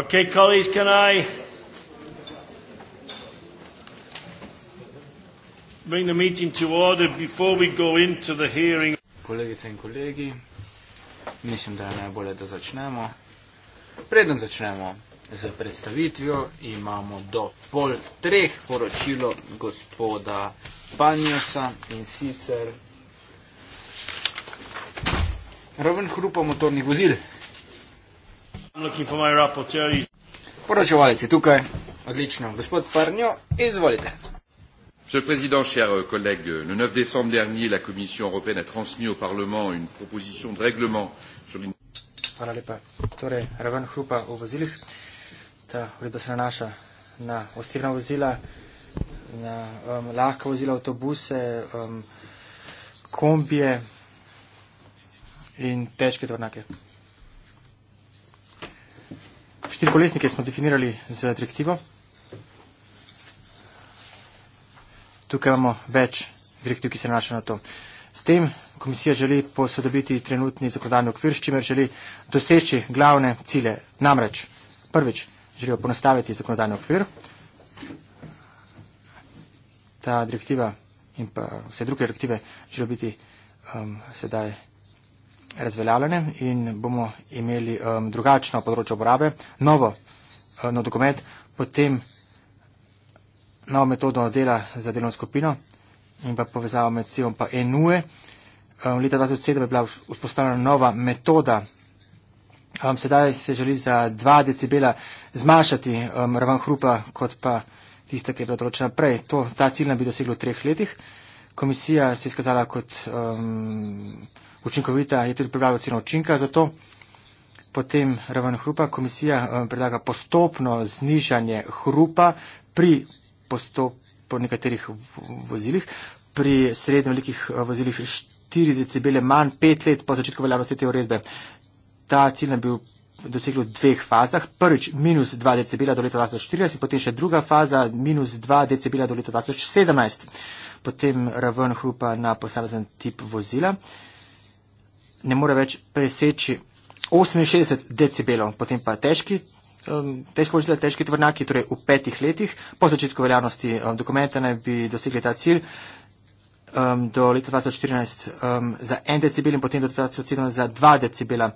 Okay, colleagues, can I bring the meeting to order before we go into the hearing? Kolegice in kolegi, mislim, da je najbolje, da začnemo. Preden začnemo z predstavitvijo, imamo do pol treh poročilo gospoda Panjosa in sicer raven hrupa motornih vozil. Poročevalec je tukaj, odlično. Gospod Farnjo, izvolite. Monsieur le Président, chers euh, collègues, le 9 décembre dernier, la Commission européenne a transmis au Parlement une proposition de règlement sur torej, l'industrie. Štirikolesnike smo definirali z direktivo. Tukaj imamo več direktiv, ki se nanašajo na to. S tem komisija želi posodobiti trenutni zakladani okvir, s čimer želi doseči glavne cilje. Namreč, prvič, želijo ponostaviti zakladani okvir. Ta direktiva in pa vse druge direktive želijo biti um, sedaj vsega razveljavljene in bomo imeli um, drugačno področje uporabe, novo uh, nov dokument, potem novo metodo dela za delovno skupino in pa povezavo med CIVom pa NUE. Um, leta 2007 je bila vzpostavljena nova metoda. Um, sedaj se želi za 2 decibela zmanjšati um, raven hrupa, kot pa tista, ki je bila določena prej. To, ta cilj nam bi dosegla v treh letih. Komisija se je skazala kot um, učinkovita, je tudi pripravljena ocena učinka, zato potem raven hrupa komisija eh, predlaga postopno znižanje hrupa pri postopku nekaterih vozilih, pri srednjo velikih eh, vozilih 4 decibele manj, 5 let po začetku veljavnosti te uredbe. Ta cilj nam bi dosegli v dveh fazah. Prvič minus 2 decibela do leta 2040, potem še druga faza minus 2 decibela do leta 2017. Potem raven hrupa na posamezen tip vozila. Uh, ne more več preseči 68 decibelov, potem pa težki, težko vozila, težki tovornjaki, torej v petih letih. Po začetku veljavnosti dokumenta naj bi dosegli ta cilj do leta 2014 za en decibel in potem do 2017 za dva decibela.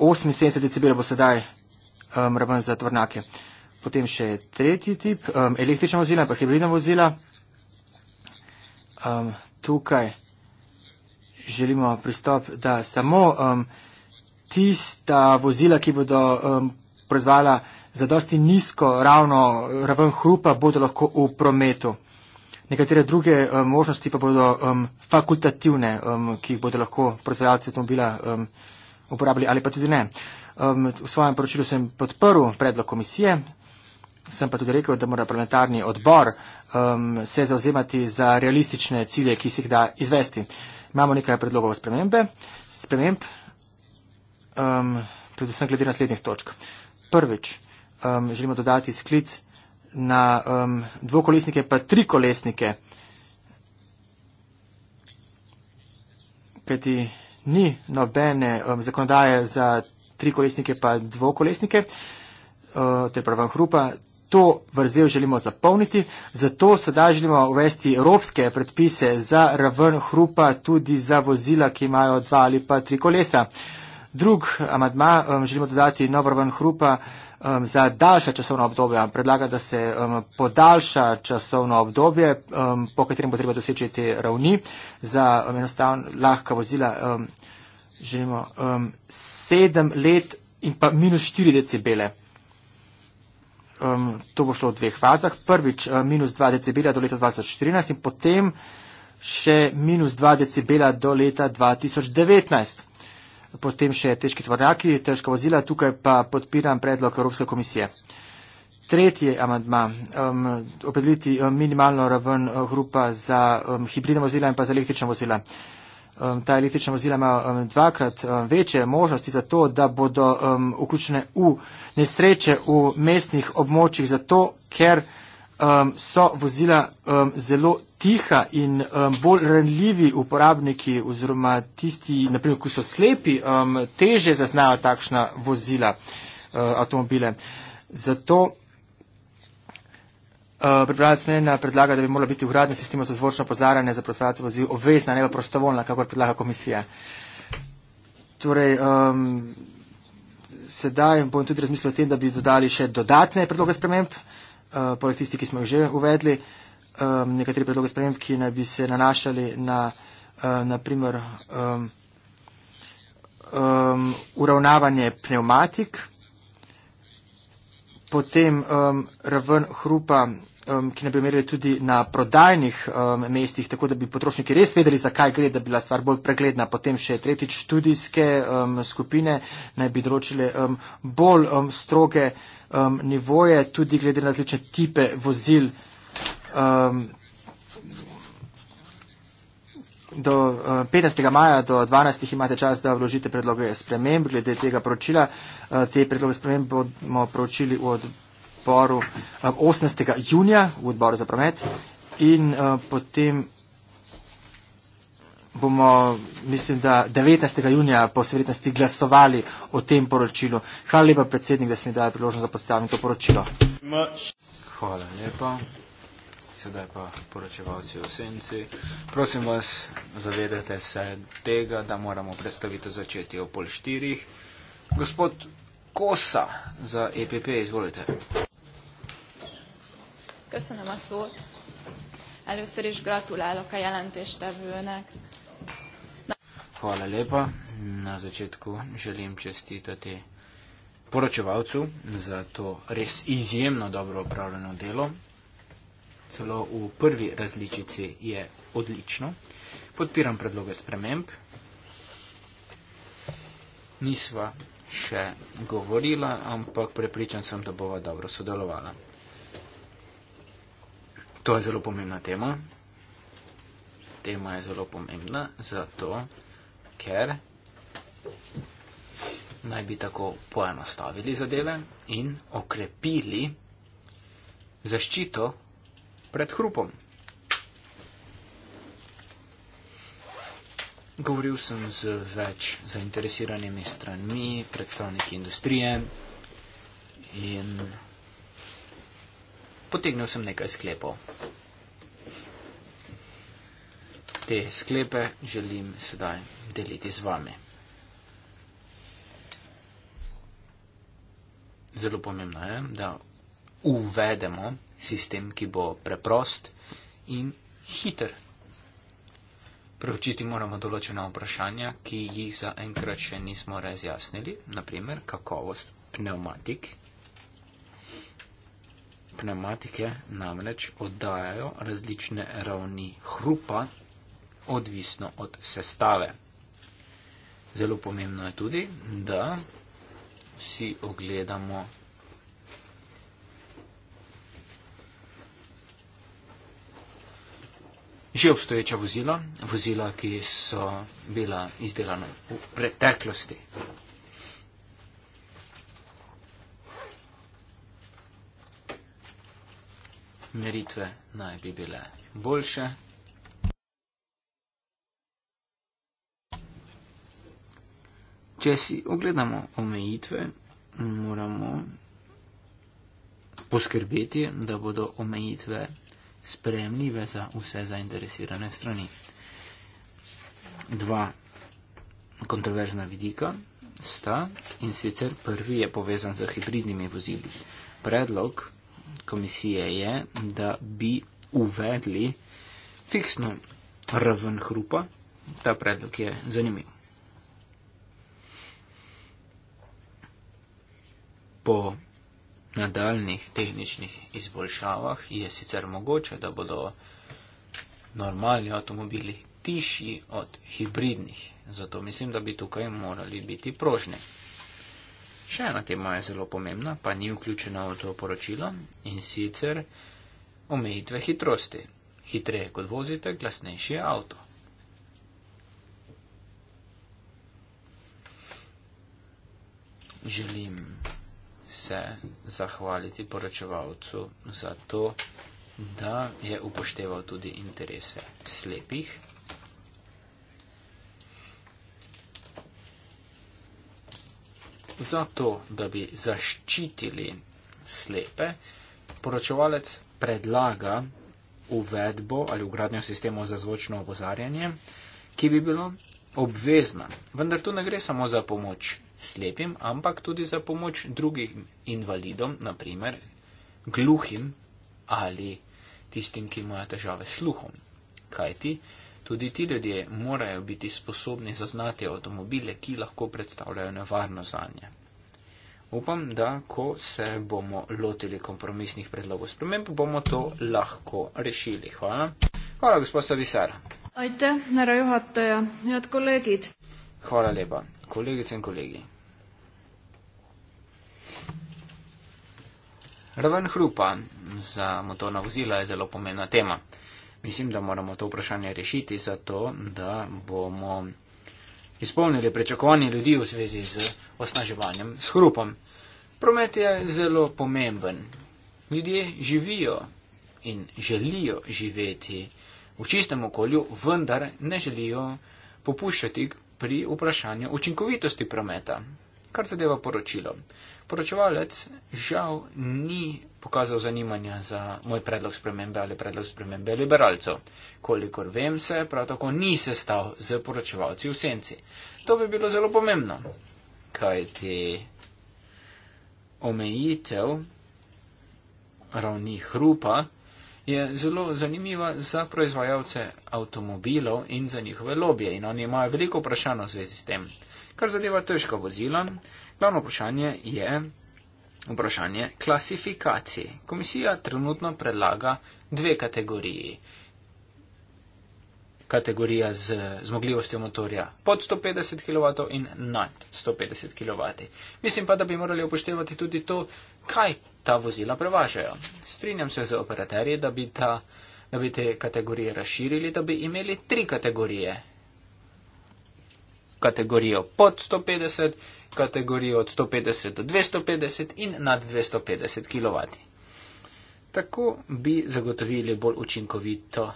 78 decibelov bo sedaj raven za tovornjake. Potem še tretji tip, električna vozila, pa hibridna vozila um, tukaj želimo pristop, da samo um, tista vozila, ki bodo um, proizvala za dosti nizko ravno raven hrupa, bodo lahko v prometu. Nekatere druge um, možnosti pa bodo um, fakultativne, um, ki jih bodo lahko proizvajalci avtomobila um, uporabili ali pa tudi ne. Um, v svojem poročilu sem podprl predlog komisije, sem pa tudi rekel, da mora parlamentarni odbor um, se zauzemati za realistične cilje, ki se jih da izvesti. Imamo nekaj predlogov spremembe, sprememb, um, predvsem glede naslednjih točk. Prvič, um, želimo dodati sklic na um, dvokolesnike, pa tri kolesnike, kajti ni nobene um, zakonodaje za tri kolesnike, pa dvokolesnike, uh, ter pravan hrupa, to vrzel želimo zapolniti, zato sedaj želimo uvesti evropske predpise za raven hrupa tudi za vozila, ki imajo dva ali pa tri kolesa. Drug amadma um, želimo dodati nov raven hrupa um, za daljša časovna obdobja. Predlaga, da se um, podaljša časovno obdobje, um, po katerem bo treba doseči te ravni za um, enostavno lahka vozila. Um, želimo um, sedem let in pa minus 4 decibele um, to bo šlo v dveh fazah. Prvič uh, minus 2 decibela do leta 2014 in potem še minus 2 decibela do leta 2019. Potem še težki tvornjaki, težka vozila, tukaj pa podpiram predlog Evropske komisije. Tretji amadma, um, opredeliti um, minimalno raven eh, hrupa za um, hibridne vozila in pa za električne vozila um, ta električna vozila imajo um, dvakrat um, večje možnosti za to, da bodo um, vključene v nesreče v mestnih območjih, zato ker um, so vozila um, zelo tiha in um, bolj ranljivi uporabniki oziroma tisti, naprimer, ki so slepi, um, teže zaznajo takšna vozila, uh, avtomobile. Zato Eh, pripravljalec mnenja predlaga, da bi morala biti ugradnja sistema za zvočno pozaranje za prostovoljce vozil obvezna, ne pa prostovoljna, kakor predlaga komisija. Torej, um, sedaj bom tudi razmislil o tem, da bi dodali še dodatne predloge sprememb, uh, poleg tisti, ki smo jih že uvedli, um, nekateri predloge sprememb, ki naj bi se nanašali na, uh, na primer, um, um, uravnavanje pneumatik, potem um, raven hrupa um, ki ne bi merili tudi na prodajnih um, mestih, tako da bi potrošniki res vedeli, zakaj gre, da bi bila stvar bolj pregledna. Potem še tretjič, študijske um, skupine naj bi določile um, bolj um, stroge um, nivoje, tudi glede na različne tipe vozil. Um, Do 15. Um, maja do 12. imate čas, da vložite predloge sprememb glede tega poročila. Uh, te predloge sprememb bomo proučili v odboru odboru 18. Eh, junija v odboru za promet in eh, potem bomo, mislim, da 19. junija po srednosti glasovali o tem poročilu. Hvala lepa, predsednik, da ste mi dali priložnost, da postavim to poročilo. Hvala lepa. Sedaj pa poročevalci v senci. Prosim vas, zavedajte se tega, da moramo predstavito začeti o pol štirih. Gospod Kosa za EPP, izvolite. Köszönöm a szót. Először is gratulálok a jelentéstevőnek. Hvala lepa. Na začetku želim čestitati poročevalcu za to res izjemno dobro opravljeno delo. Celo v prvi različici je odlično. Podpiram predloge sprememb. Nisva še govorila, ampak prepričan sem, da bova dobro sodelovala. To je zelo pomembna tema. Tema je zelo pomembna zato, ker naj bi tako poenostavili zadeve in okrepili zaščito pred hrupom. Govoril sem z več zainteresiranimi stranmi, predstavniki industrije in potegnil sem nekaj sklepov. Te sklepe želim sedaj deliti z vami. Zelo pomembno je, da uvedemo sistem, ki bo preprost in hiter. Preučiti moramo določena vprašanja, ki jih zaenkrat še nismo razjasnili, naprimer kakovost pneumatik pneumatike namreč oddajajo različne ravni hrupa, odvisno od sestave. Zelo pomembno je tudi, da si ogledamo že obstoječa vozila, vozila, ki so bila izdelana v preteklosti. meritve naj bi bile boljše. Če si ogledamo omejitve, moramo poskrbeti, da bodo omejitve spremljive za vse zainteresirane strani. Dva kontroverzna vidika sta in sicer prvi je povezan z hibridnimi vozili. Predlog komisije je, da bi uvedli fiksno raven hrupa. Ta predlog je zanimiv. Po nadaljnih tehničnih izboljšavah je sicer mogoče, da bodo normalni avtomobili tišji od hibridnih, zato mislim, da bi tukaj morali biti prožni. Še ena tema je zelo pomembna, pa ni vključena v to poročilo in sicer omejitve hitrosti. Hitreje kot vozite, glasnejši je avto. Želim se zahvaliti poročevalcu za to, da je upošteval tudi interese slepih. zato, da bi zaščitili slepe, poročevalec predlaga uvedbo ali ugradnjo sistemov za zvočno opozarjanje, ki bi bilo obvezna. Vendar tu ne gre samo za pomoč slepim, ampak tudi za pomoč drugim invalidom, naprimer gluhim ali tistim, ki imajo težave s sluhom. Kajti, Tudi ti ljudje morajo biti sposobni zaznati avtomobile, ki lahko predstavljajo nevarno zanje. Upam, da ko se bomo lotili kompromisnih predlogov sprememb, bomo to lahko rešili. Hvala. Hvala, gospod Savisar. Ajte, naraju hataja, jad kolegit. Hvala lepa, kolegice in kolegi. Raven hrupa za motorna vozila je zelo pomembna tema. Mislim, da moramo to vprašanje rešiti zato, da bomo izpolnili prečakovanje ljudi v zvezi z osnaževanjem s hrupom. Promet je zelo pomemben. Ljudje živijo in želijo živeti v čistem okolju, vendar ne želijo popuščati pri vprašanju učinkovitosti prometa. Kar zadeva poročilo. Poročevalec žal ni pokazal zanimanja za moj predlog spremembe ali predlog spremembe liberalcev. Kolikor vem, se prav tako ni sestal z poročevalci v senci. To bi bilo zelo pomembno, kajti omejitev ravni hrupa je zelo zanimiva za proizvajalce avtomobilov in za njihove lobije in oni imajo veliko vprašanj v zvezi s tem. Kar zadeva težka vozila, glavno vprašanje je, Vprašanje klasifikacij. Komisija trenutno predlaga dve kategoriji. Kategorija z zmogljivostjo motorja pod 150 kW in nad 150 kW. Mislim pa, da bi morali upoštevati tudi to, kaj ta vozila prevažajo. Strinjam se z operaterji, da bi, ta, da bi te kategorije razširili, da bi imeli tri kategorije kategorijo pod 150, kategorijo od 150 do 250 in nad 250 kW. Tako bi zagotovili bolj učinkovito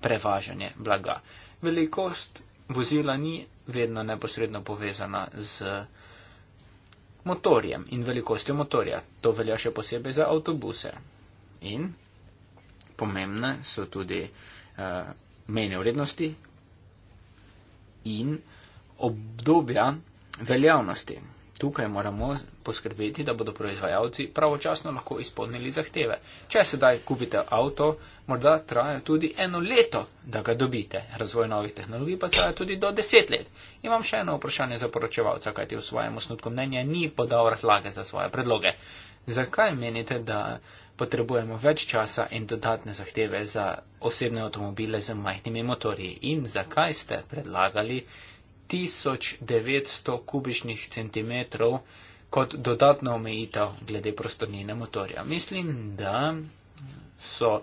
prevažanje blaga. Velikost vozila ni vedno neposredno povezana z motorjem in velikostjo motorja. To velja še posebej za avtobuse. In pomembne so tudi uh, mejne vrednosti in obdobja veljavnosti. Tukaj moramo poskrbeti, da bodo proizvajalci pravočasno lahko izpolnili zahteve. Če sedaj kupite avto, morda traja tudi eno leto, da ga dobite. Razvoj novih tehnologij pa traja tudi do deset let. Imam še eno vprašanje za poročevalca, kajti v svojem osnutku mnenja ni podal razlage za svoje predloge. Zakaj menite, da potrebujemo več časa in dodatne zahteve za osebne avtomobile z majhnimi motorji? In zakaj ste predlagali? 1900 kubičnih centimetrov kot dodatno omejitev glede prostornine motorja. Mislim, da so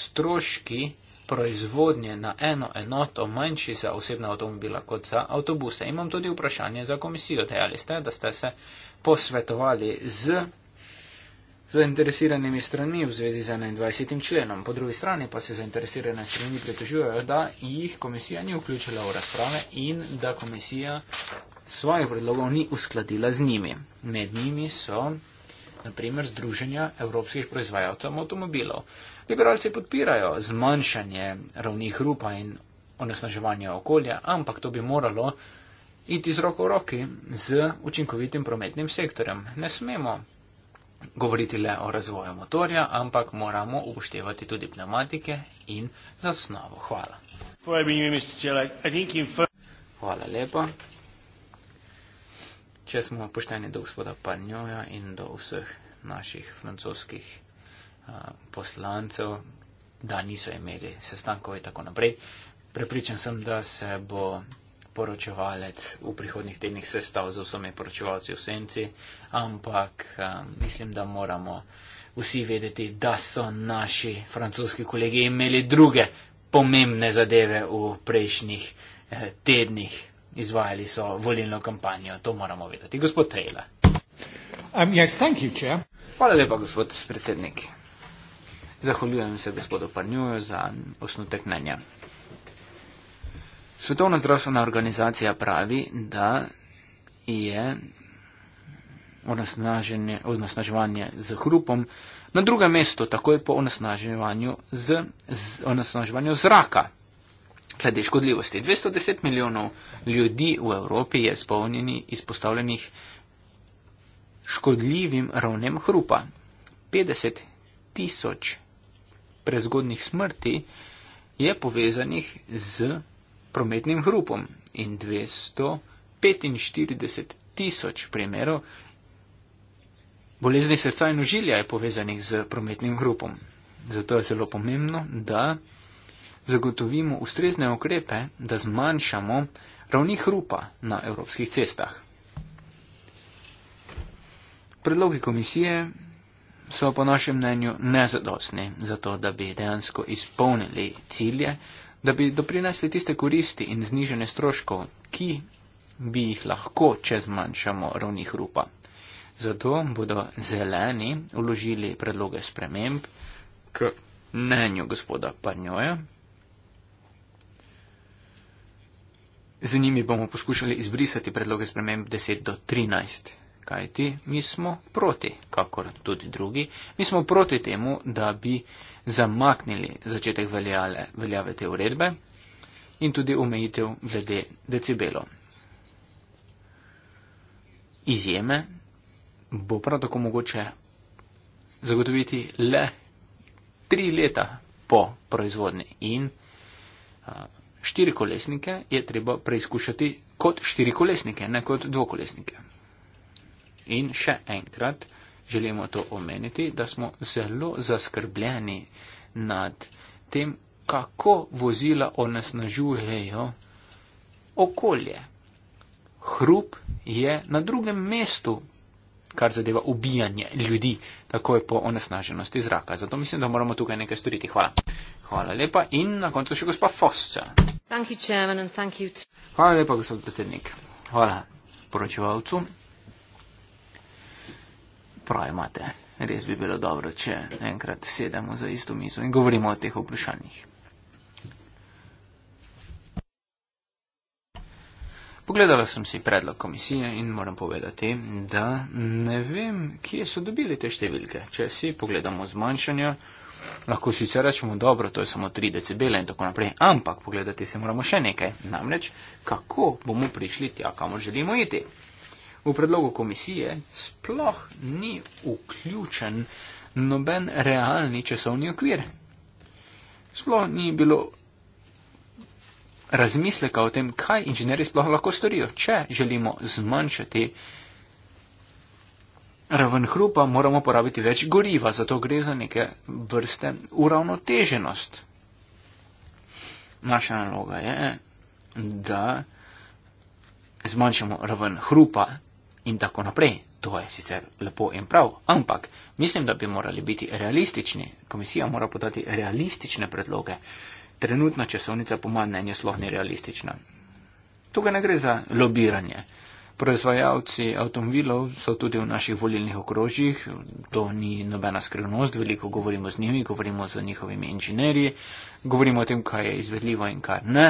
stroški proizvodnje na eno enoto manjši za osebna avtomobila kot za avtobuse. Imam tudi vprašanje za komisijo. Dejali ste, da ste se posvetovali z zainteresiranimi strani v zvezi z 21. členom. Po drugi strani pa se zainteresirane strani pritožujejo, da jih komisija ni vključila v razprave in da komisija svojih predlogov ni uskladila z njimi. Med njimi so naprimer Združenja evropskih proizvajalcev avtomobilov. Liberalci podpirajo zmanjšanje ravni hrupa in onesnaževanja okolja, ampak to bi moralo iti z roko v roki z učinkovitim prometnim sektorjem. Ne smemo govoriti le o razvoju motorja, ampak moramo upoštevati tudi pneumatike in zasnovo. Hvala. Hvala lepa. Če smo pošteni do gospoda Parnjoja in do vseh naših francoskih uh, poslancev, da niso imeli sestankov in tako naprej, prepričan sem, da se bo poročevalec v prihodnih tednih sestav z vsemi poročevalci v senci, ampak um, mislim, da moramo vsi vedeti, da so naši francoski kolegi imeli druge pomembne zadeve v prejšnjih eh, tednih, izvajali so volilno kampanjo, to moramo vedeti. Gospod Trejla. Um, yes, Hvala lepa, gospod predsednik. Zahvaljujem se gospodu Parnjuju za osnutek mnenja. Svetovna zdravstvena organizacija pravi, da je onesnaževanje z hrupom na drugem mestu, takoj po onesnaževanju z, z onesnaževanju zraka. Glede škodljivosti. 210 milijonov ljudi v Evropi je spolnjeni izpostavljenih škodljivim ravnem hrupa. 50 tisoč prezgodnih smrti je povezanih z prometnim hrupom in 245 tisoč primerov bolezni srca in ožilja je povezanih z prometnim hrupom. Zato je zelo pomembno, da zagotovimo ustrezne ukrepe, da zmanjšamo ravni hrupa na evropskih cestah. Predlogi komisije so po našem mnenju nezadostni za to, da bi dejansko izpolnili cilje, da bi doprinesli tiste koristi in znižene stroškov, ki bi jih lahko, če zmanjšamo ravni hrupa. Zato bodo zeleni uložili predloge sprememb k mnenju gospoda Parnjoja. Z njimi bomo poskušali izbrisati predloge sprememb 10 do 13 kajti mi smo proti, kakor tudi drugi, mi smo proti temu, da bi zamaknili začetek veljale, veljave te uredbe in tudi omejitev glede decibelov. Izjeme bo prav tako mogoče zagotoviti le tri leta po proizvodni in štirikolesnike je treba preizkušati kot štirikolesnike, ne kot dvokolesnike. In še enkrat želimo to omeniti, da smo zelo zaskrbljeni nad tem, kako vozila onesnažujejo okolje. Hrup je na drugem mestu, kar zadeva ubijanje ljudi, takoj po onesnaženosti zraka. Zato mislim, da moramo tukaj nekaj storiti. Hvala. Hvala lepa in na koncu še gospa Fosča. Hvala lepa, gospod predsednik. Hvala poročevalcu prav imate. Res bi bilo dobro, če enkrat sedemo za isto mizo in govorimo o teh vprašanjih. Pogledala sem si predlog komisije in moram povedati, da ne vem, kje so dobili te številke. Če si pogledamo zmanjšanja, lahko sicer rečemo, dobro, to je samo 3 decibele in tako naprej, ampak pogledati se moramo še nekaj, namreč kako bomo prišli tja, kamor želimo iti. V predlogu komisije sploh ni vključen noben realni časovni okvir. Sploh ni bilo razmisleka o tem, kaj inženirji sploh lahko storijo. Če želimo zmanjšati raven hrupa, moramo porabiti več goriva, zato gre za neke vrste uravnoteženost. Naša naloga je, da zmanjšamo raven hrupa in tako naprej. To je sicer lepo in prav, ampak mislim, da bi morali biti realistični. Komisija mora podati realistične predloge. Trenutna časovnica po mojem mnenju sloh ni realistična. Tukaj ne gre za lobiranje. Proizvajalci avtomobilov so tudi v naših volilnih okrožjih, to ni nobena skrivnost, veliko govorimo z njimi, govorimo z njihovimi inženirji, govorimo o tem, kaj je izvedljivo in kaj ne.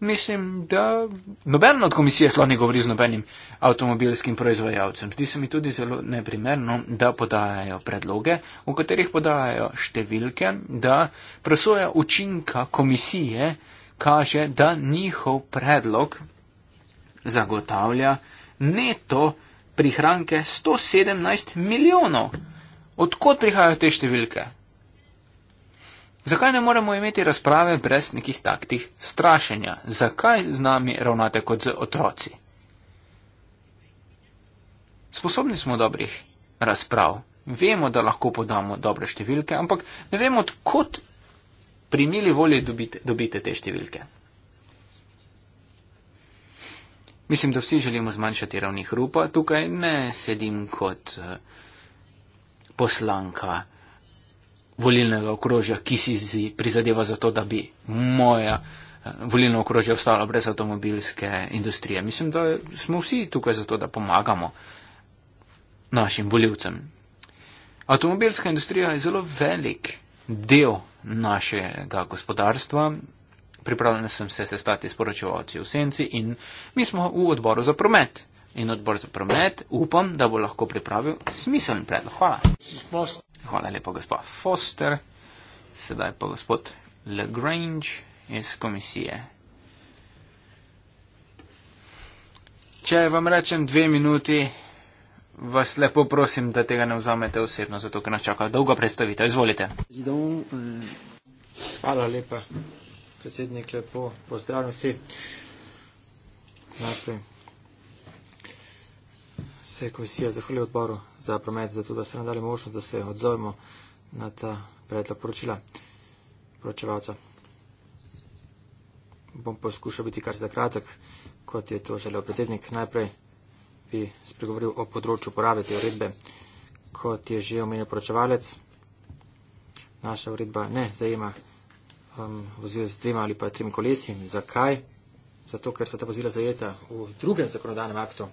Mislim, da noben od komisije sploh ne govori z nobenim avtomobilskim proizvajalcem. Zdi se mi tudi zelo neprimerno, da podajajo predloge, v katerih podajajo številke, da presoja učinka komisije kaže, da njihov predlog zagotavlja neto prihranke 117 milijonov. Odkot prihajajo te številke? Zakaj ne moremo imeti razprave brez nekih taktih strašenja? Zakaj z nami ravnate kot z otroci? Sposobni smo dobrih razprav, vemo, da lahko podamo dobre številke, ampak ne vemo, odkot pri mili volji dobite, dobite te številke. Mislim, da vsi želimo zmanjšati ravni hrupa, tukaj ne sedim kot eh, poslanka volilnega okrožja, ki si prizadeva za to, da bi moja eh, volilna okrožja ostala brez avtomobilske industrije. Mislim, da smo vsi tukaj zato, da pomagamo našim voljivcem. Avtomobilska industrija je zelo velik del našega gospodarstva, pripravljen sem se sestati s poročevalci v senci in mi smo v odboru za promet. In odbor za promet upam, da bo lahko pripravil smiseln predlog. Hvala. Hvala lepo, gospod Foster. Sedaj pa gospod Lagrange iz komisije. Če vam rečem dve minuti, vas lepo prosim, da tega ne vzamete osebno, zato ker nas čaka dolga predstavitev. Izvolite. Hvala lepa predsednik, lepo pozdravljam vsi. Najprej se je komisija zahvalila odboru za promet, zato da se nam dali možnost, da se odzovemo na ta predlog poročila poročevalca. Bom poskušal biti kar zda kratek, kot je to želel predsednik. Najprej bi spregovoril o področju uporabe te uredbe, kot je že omenil poročevalec. Naša uredba ne zajema um, vozil z dvema ali pa trim kolesi. Zakaj? Zato, ker so ta vozila zajeta v drugem zakonodajnem aktu.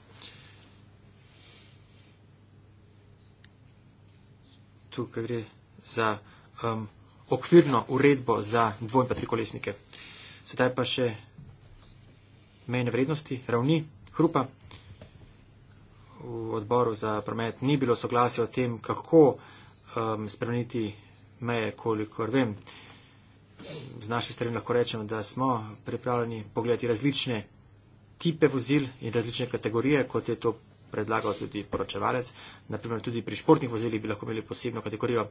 Tukaj gre za um, okvirno uredbo za dvoj- in pa trikolesnike. Sedaj pa še mejne vrednosti, ravni, hrupa. V odboru za promet ni bilo soglasja o tem, kako um, spremeniti meje, kolikor vem z naše strani lahko rečemo, da smo pripravljeni pogledati različne tipe vozil in različne kategorije, kot je to predlagal tudi poročevalec. Naprimer, tudi pri športnih vozilih bi lahko imeli posebno kategorijo,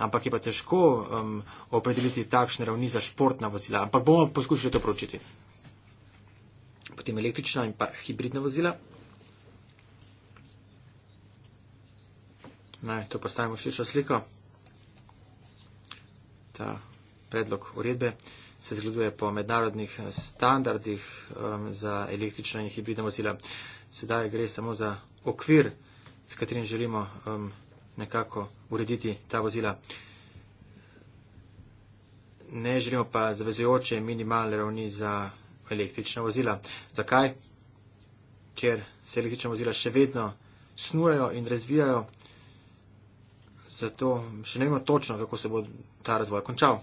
ampak je pa težko um, opredeliti takšne ravni za športna vozila. Ampak bomo poskušali to pročiti. Potem električna in pa hibridna vozila. Naj to postavimo širšo sliko. Ta predlog uredbe se zgleduje po mednarodnih eh, standardih za električna in hibridna vozila. Sedaj gre samo za okvir, s katerim želimo nekako urediti ta vozila. Ne želimo pa zavezujoče minimalne ravni za električna vozila. Zakaj? Ker se električna vozila še vedno snujejo in razvijajo. Zato še ne vemo točno, kako se bo ta razvoj končal.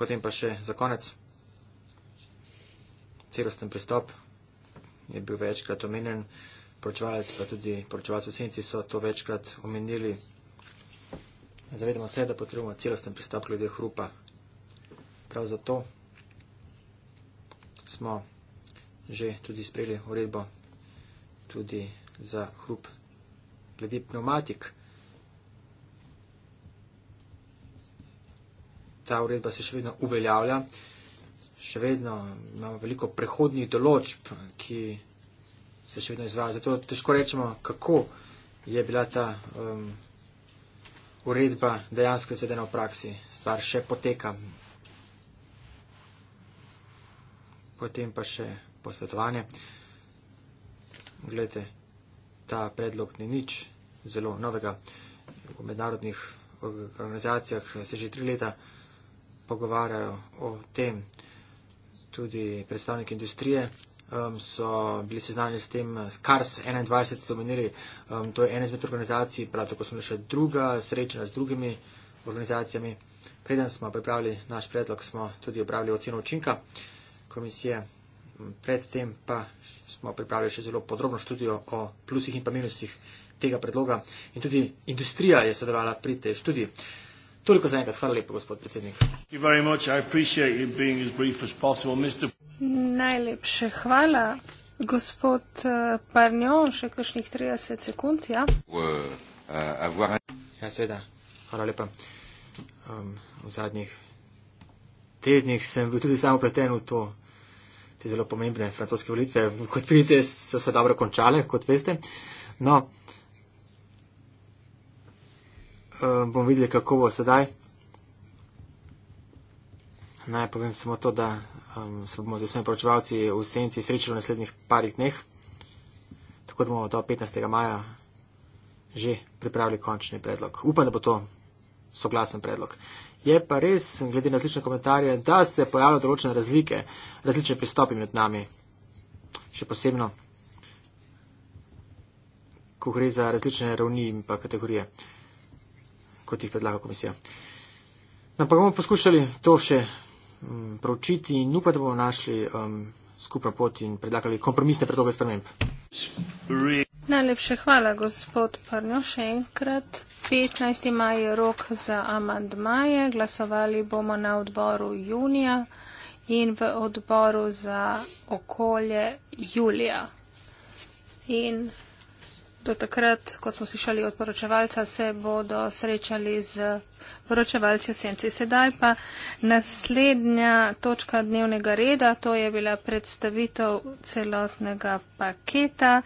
Potem pa še za konec. Celosten pristop je bil večkrat omenjen, poročevalec pa tudi poročevalci v senci so to večkrat omenili. Zavedamo se, da potrebujemo celosten pristop glede hrupa. Prav zato smo že tudi sprejeli uredbo tudi za hrup glede pneumatik. ta uredba se še vedno uveljavlja. Še vedno imamo veliko prehodnih določb, ki se še vedno izvaja. Zato težko rečemo, kako je bila ta um, uredba dejansko izvedena v praksi. Stvar še poteka. Potem pa še posvetovanje. Glede, ta predlog ni nič zelo novega. V mednarodnih organizacijah se že tri leta pogovarjajo o tem. Tudi predstavniki industrije um, so bili seznanjeni s tem, kar se 21 so omenili. Um, to je ena izmed organizacij, prav tako smo še druga srečena z drugimi organizacijami. Preden smo pripravili naš predlog, smo tudi opravili oceno učinka komisije. Predtem pa smo pripravili še zelo podrobno študijo o plusih in pa minusih tega predloga in tudi industrija je sodelovala pri tej študiji. Toliko za enkrat. Hvala lepa, gospod predsednik. Najlepše hvala. Gospod eh, Parnjo, še kakšnih 30 sekund, ja? Eh, ja, seveda. Hvala lepa. Um, v zadnjih tednih sem bil tudi sam upleten v to, te zelo pomembne francoske volitve. Kot vidite, so se dobro končale, kot veste. No, uh, bomo videli, kako bo sedaj. Naj povem samo to, da um, se bomo z vsemi poročevalci v senci srečali v naslednjih parih dneh. Tako da bomo do 15. maja že pripravili končni predlog. Upam, da bo to soglasen predlog. Je pa res, glede na različne komentarje, da se pojavljajo določene razlike, različne pristopi med nami. Še posebno, ko gre za različne ravni in pa kategorije kot jih predlaga komisija. Ampak no, bomo poskušali to še um, mm, pročiti in upati, da bomo našli um, skupno pot in predlagali kompromisne predloge sprememb. Najlepše hvala, gospod Parno, še enkrat. 15. maj je rok za amandmaje, glasovali bomo na odboru junija in v odboru za okolje julija. In Do takrat, kot smo slišali od poročevalca, se bodo srečali z poročevalci v senci. Sedaj pa naslednja točka dnevnega reda, to je bila predstavitev celotnega paketa.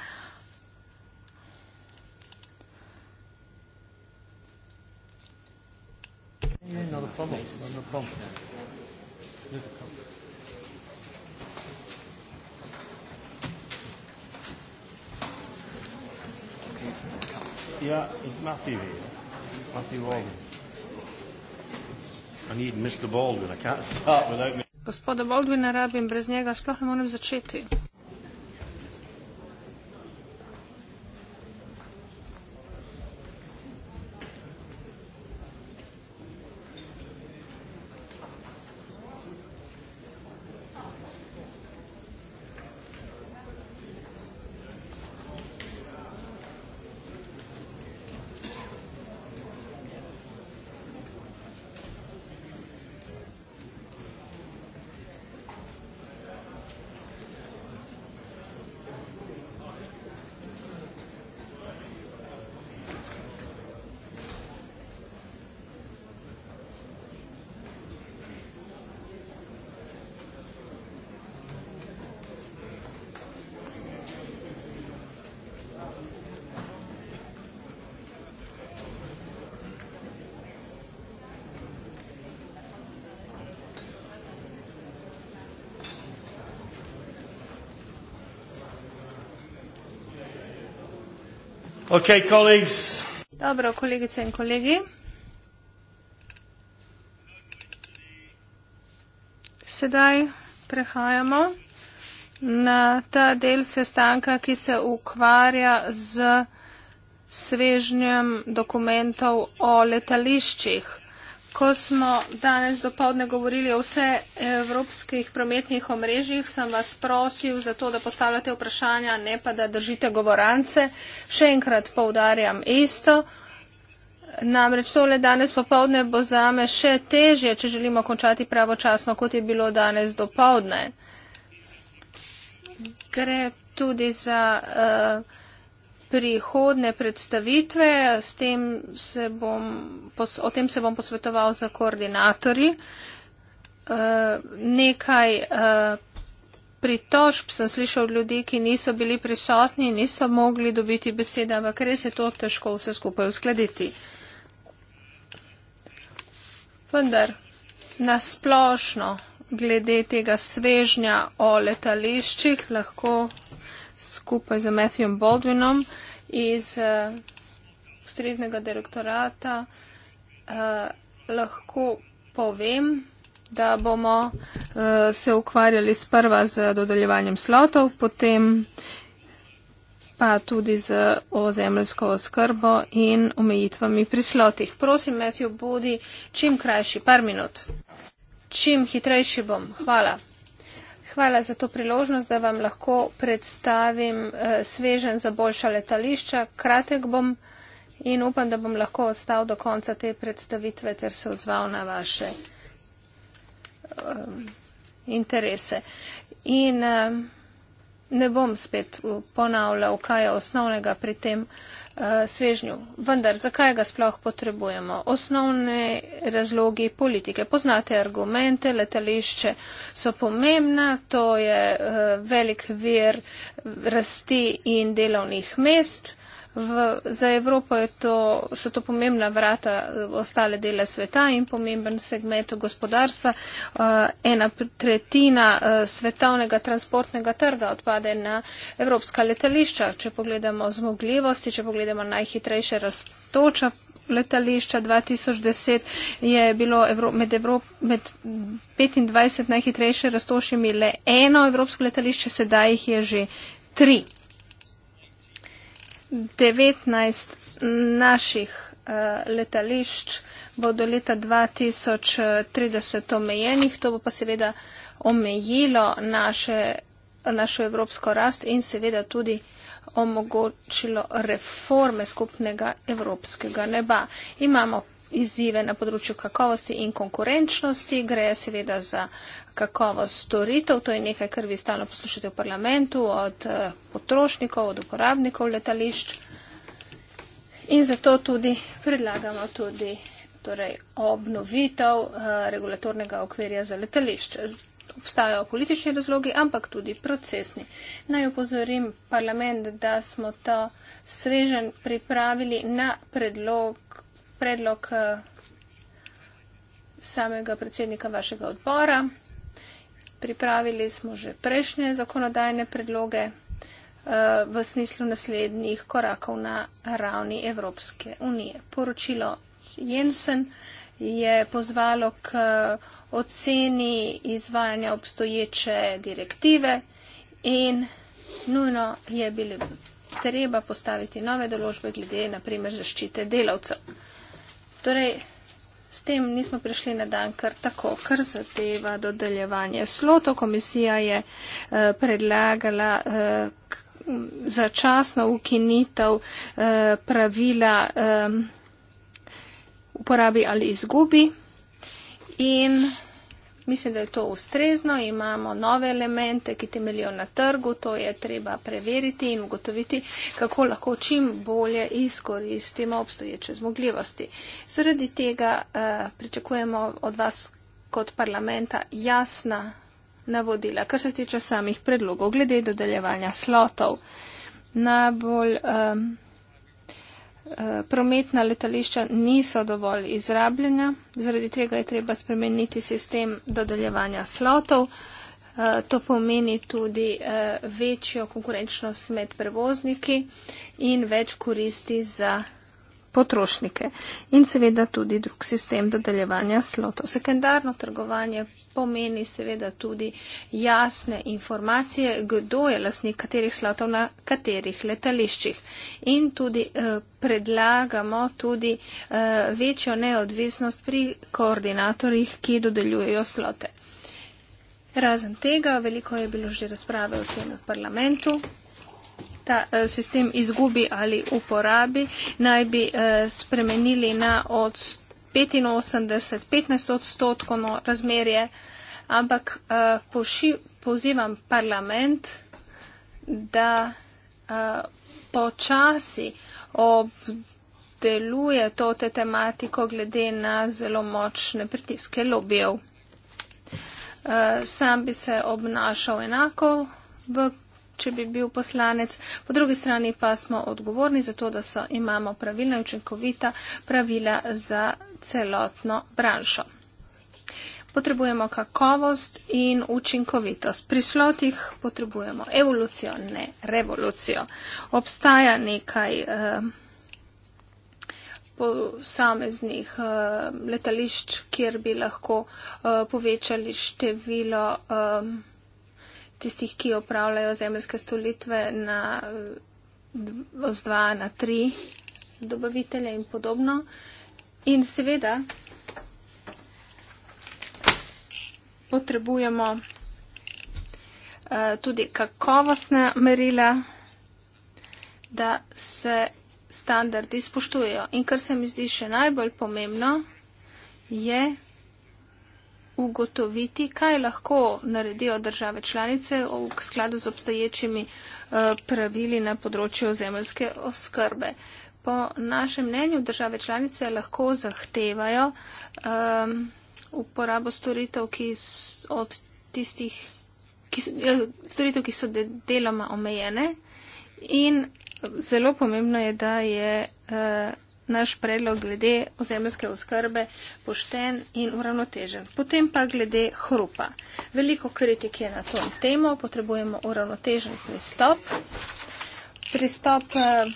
Na dopomoč, na no, dopomoč. No, no, Yeah, is Matthew here? Matthew Walden. I need Mr. Baldwin. I can't start without me. Gospoda Baldwina rabim, brez njega sploh ne morem začeti. Okay, colleagues. Dobro, kolegice in kolegi. Sedaj prehajamo na ta del sestanka, ki se ukvarja z svežnjem dokumentov o letališčih. Ko smo danes dopoledne govorili o vse evropskih prometnih omrežjih, sem vas prosil za to, da postavljate vprašanja, ne pa da držite govorance. Še enkrat poudarjam isto. Namreč tole danes popovdne bo zame še težje, če želimo končati pravočasno, kot je bilo danes dopovdne. Gre tudi za. Uh, prihodne predstavitve, tem bom, o tem se bom posvetoval za koordinatorji. Eh, nekaj eh, pritožb sem slišal od ljudi, ki niso bili prisotni, niso mogli dobiti besede, ampak res je to težko vse skupaj uskladiti. Vendar nasplošno glede tega svežnja o letališčih lahko skupaj z Matthewom Baldwinom iz uh, eh, ustreznega direktorata uh, lahko povem, da bomo uh, se ukvarjali sprva z dodeljevanjem slotov, potem pa tudi z ozemljsko oskrbo in omejitvami pri slotih. Prosim, Matthew, bodi čim krajši, par minut. Čim hitrejši bom. Hvala hvala za to priložnost, da vam lahko predstavim eh, svežen za boljša letališča. Kratek bom in upam, da bom lahko odstal do konca te predstavitve ter se odzval na vaše um, interese. In um, ne bom spet ponavljal, kaj je osnovnega pri tem. Uh, Eh, svežnju. Vendar, zakaj ga sploh potrebujemo? Osnovni razlogi politike. Poznate argumente, letališče so pomembna, to je eh, velik vir rasti in delovnih mest. V, za Evropo to, so to pomembna vrata eh, ostale dele sveta in pomemben segment gospodarstva. Eh, ena tretjina eh, svetovnega transportnega trga odpade na evropska letališča. Če pogledamo zmogljivosti, če pogledamo najhitrejše raztoča letališča 2010 je bilo Evro, med, Evro, med 25 najhitrejše raztošimi le eno evropsko letališče, sedaj jih je že tri. 19 naših eh, letališč bo do leta 2030 omejenih. To bo pa seveda omejilo naše, našo evropsko rast in seveda tudi omogočilo reforme skupnega evropskega neba. Imamo izzive na področju kakovosti in konkurenčnosti, gre seveda za uh, kakovost storitev. To je nekaj, kar vi stalno poslušate v parlamentu od eh, potrošnikov, od uporabnikov letališč. In zato tudi predlagamo tudi torej, obnovitev eh, regulatornega okvirja za letališče. Obstajajo politični razlogi, ampak tudi procesni. Naj upozorim parlament, da smo to svežen pripravili na predlog, predlog eh, samega predsednika vašega odbora pripravili smo že prejšnje zakonodajne predloge eh, v smislu naslednjih korakov na ravni Evropske unije. Poročilo Jensen je pozvalo k oceni izvajanja obstoječe direktive in nujno je bilo treba postaviti nove določbe glede naprimer zaščite delavcev. Torej, S tem nismo prišli na dan kar tako, kar zadeva dodeljevanje sloto. Komisija je eh, predlagala eh, k, začasno ukinitev eh, pravila eh, uporabi ali izgubi in Mislim, da je to ustrezno, imamo nove elemente, ki temeljijo na trgu, to je treba preveriti in ugotoviti, kako lahko čim bolje izkoristimo obstoječe zmogljivosti. Zaradi tega eh, pričakujemo od vas kot parlamenta jasna navodila, kar se tiče samih predlogov glede dodeljevanja slotov. Najbolj. Eh, Eh, prometna letališča niso dovolj izrabljena, zaradi tega je treba spremeniti sistem dodeljevanja slotov. Eh, to pomeni tudi eh, večjo konkurenčnost med prevozniki in več koristi za potrošnike in seveda tudi drug sistem dodeljevanja slotov. Sekundarno trgovanje pomeni seveda tudi jasne informacije, kdo je lasnik katerih slotov na katerih letališčih. In tudi eh, predlagamo tudi eh, večjo neodvisnost pri koordinatorjih, ki dodeljujejo slote. Razen tega, veliko je bilo že razprave o tem v parlamentu. Ta eh, sistem izgubi ali uporabi naj bi eh, spremenili na odstotek. 85, 15 odstotkovno razmerje, ampak eh, poši, pozivam parlament, da eh, počasi obdeluje to te tematiko glede na zelo močne pritiske lobijev. Eh, sam bi se obnašal enako v če bi bil poslanec. Po drugi strani pa smo odgovorni za to, da so, imamo pravilna in učinkovita pravila za celotno branšo. Potrebujemo kakovost in učinkovitost. Pri slotih potrebujemo evolucijo, ne revolucijo. Obstaja nekaj eh, posameznih eh, letališč, kjer bi lahko eh, povečali število. Eh, tistih, ki opravljajo zemljske stolitve na eh, z dva na tri dobavitelje in podobno. In seveda potrebujemo eh, tudi kakovostna merila, da se standardi spoštujejo. In kar se mi zdi še najbolj pomembno, je ugotoviti, kaj lahko naredijo države članice v skladu z obstoječimi eh, pravili na področju zemljske oskrbe. Po našem mnenju države članice lahko zahtevajo um, uporabo storitev, ki od tistih, ki so, eh, storitev, ki so de, deloma omejene in zelo pomembno je, da je uh, naš predlog glede ozemljske oskrbe pošten in uravnotežen. Potem pa glede hrupa. Veliko kritik je na to temo, potrebujemo uravnotežen pristop. Pristop eh,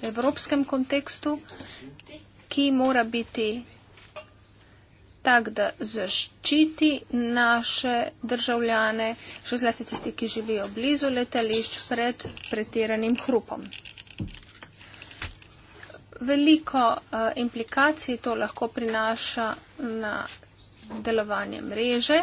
v evropskem kontekstu, ki mora biti tak, da zaščiti naše državljane, še zlasti tisti, ki živijo blizu letališč, pred pretiranim hrupom veliko eh, implikacij to lahko prinaša na delovanje mreže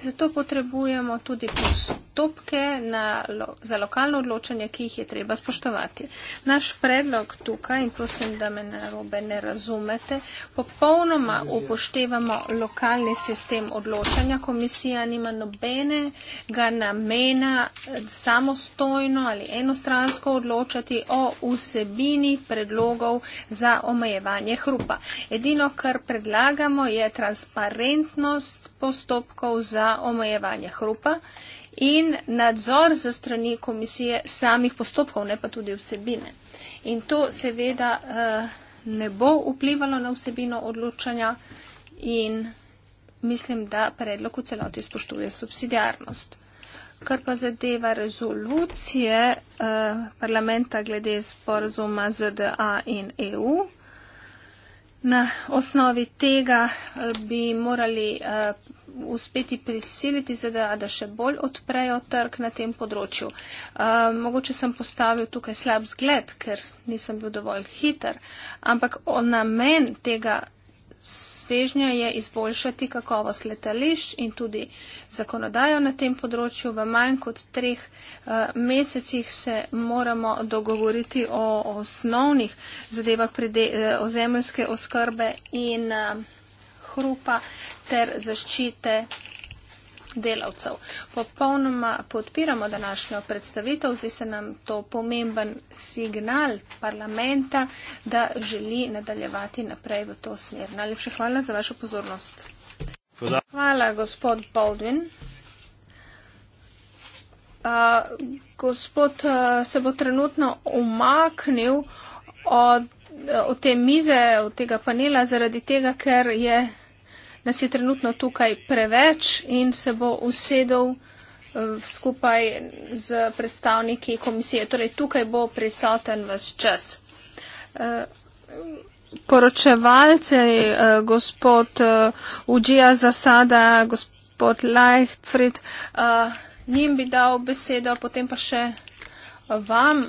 Zato potrebujemo tudi postopke na, za lokalno odločanje, ki jih je treba spoštovati. Naš predlog tukaj, in prosim, da me narobe ne razumete, popolnoma upoštevamo lokalni sistem odločanja. Komisija nima nobenega namena samostojno ali enostransko odločati o vsebini predlogov za omejevanje hrupa. Edino, kar predlagamo, je transparentnost postopkov za omejevanje hrupa in nadzor za strani komisije samih postopkov, ne pa tudi vsebine. In to seveda eh, ne bo vplivalo na vsebino odločanja in mislim, da predlog v celoti spoštuje subsidijarnost. Kar pa zadeva rezolucije eh, parlamenta glede sporazuma ZDA in EU, Na osnovi tega eh, bi morali uh, uspeti prisiliti ZDA, da še bolj odprejo trg na tem področju. Uh, mogoče sem postavil tukaj slab zgled, ker nisem bil dovolj hiter, ampak namen tega svežnja je izboljšati kakovost letališč in tudi zakonodajo na tem področju. V manj kot treh uh, mesecih se moramo dogovoriti o osnovnih zadevah eh, ozemljske oskrbe in uh, hrupa ter zaščite delavcev. Popolnoma podpiramo današnjo predstavitev. Zdi se nam to pomemben signal parlamenta, da želi nadaljevati naprej v to smer. Najlepša hvala za vašo pozornost. Hvala, hvala gospod Baldwin. Uh, gospod uh, se bo trenutno umaknil od, od te mize, od tega panela, zaradi tega, ker je nas je trenutno tukaj preveč in se bo usedel eh, skupaj z predstavniki komisije. Torej, tukaj bo prisoten vse čas. Eh, Poročevalce, eh, gospod Uđija Zasada, gospod Leichtfried, njim bi dal besedo, potem pa še vam,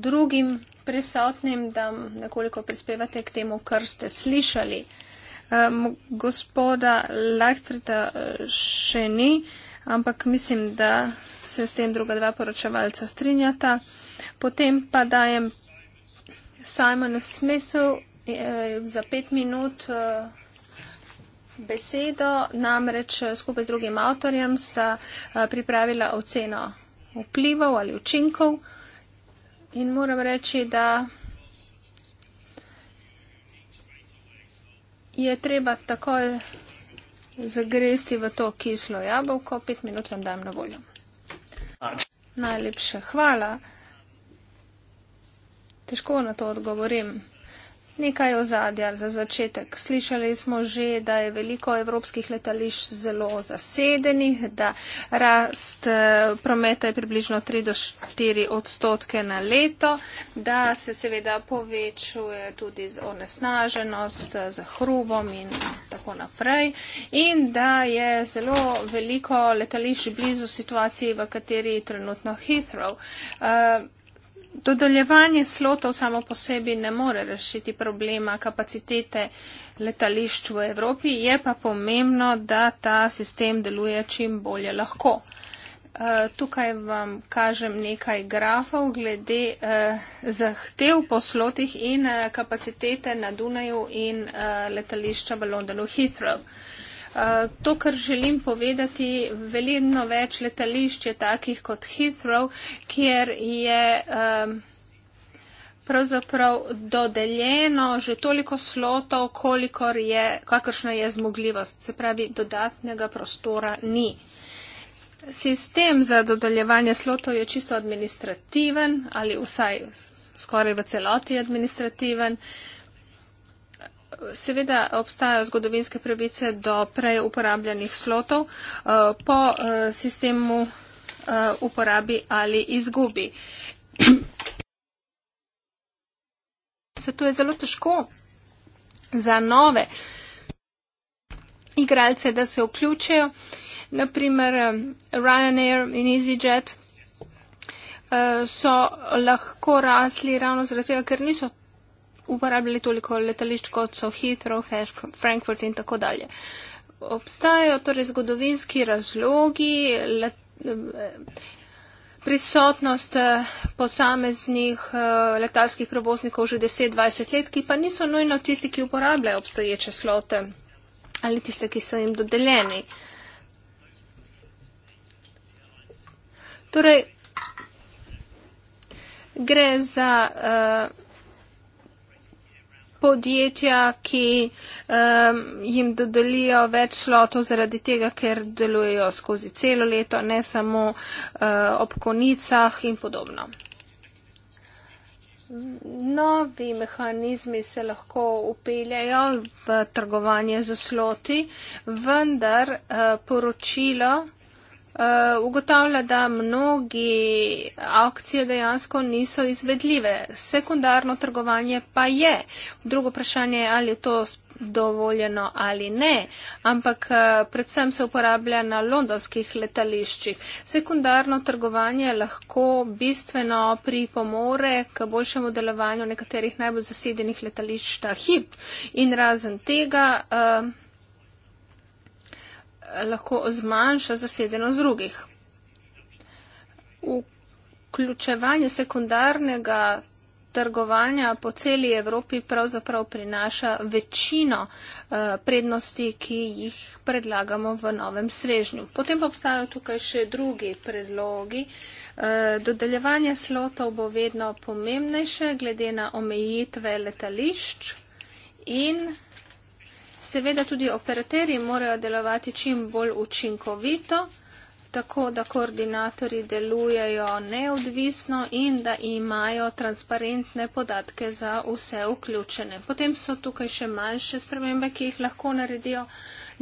drugim prisotnim, da nekoliko prispevate k temu, kar ste slišali um, gospoda Lahtrita eh, še ni, ampak mislim, da se s tem druga dva poročevalca strinjata. Potem pa dajem Simonu Smithu eh, za pet minut eh, besedo, namreč eh, skupaj z drugim avtorjem sta eh, pripravila oceno vplivov ali učinkov in moram reči, da. je treba takoj zagresti v to kislo jabolko, pet minut vam dajem na voljo. Najlepše hvala. Težko na to odgovorim. Nekaj ozadja za začetek. Slišali smo že, da je veliko evropskih letališč zelo zasedenih, da rast eh, prometa je približno 3 do 4 odstotke na leto, da se seveda povečuje tudi z onesnaženost, eh, z hrubom in tako naprej. In da je zelo veliko letališč blizu situaciji, v kateri je trenutno Heathrow. Uh, dodeljevanje slotov samo po sebi ne more rešiti problema kapacitete letališč v Evropi, je pa pomembno, da ta sistem deluje čim bolje lahko. Eh, tukaj vam kažem nekaj grafov glede eh, zahtev po slotih in eh, kapacitete na Dunaju in eh, letališča v Londonu Heathrow. Eh, To, kar želim povedati, veljedno več letališče takih kot Heathrow, kjer je um, pravzaprav dodeljeno že toliko slotov, kolikor je, kakršna je zmogljivost, se pravi, dodatnega prostora ni. Sistem za dodeljevanje slotov je čisto administrativen ali vsaj skoraj v celoti administrativen. Uh, seveda obstajajo zgodovinske pravice do prej uporabljenih slotov eh, po eh, sistemu eh, uporabi ali izgubi. Zato je zelo težko za nove igralce, da se vključijo. Naprimer Ryanair in EasyJet so lahko rasli ravno zaradi tega, ker niso uporabljali toliko letališč, kot so Heathrow, Frankfurt in tako dalje. Obstajajo torej zgodovinski razlogi, let, prisotnost posameznih letalskih prevoznikov že 10-20 let, ki pa niso nujno tisti, ki uporabljajo obstoječe slote ali tiste, ki so jim dodeljeni. Torej, gre za uh, podjetja, ki um, jim dodelijo več slotov zaradi tega, ker delujejo skozi celo leto, ne samo uh, ob konicah in podobno. Novi mehanizmi se lahko upeljajo v trgovanje z sloti, vendar uh, poročilo Eh, ugotavlja, da mnogi aukcije dejansko niso izvedljive. Sekundarno trgovanje pa je. Drugo vprašanje je, ali je to dovoljeno ali ne, ampak eh, predvsem se uporablja na londonskih letališčih. Sekundarno trgovanje lahko bistveno pripomore k boljšemu delovanju nekaterih najbolj zasedenih letališč ta hip. In razen tega. Uh, lahko zmanjša zasedenost drugih. Vključevanje sekundarnega trgovanja po celi Evropi pravzaprav prinaša večino eh, prednosti, ki jih predlagamo v novem svežnju. Potem pa obstajajo tukaj še drugi predlogi. Eh, dodeljevanje slotov bo vedno pomembnejše glede na omejitve letališč in Seveda tudi operaterji morajo delovati čim bolj učinkovito, tako da koordinatori delujejo neodvisno in da imajo transparentne podatke za vse vključene. Potem so tukaj še manjše spremembe, ki jih lahko naredijo.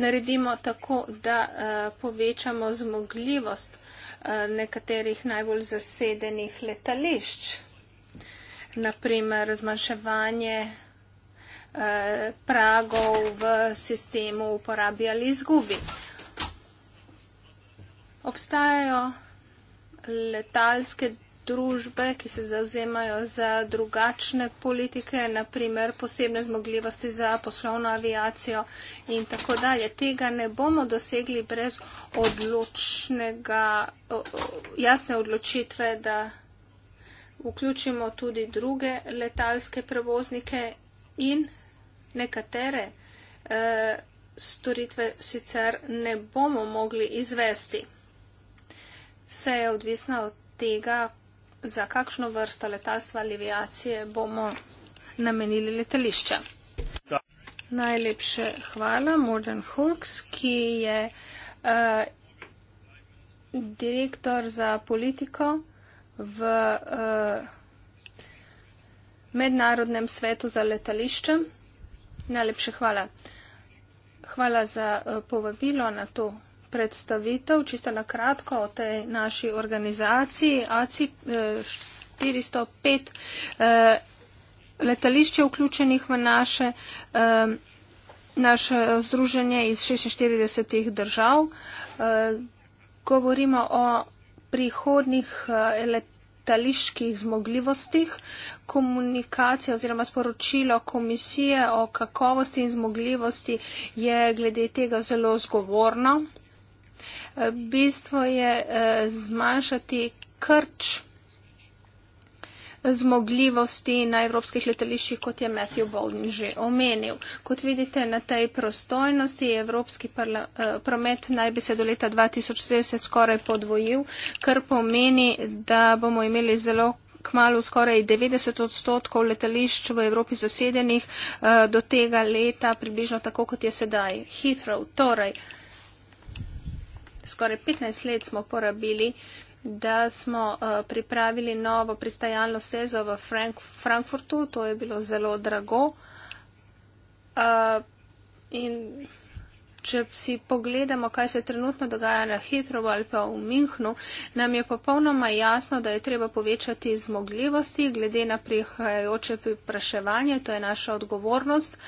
naredimo tako, da uh, povečamo zmogljivost uh, nekaterih najbolj zasedenih letališč. Naprimer, zmanjševanje Eh, pragov v sistemu uporabi ali izgubi. Obstajajo letalske družbe, ki se zauzemajo za drugačne politike, naprimer posebne zmogljivosti za poslovno aviacijo in tako dalje. Tega ne bomo dosegli brez odločnega, jasne odločitve, da vključimo tudi druge letalske prevoznike in nekatere e, storitve sicer ne bomo mogli izvesti. Vse je odvisno od tega, za kakšno vrsto letalstva aliviacije bomo namenili letališče. Da. Najlepše hvala Morden Hooks, ki je uh, direktor za politiko v. Uh, mednarodnem svetu za letališče. Najlepše hvala. Hvala za eh, povabilo na to predstavitev, čisto na kratko o tej naši organizaciji ACI 405 eh, eh, letališče vključenih v naše, naše združenje iz 46 držav. Govorimo o prihodnih letališčih letaliških zmogljivostih, komunikacija oziroma sporočilo komisije o kakovosti in zmogljivosti je glede tega zelo zgovorno. Eh, bistvo je eh, zmanjšati krč zmogljivosti na evropskih letališčih, kot je Matthew Bolden že omenil. Kot vidite, na tej prostojnosti je evropski parla, eh, promet naj bi se do leta 2030 skoraj podvojil, kar pomeni, da bomo imeli zelo kmalo skoraj 90 odstotkov letališč v Evropi zasedenih eh, do tega leta, približno tako, kot je sedaj. Heathrow, torej. Skoraj 15 let smo porabili da smo eh, pripravili novo pristajalno stezo v Frank Frankfurtu, to je bilo zelo drago. Eh, in če si pogledamo, kaj se trenutno dogaja na Heathrow ali pa v Minhnu, nam je popolnoma jasno, da je treba povečati zmogljivosti glede na prihajajoče vpraševanje, to je naša odgovornost,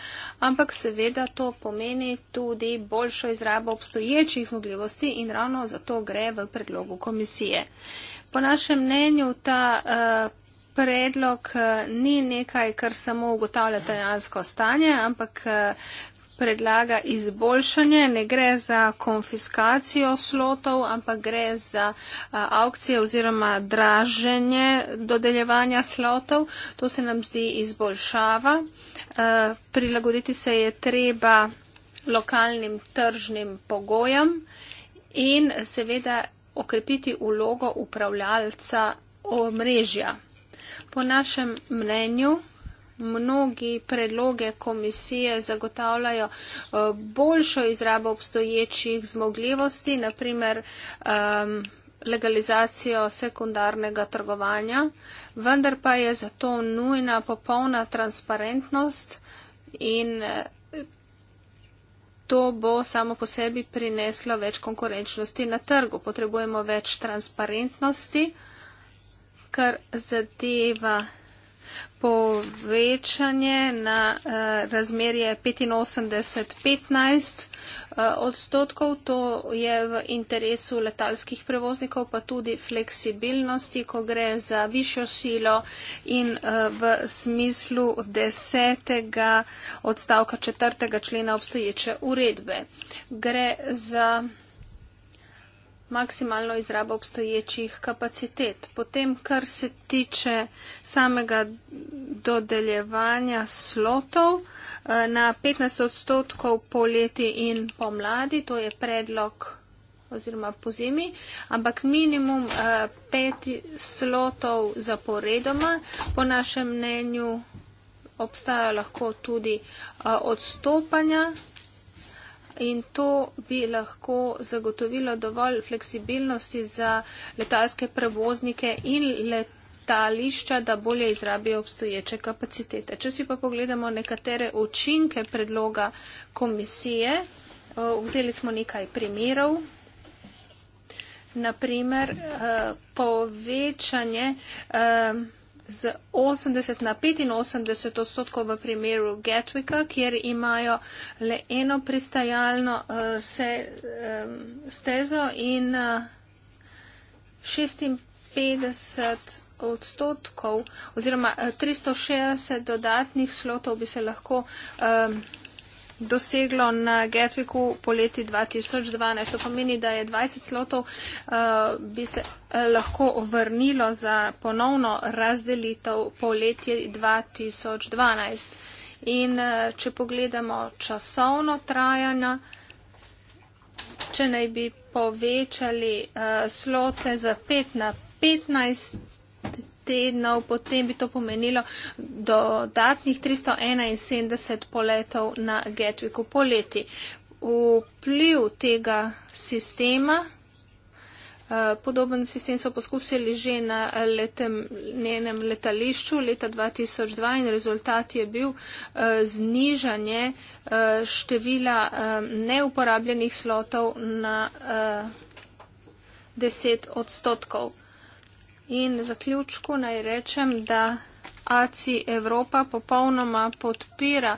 ampak seveda to pomeni tudi boljšo izrabo obstoječih zmogljivosti in ravno zato gre v predlogu komisije. Po našem mnenju ta. Uh, Predlog eh, ni nekaj, kar samo ugotavlja tajansko stanje, ampak eh, predlaga izboljšanje, ne gre za konfiskacijo slotov, ampak gre za uh, aukcije oziroma draženje dodeljevanja slotov. To se nam zdi izboljšava. Uh, prilagoditi se je treba lokalnim tržnim pogojem in seveda okrepiti ulogo upravljalca omrežja. Po našem mnenju, mnogi predloge komisije zagotavljajo eh, boljšo izrabo obstoječih zmogljivosti, naprimer legalizacijo sekundarnega trgovanja, vendar pa je zato nujna popolna transparentnost in eh, to bo samo po sebi prineslo več konkurenčnosti na trgu. Potrebujemo več transparentnosti, kar zadeva povečanje na eh, razmerje 85-15 eh, odstotkov. To je v interesu letalskih prevoznikov, pa tudi fleksibilnosti, ko gre za višjo silo in eh, v smislu desetega odstavka četrtega člena obstoječe uredbe. Gre za maksimalno izrabo obstoječih kapacitet. Potem, kar se tiče samega dodeljevanja slotov eh, na 15 odstotkov poleti in pomladi, to je predlog oziroma po zimi, ampak minimum eh, pet slotov zaporedoma, po našem mnenju obstajajo lahko tudi eh, odstopanja in to bi lahko zagotovilo dovolj fleksibilnosti za letalske prevoznike in letalske letališča, da bolje izrabijo obstoječe kapacitete. Če si pa pogledamo nekatere učinke predloga komisije, vzeli smo nekaj primerov, naprimer eh, povečanje eh, z 80 na 85 odstotkov v primeru Gatwicka, kjer imajo le eno pristajalno uh, se, um, stezo in uh, eh, 56 odstotkov oziroma 360 dodatnih slotov bi se lahko um, doseglo na Getviku poleti 2012. To pomeni, da je 20 slotov uh, bi se eh, lahko vrnilo za ponovno razdelitev poletje 2012. In uh, če pogledamo časovno trajanje, če naj bi povečali uh, slote za 5 na 15 tednov, potem bi to pomenilo dodatnih 371 poletov na Getwicku poleti. Vpliv tega sistema, eh, podoben sistem so poskusili že na letem, njenem letališču leta 2002 in rezultat je bil eh, znižanje eh, števila neuporabljenih slotov na 10 odstotkov. In na zaključku naj rečem, da ACI Evropa popolnoma podpira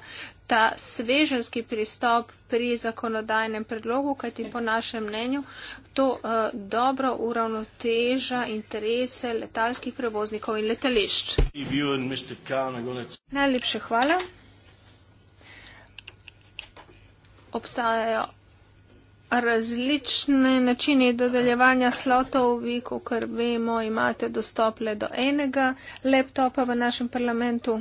ta svežanski pristop pri zakonodajnem predlogu, kajti po našem mnenju to uh, dobro uravnoteža interese letalskih prevoznikov in letališč. Najlepše hvala. Obstajajo Različne načine dodeljevanja slotov, vi, kot vemo, imate dostop le do enega laptopa v našem parlamentu.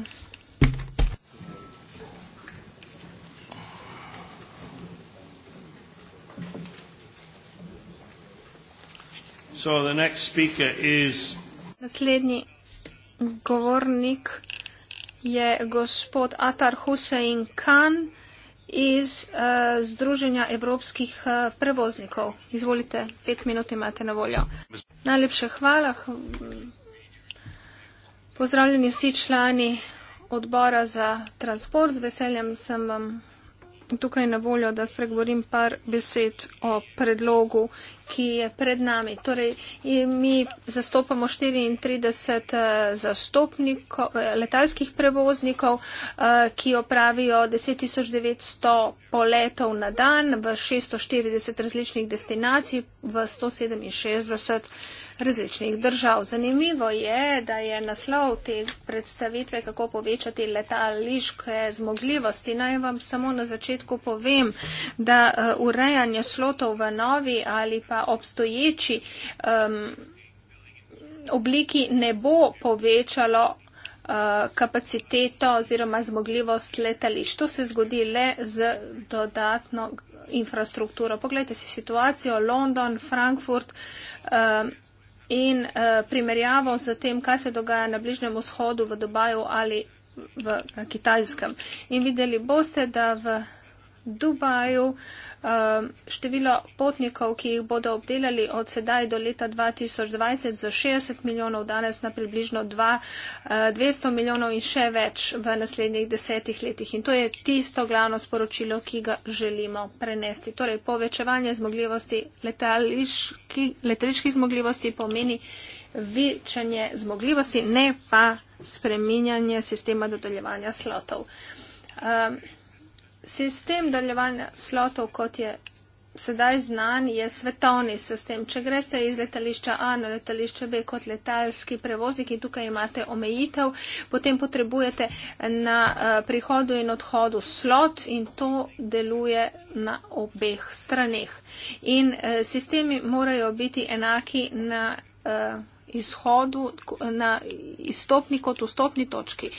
So the next speaker is Naslednji govornik je gospod Atar Hussein Khan iz uh, Združenja evropskih uh, prevoznikov. Izvolite, pet minut imate na voljo. Najlepše hvala. Pozdravljeni vsi člani odbora za transport. Z veseljem sem vam. Um, tukaj na voljo, da spregovorim par besed o predlogu, ki je pred nami. Torej, mi zastopamo 34 eh, eh, letalskih prevoznikov, eh, ki opravijo 10.900 poletov na dan v 640 različnih destinacij v 167 različnih držav. Zanimivo je, da je naslov te predstavitve, kako povečati letališke zmogljivosti. Naj vam samo na začetku povem, da eh, urejanje slotov v novi ali pa obstoječi um, obliki ne bo povečalo eh, kapaciteto oziroma zmogljivost letališč. To se zgodi le z dodatno infrastrukturo. Poglejte si situacijo London, Frankfurt, in uh, primerjavo z tem, kaj se dogaja na Bližnjem vzhodu, v Dubaju ali v Kitajskem. In videli boste, da v Dubaju uh, Ehm, število potnikov, ki jih bodo obdelali od sedaj do leta 2020 za 60 milijonov, danes na približno 200 eh, milijonov in še več v naslednjih desetih letih. In to je tisto glavno sporočilo, ki ga želimo prenesti. Torej, povečevanje zmogljivosti letališki, letališki zmogljivosti pomeni večanje zmogljivosti, ne pa spreminjanje sistema dodeljevanja slotov. Um, sistem daljevanja slotov, kot je sedaj znan, je svetovni sistem. Če greste iz letališča A na letališče B kot letalski prevoznik in tukaj imate omejitev, potem potrebujete na eh, prihodu in odhodu slot in to deluje na obeh straneh. In eh, sistemi morajo biti enaki na. Eh, izhodu, na izstopni kot vstopni točki.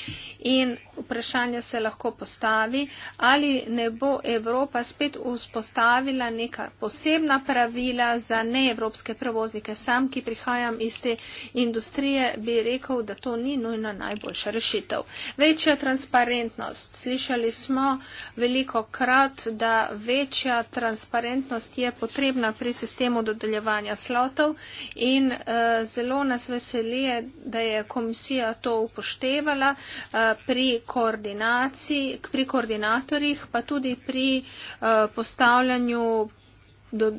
In vprašanje se lahko postavi, ali ne bo Evropa spet vzpostavila neka posebna pravila za neevropske prevoznike. Sam, ki prihajam iz te industrije, bi rekel, da to ni nujna najboljša rešitev. Večja transparentnost. Slišali smo veliko krat, da večja transparentnost je potrebna pri sistemu dodeljevanja slotov in uh, zelo zelo nas veseli, da je komisija to upoštevala eh, pri koordinaciji, pri koordinatorjih, pa tudi pri eh, postavljanju,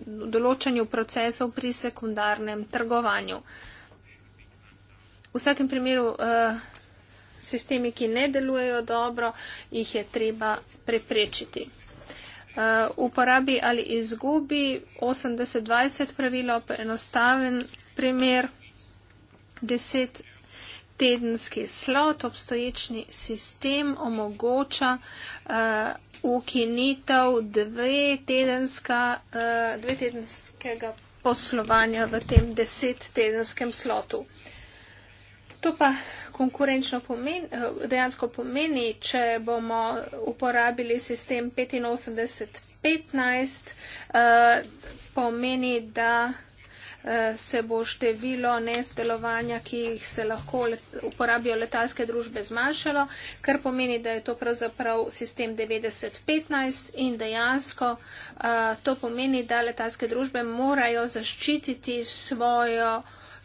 določanju procesov pri sekundarnem trgovanju. V vsakem primeru eh, sistemi, ki ne delujejo dobro, jih je treba preprečiti. Uh, uporabi ali izgubi 80-20 pravilo, enostaven primer deset tedenski slot, obstoječni sistem omogoča uh, ukinitev dve tedenska, uh, dve tedenskega poslovanja v tem deset tedenskem slotu. To pa konkurenčno pomeni, eh, dejansko pomeni, če bomo uporabili sistem 85-15, uh, pomeni, da Eh, se bo število nestelovanja, ki jih se lahko let, uporabijo letalske družbe, zmanjšalo, kar pomeni, da je to pravzaprav sistem 90-15 in dejansko eh, to pomeni, da letalske družbe morajo zaščititi svojo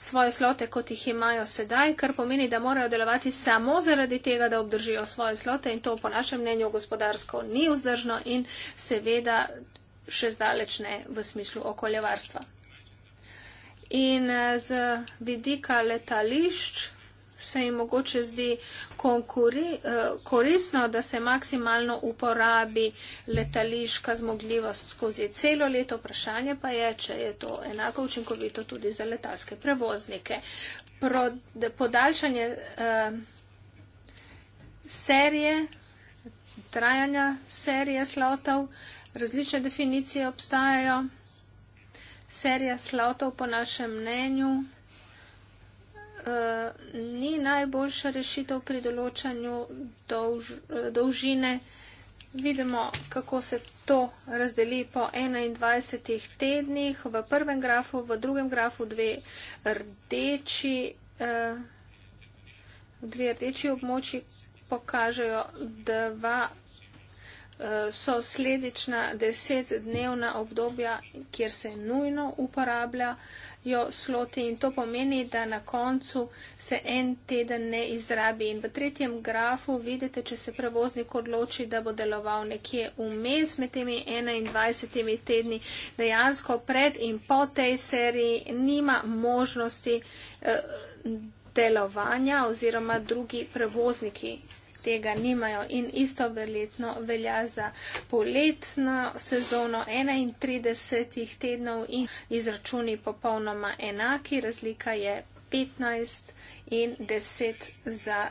svoje slote, kot jih imajo sedaj, kar pomeni, da morajo delovati samo zaradi tega, da obdržijo svoje slote in to po našem mnenju gospodarsko ni vzdržno in seveda še zdaleč ne v smislu okoljevarstva. In eh, z vidika letališč se jim mogoče zdi eh, koristno, da se maksimalno uporabi letališka zmogljivost skozi celo leto. Vprašanje pa je, če je to enako učinkovito tudi za letalske prevoznike. Podaljšanje eh, serije, trajanja serije slotov, različne definicije obstajajo serija slotov po našem mnenju uh, ni najboljša rešitev pri določanju dolž, dolžine. Vidimo, kako se to razdeli po 21 tednih. V prvem grafu, v drugem grafu dve rdeči, uh, dve rdeči območji pokažejo dva Eh, so sledična desetdnevna obdobja, kjer se nujno uporabljajo sloti in to pomeni, da na koncu se en teden ne izrabi. In v tretjem grafu vidite, če se prevoznik odloči, da bo deloval nekje vmes med temi 21 tedni, dejansko pred in po tej seriji nima možnosti eh, delovanja oziroma drugi prevozniki tega nimajo in isto verjetno velja za poletno sezono 31 tednov in izračuni popolnoma enaki, razlika je 15 in 10 za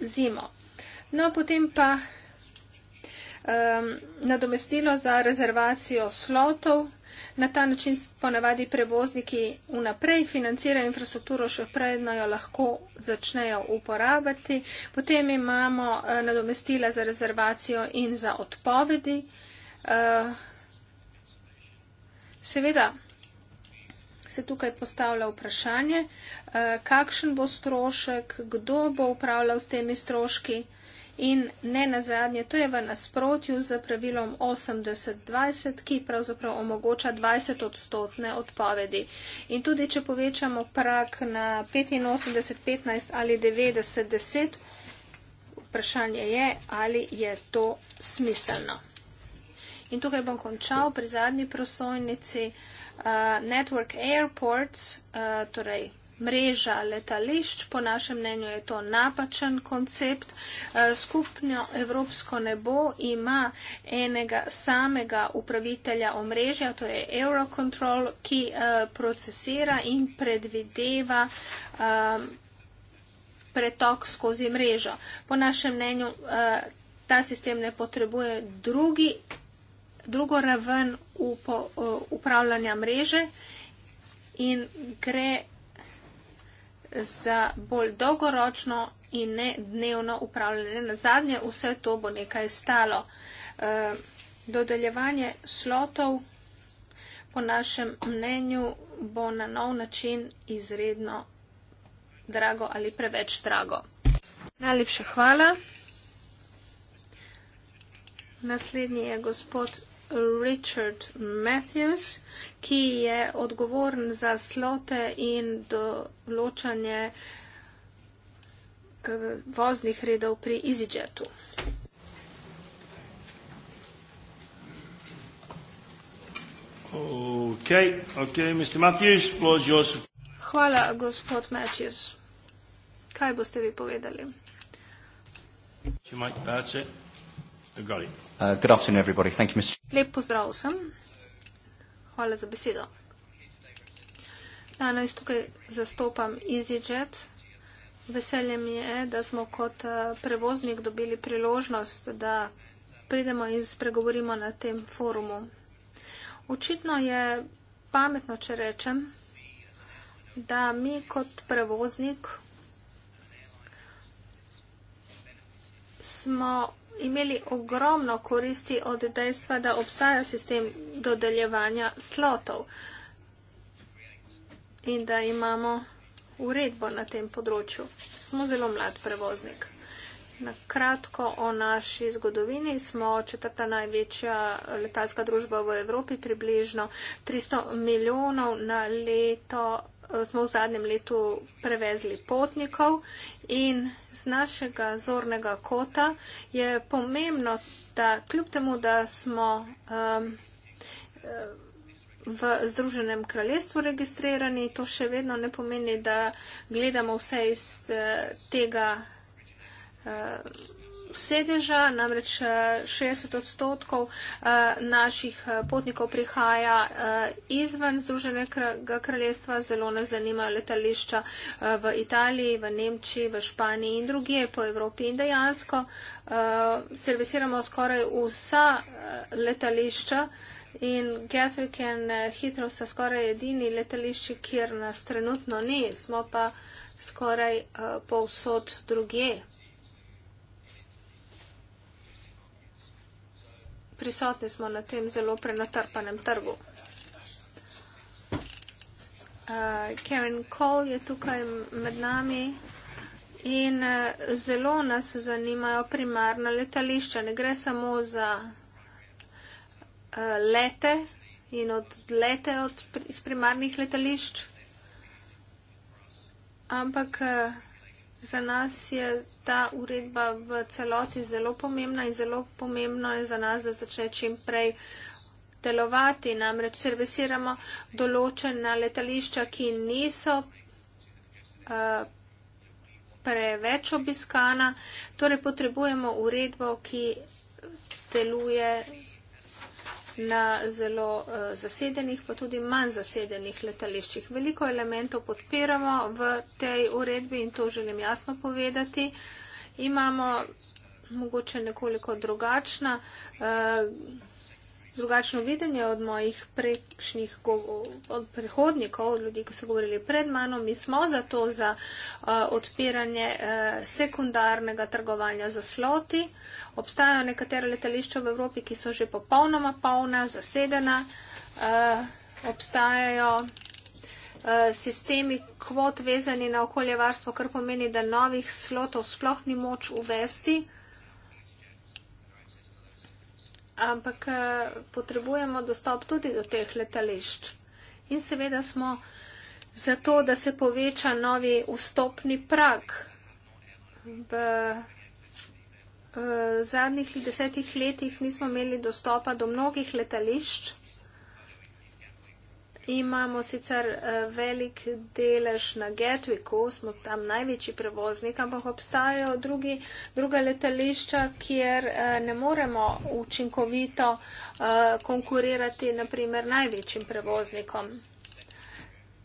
zimo. No, potem pa um, nadomestilo za rezervacijo slotov, Na ta način ponavadi prevozniki vnaprej financirajo infrastrukturo, še predno jo lahko začnejo uporabljati. Potem imamo eh, nadomestila za rezervacijo in za odpovedi. Eh, seveda se tukaj postavlja vprašanje, eh, kakšen bo strošek, kdo bo upravljal s temi stroški. In ne nazadnje, to je v nasprotju z pravilom 80-20, ki pravzaprav omogoča 20 odstotne odpovedi. In tudi, če povečamo prak na 85-15 ali 90-10, vprašanje je, ali je to smiselno. In tukaj bom končal pri zadnji prosojnici. Uh, Network Airports, uh, torej mreža letališč. Po našem mnenju je to napačen koncept. E, skupno evropsko nebo ima enega samega upravitelja omrežja, to je Eurocontrol, ki e, procesira in predvideva e, pretok skozi mrežo. Po našem mnenju ta sistem ne potrebuje drugi, drugo raven upo, upravljanja mreže in gre za bolj dolgoročno in ne dnevno upravljanje. Na zadnje vse to bo nekaj stalo. E, dodeljevanje slotov po našem mnenju bo na nov način izredno drago ali preveč drago. Najlepša hvala. Naslednji je gospod Richard Matthews, ki je odgovoren za slote in določanje eh, voznih redov pri EasyJetu. Okay, okay, Mr. Matthews, floor is Hvala, gospod Matthews. Kaj boste vi povedali? You might, that's it. I got it. Uh, good afternoon, everybody. Thank you, Mr. Lep pozdrav vsem. Hvala za besedo. Danes tukaj zastopam EasyJet. Veselje mi je, da smo kot uh, prevoznik dobili priložnost, da pridemo in spregovorimo na tem forumu. Očitno je pametno, če rečem, da mi kot prevoznik smo imeli ogromno koristi od dejstva, da obstaja sistem dodeljevanja slotov in da imamo uredbo na tem področju. Smo zelo mlad prevoznik. Na kratko o naši zgodovini smo četrta največja letalska družba v Evropi, približno 300 milijonov na leto smo v zadnjem letu prevezli potnikov in z našega zornega kota je pomembno, da kljub temu, da smo um, v Združenem kraljestvu registrirani, to še vedno ne pomeni, da gledamo vse iz uh, tega. Uh, sedeža, namreč 60 eh, odstotkov eh, naših eh, potnikov prihaja izven Združenega kraljestva, zelo nas zanimajo letališča v Italiji, v Nemčiji, v Španiji in drugje po Evropi in dejansko servisiramo skoraj vsa letališča. In Gatwick in Hitro sta skoraj edini letališči, kjer nas trenutno ni, smo pa skoraj uh, povsod drugje. prisotni smo na tem zelo prenatrpanem trgu. Uh, Karen Cole je tukaj med nami in uh, zelo nas zanimajo primarna letališča. Ne gre samo za uh, lete in odlete od, iz primarnih letališč, ampak. Uh, za nas je ta uredba v celoti zelo pomembna in zelo pomembno je za nas, da začne čim prej delovati. Namreč serviciramo določena letališča, ki niso uh, preveč obiskana, torej potrebujemo uredbo, ki deluje na zelo eh, zasedenih, pa tudi manj zasedenih letališčih. Veliko elementov podpiramo v tej uredbi in to želim jasno povedati. Imamo mogoče nekoliko drugačna. Eh, drugačno videnje od mojih prejšnjih, od prihodnikov, od ljudi, ki so govorili pred mano. Mi smo za to, za uh, odpiranje uh, sekundarnega trgovanja za sloti. Obstajajo nekatere letališča v Evropi, ki so že popolnoma polna, zasedena. Uh, obstajajo sistemi kvot vezani na okoljevarstvo, kar pomeni, da novih slotov sploh ni moč uvesti, uh, ampak eh, potrebujemo dostop tudi do teh letališč. In seveda smo za to, da se poveča novi vstopni prak. V, v eh, zadnjih desetih letih nismo imeli dostopa do mnogih letališč. Imamo sicer eh, velik delež na Getwicku, smo tam največji prevoznik, ampak obstajajo drugi, druga letališča, kjer eh, ne moremo učinkovito eh, konkurirati, naprimer, največjim prevoznikom.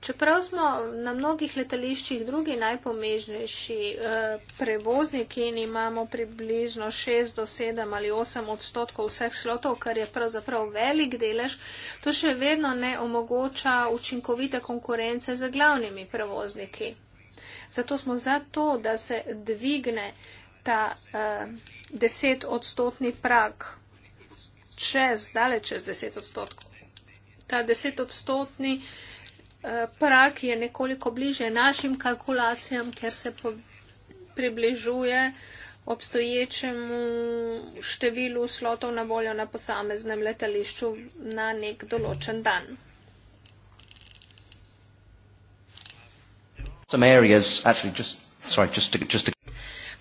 Čeprav smo na mnogih letališčih drugi najpomežnejši eh, prevozniki in imamo približno 6 do 7 ali 8 odstotkov vseh slotov, kar je pravzaprav velik delež, to še vedno ne omogoča učinkovite konkurence z glavnimi prevozniki. Zato smo za to, da se dvigne ta 10 eh, odstotni prag čez, daleč čez 10 odstotkov. Ta 10 odstotni prag Eh, prak je nekoliko bliže našim kalkulacijam, ker se približuje obstoječemu številu slotov na voljo na posameznem letališču na nek določen dan.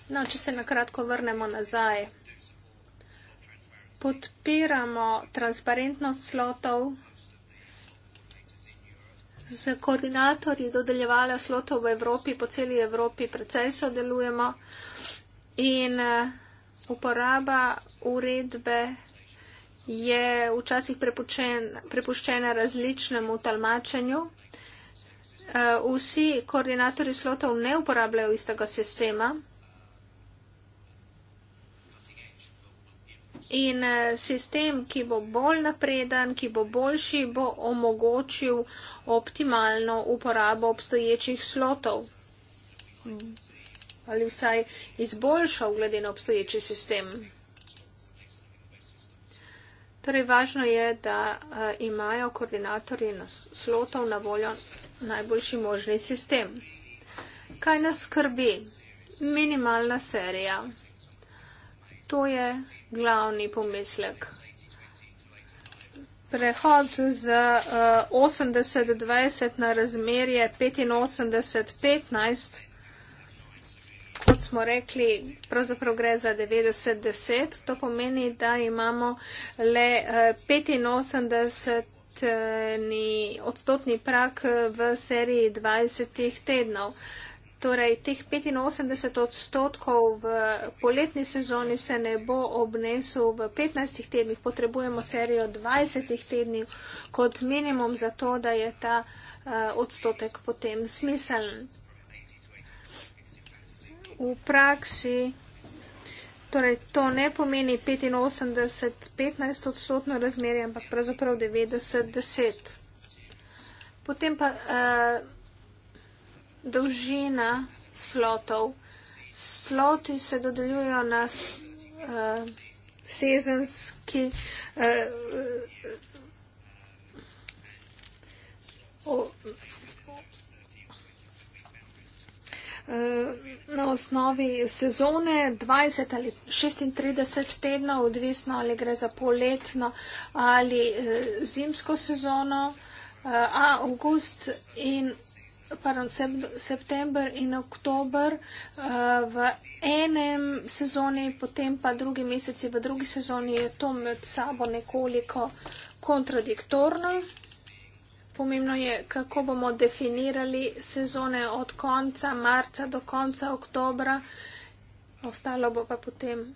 No, če se nakratko vrnemo nazaj. Podpiramo transparentnost slotov z koordinatorji dodeljevala slotov v Evropi, po celi Evropi precej sodelujemo in eh, uporaba uredbe je včasih prepuščena različnemu talmačenju. Eh, vsi koordinatorji slotov ne uporabljajo istega sistema, In eh, sistem, ki bo bolj napreden, ki bo boljši, bo omogočil optimalno uporabo obstoječih slotov. Ali vsaj izboljšal glede na obstoječi sistem. Torej, važno je, da eh, imajo koordinatorji slotov na voljo najboljši možni sistem. Kaj nas skrbi? Minimalna serija. To je glavni pomislek. Prehod z uh, eh, 80-20 na razmerje 85-15, kot smo rekli, pravzaprav gre za 90-10, to pomeni, da imamo le uh, 85-odstotni prak v seriji 20 tednov. Uh, Torej, teh 85 odstotkov v poletni sezoni se ne bo obnesel v 15 tednih. Potrebujemo serijo 20 tednih kot minimum za to, da je ta eh, odstotek potem smiseln. V praksi. Torej, to ne pomeni 85-15 odstotno razmerje, ampak pravzaprav 90-10. Potem pa. Uh, dolžina slotov. Sloti se dodeljujo na uh, sezonski. Eh, eh, na osnovi sezone 20 ali 36 tednov, odvisno ali gre za poletno ali zimsko sezono, a avgust in pardon, sep, september in oktober uh, v enem sezoni, potem pa drugi meseci v drugi sezoni je to med sabo nekoliko kontradiktorno. Pomembno je, kako bomo definirali sezone od konca marca do konca oktobra. Ostalo bo pa potem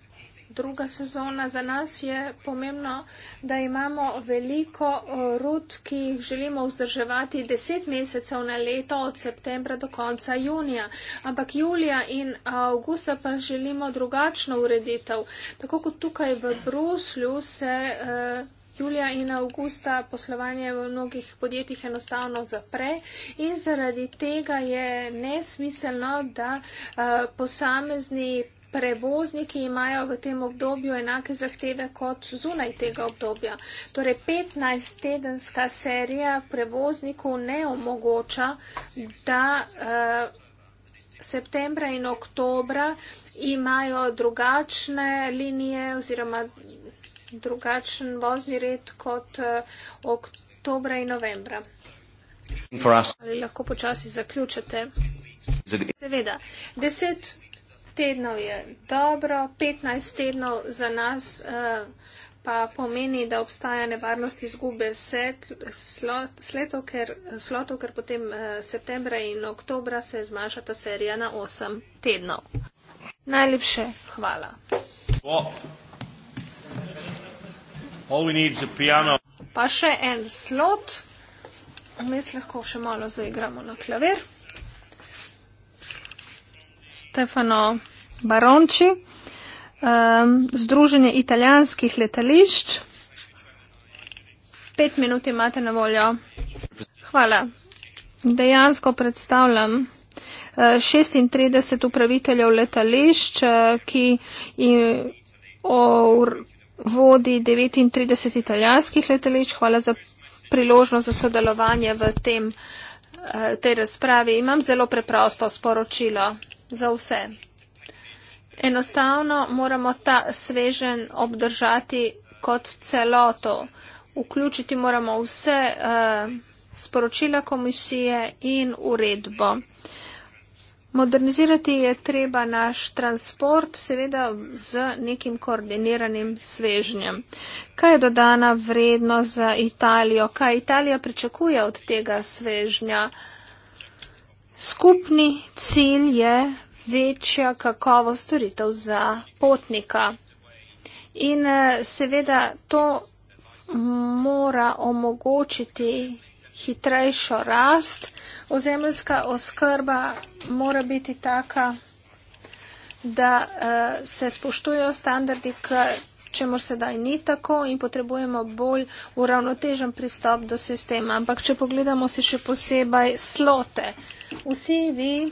druga sezona. Za nas je pomembno, da imamo veliko eh, rut, ki jih želimo vzdrževati 10 mesecev na leto od septembra do konca junija. Ampak julija in augusta pa želimo drugačno ureditev. Tako kot tukaj v Bruslju se. Eh, julija in avgusta poslovanje v mnogih podjetjih enostavno zapre in zaradi tega je nesmiselno, da uh, posamezni prevozniki imajo v tem obdobju enake zahteve kot zunaj tega obdobja. Torej, 15-tedenska serija prevoznikov ne omogoča, da uh, septembra in oktobra imajo drugačne linije oziroma drugačen vozni red kot uh, oktobra in novembra. Ali lahko počasi zaključate? Seveda. Deset tednov je dobro, 15 tednov za nas uh, pa pomeni, da obstaja nevarnost izgube sek, slot, sleto, ker, slotov, ker potem uh, septembra in oktobra se zmanjša ta serija na 8 tednov. Najlepše hvala. Pa še en slot. Mes lahko še malo zaigramo na klavir. Stefano Baronči, um, Združenje italijanskih letališč. Pet minut imate na voljo. Hvala. Dejansko predstavljam. 36 uh, upraviteljev letališč, uh, ki vodi 39 italijanskih letališč. Hvala za priložnost za sodelovanje v tem, uh, tej razpravi. Imam zelo preprosto sporočilo za vse. Enostavno moramo ta svežen obdržati kot celoto. Vključiti moramo vse uh, sporočila komisije in uredbo. Modernizirati je treba naš transport, seveda z nekim koordiniranim svežnjem. Kaj je dodana vrednost za Italijo? Kaj Italija pričakuje od tega svežnja? Uh, Skupni cilj je večja kakovost storitev za potnika. In eh, seveda to mora omogočiti hitrejšo rast. Ozemljska oskrba mora biti taka, da uh, se spoštujejo standardi, k čemu sedaj ni tako in potrebujemo bolj uravnotežen pristop do sistema. Ampak če pogledamo si še posebej slote. Vsi vi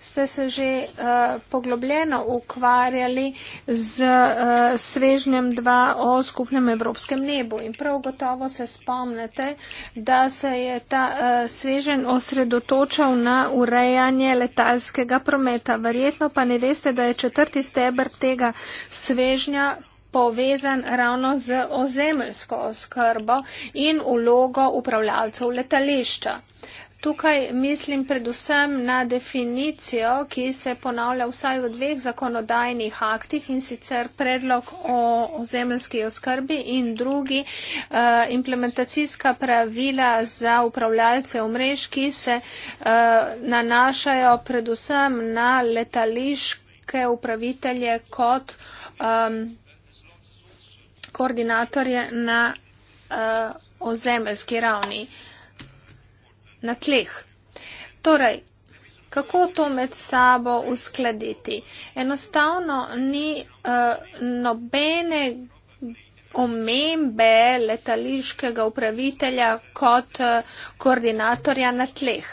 ste se že uh, poglobljeno ukvarjali z uh, svežnjem 2 o skupnem evropskem nebu in prav gotovo se spomnite, da se je ta uh, eh, svežen osredotočal na urejanje letalskega prometa. Verjetno pa ne veste, da je četrti stebr tega svežnja povezan ravno z ozemeljsko oskrbo in ulogo upravljalcev letališča. Uh, Tukaj mislim predvsem na definicijo, ki se ponavlja vsaj v dveh zakonodajnih aktih in sicer predlog o zemljski oskrbi in drugi eh, implementacijska pravila za upravljalce omrež, ki se eh, nanašajo predvsem na letališke upravitelje kot um, koordinatorje na uh, eh, ozemeljski ravni. Uh, na tleh. Torej, kako to med sabo uskladiti? Enostavno ni uh, nobene omembe letališkega upravitelja kot uh, koordinatorja na tleh.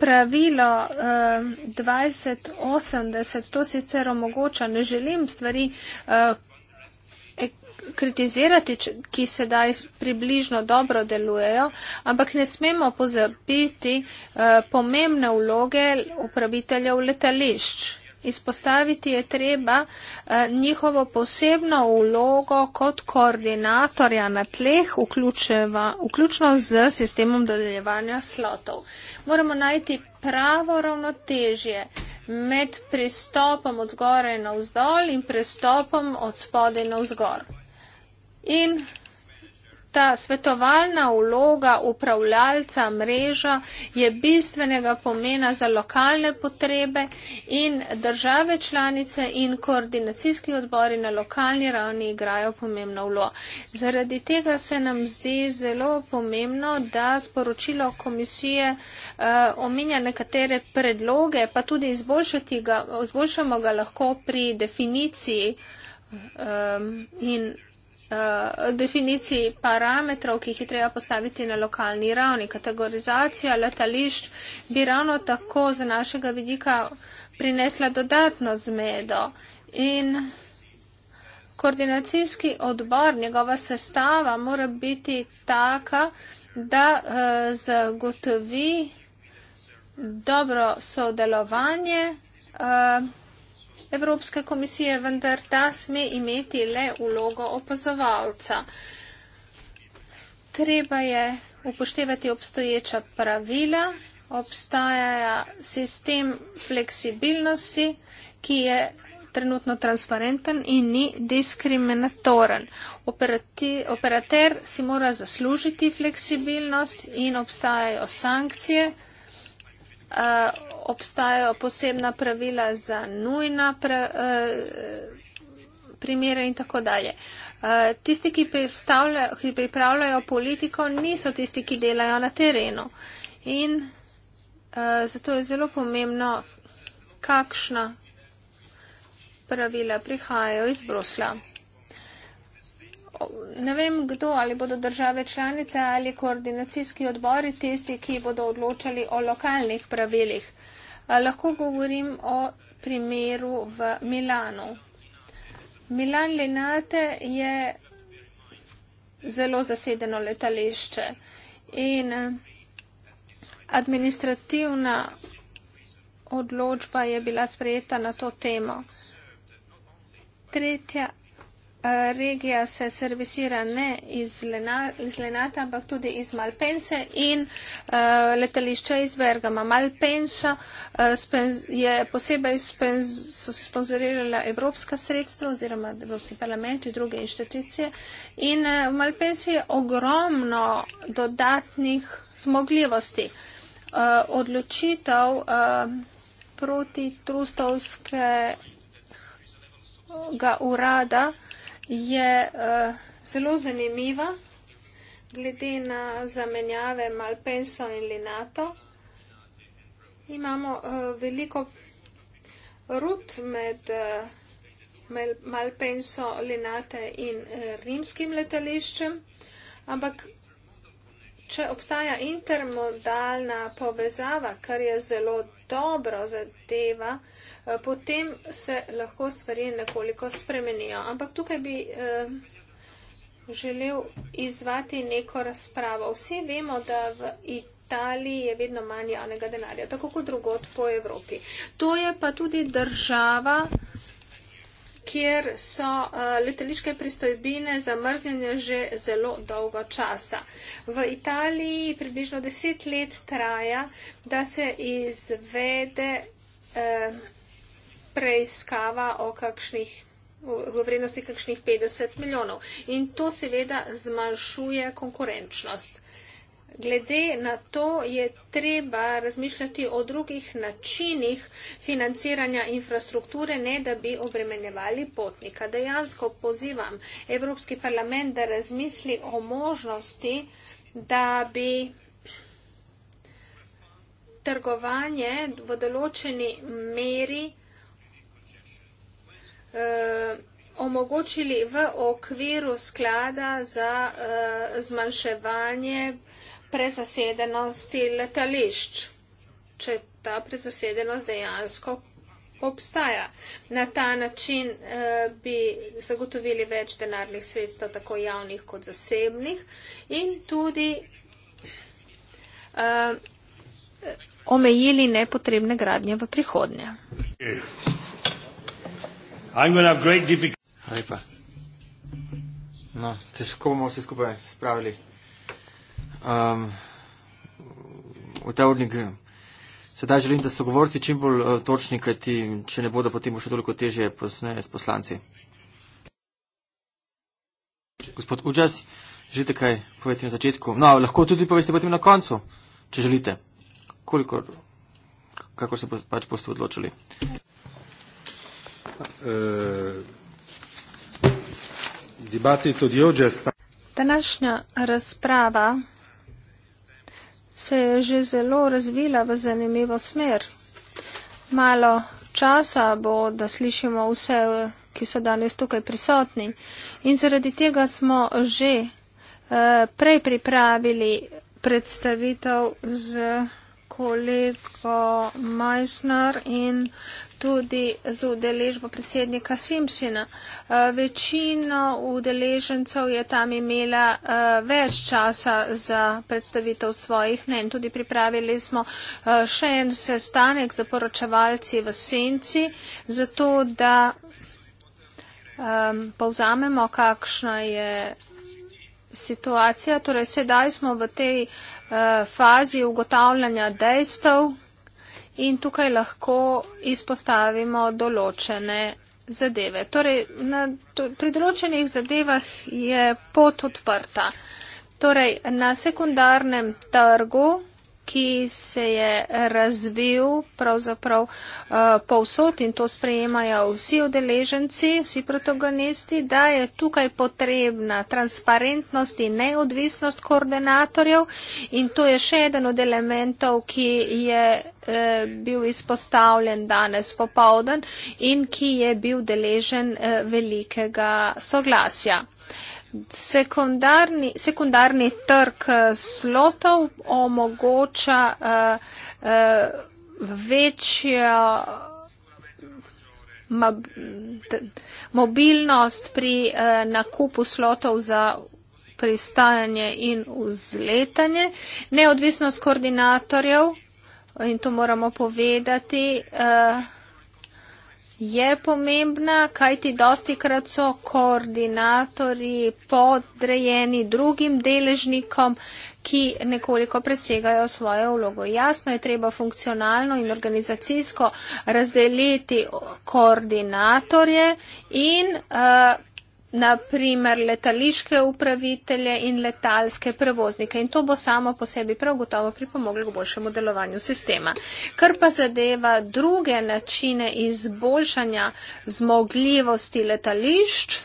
Pravilo eh, 2080 to sicer omogoča, ne želim stvari eh, kritizirati, ki sedaj približno dobro delujejo, ampak ne smemo pozabiti eh, pomembne vloge upraviteljev letališč. Izpostaviti je treba eh, njihovo posebno vlogo kot koordinatorja na tleh, vključeva, vključno z sistemom dodeljevanja slotov. Moramo najti pravo ravnotežje med pristopom od zgore na vzdolj in pristopom od spode na vzgor. In ta svetovalna vloga upravljalca mreža je bistvenega pomena za lokalne potrebe in države članice in koordinacijski odbori na lokalni ravni igrajo pomembno vlogo. Zaradi tega se nam zdi zelo pomembno, da sporočilo komisije eh, omenja nekatere predloge, pa tudi ga, izboljšamo ga lahko pri definiciji eh, in Eh, definiciji parametrov, ki jih je treba postaviti na lokalni ravni. Kategorizacija letališč bi ravno tako z našega vidika prinesla dodatno zmedo. In koordinacijski odbor, njegova sestava mora biti taka, da eh, zagotovi dobro sodelovanje. Uh, Evropske komisije, vendar ta sme imeti le ulogo opazovalca. Treba je upoštevati obstoječa pravila, obstaja sistem fleksibilnosti, ki je trenutno transparenten in ni diskriminatoren. Operati, operater si mora zaslužiti fleksibilnost in obstajajo sankcije. Uh, obstajajo posebna pravila za nujna pra, eh, primere in tako dalje. Eh, tisti, ki, ki pripravljajo politiko, niso tisti, ki delajo na terenu. In eh, zato je zelo pomembno, kakšna pravila prihajajo iz Brusla. Ne vem, kdo ali bodo države članice ali koordinacijski odbori tisti, ki bodo odločali o lokalnih pravilih. Uh, lahko govorim o primeru v Milanu. Milan Lenate je zelo zasedeno letališče in administrativna odločba je bila sprejeta na to temo. Tretja Eh, regija se servisira ne iz, Lena, iz Lenata, ampak tudi iz Malpense in uh, eh, letališče iz Bergama. Malpensa uh, je posebej sponzorirala evropska sredstva oziroma Evropski parlament in druge inštitucije in uh, v Malpensi je ogromno dodatnih zmogljivosti. Uh, odločitev uh, proti trustovskega urada, je uh, zelo zanimiva, glede na zamenjave Malpenso in Linato. Imamo uh, veliko rut med uh, Malpenso, Linate in uh, rimskim letališčem, ampak če obstaja intermodalna povezava, kar je zelo dobro zadeva, uh, Eh, potem se lahko stvari nekoliko spremenijo. Ampak tukaj bi eh, želel izvati neko razpravo. Vsi vemo, da v Italiji je vedno manj javnega denarja, tako kot drugot po Evropi. To je pa tudi država, kjer so eh, letališke pristojbine zamrznjene že zelo dolgo časa. V Italiji približno deset let traja, da se izvede. Eh, preiskava o kakšnih v vrednosti kakšnih 50 milijonov. In to seveda zmanjšuje konkurenčnost. Glede na to je treba razmišljati o drugih načinih financiranja infrastrukture, ne da bi obremenjevali potnika. Dejansko pozivam Evropski parlament, da razmisli o možnosti, da bi trgovanje v določeni meri Eh, omogočili v okviru sklada za uh, zmanjševanje prezasedenosti letališč, če ta prezasedenost dejansko obstaja. Na ta način uh, bi zagotovili več denarnih sredstev, tako javnih kot zasebnih, in tudi uh, omejili nepotrebne gradnje v prihodnje. Okay. Lepa. No, težko bomo vse skupaj spravili. Um, v ta urnik sedaj želim, da so govorci čim bolj uh, točni, kajti če ne bodo, potem bo še toliko teže posneje s poslanci. Gospod Uđas, želite kaj povedati na začetku? No, lahko tudi poveste potem na koncu, če želite. Kolikor, kako se pač boste odločili? Eh, Današnja razprava se je že zelo razvila v zanimivo smer. Malo časa bo, da slišimo vse, ki so danes tukaj prisotni. In zaradi tega smo že eh, prej pripravili predstavitev z kolego Meissner in tudi z udeležbo predsednika Simpsona. Eh, večino udeležencev je tam imela eh, več časa za predstavitev svojih mnen. Tudi pripravili smo eh, še en sestanek za poročevalci v Senci, zato da ehm, povzamemo, kakšna je situacija. Torej, sedaj smo v tej fazi ugotavljanja dejstev, in tukaj lahko izpostavimo določene zadeve. Torej, na, to, pri določenih zadevah je pot odprta. Torej, na sekundarnem trgu ki se je razvil pravzaprav uh, povsod in to sprejemajo vsi udeleženci, vsi protagonisti, da je tukaj potrebna transparentnost in neodvisnost koordinatorjev in to je še eden od elementov, ki je eh, bil izpostavljen danes popovdan in ki je bil deležen eh, velikega soglasja sekundarni, sekundarni trg eh, slotov omogoča uh, uh, večjo mobilnost pri uh, nakupu slotov za pristajanje in vzletanje. Neodvisnost koordinatorjev, in to moramo povedati, uh, je pomembna, kaj ti dosti krat so koordinatori podrejeni drugim deležnikom, ki nekoliko presegajo svojo vlogo. Jasno je treba funkcionalno in organizacijsko razdeliti koordinatorje in uh, naprimer letališke upravitelje in letalske prevoznike. In to bo samo po sebi prav gotovo pripomoglo k boljšemu delovanju sistema. Kar pa zadeva druge načine izboljšanja zmogljivosti letališč,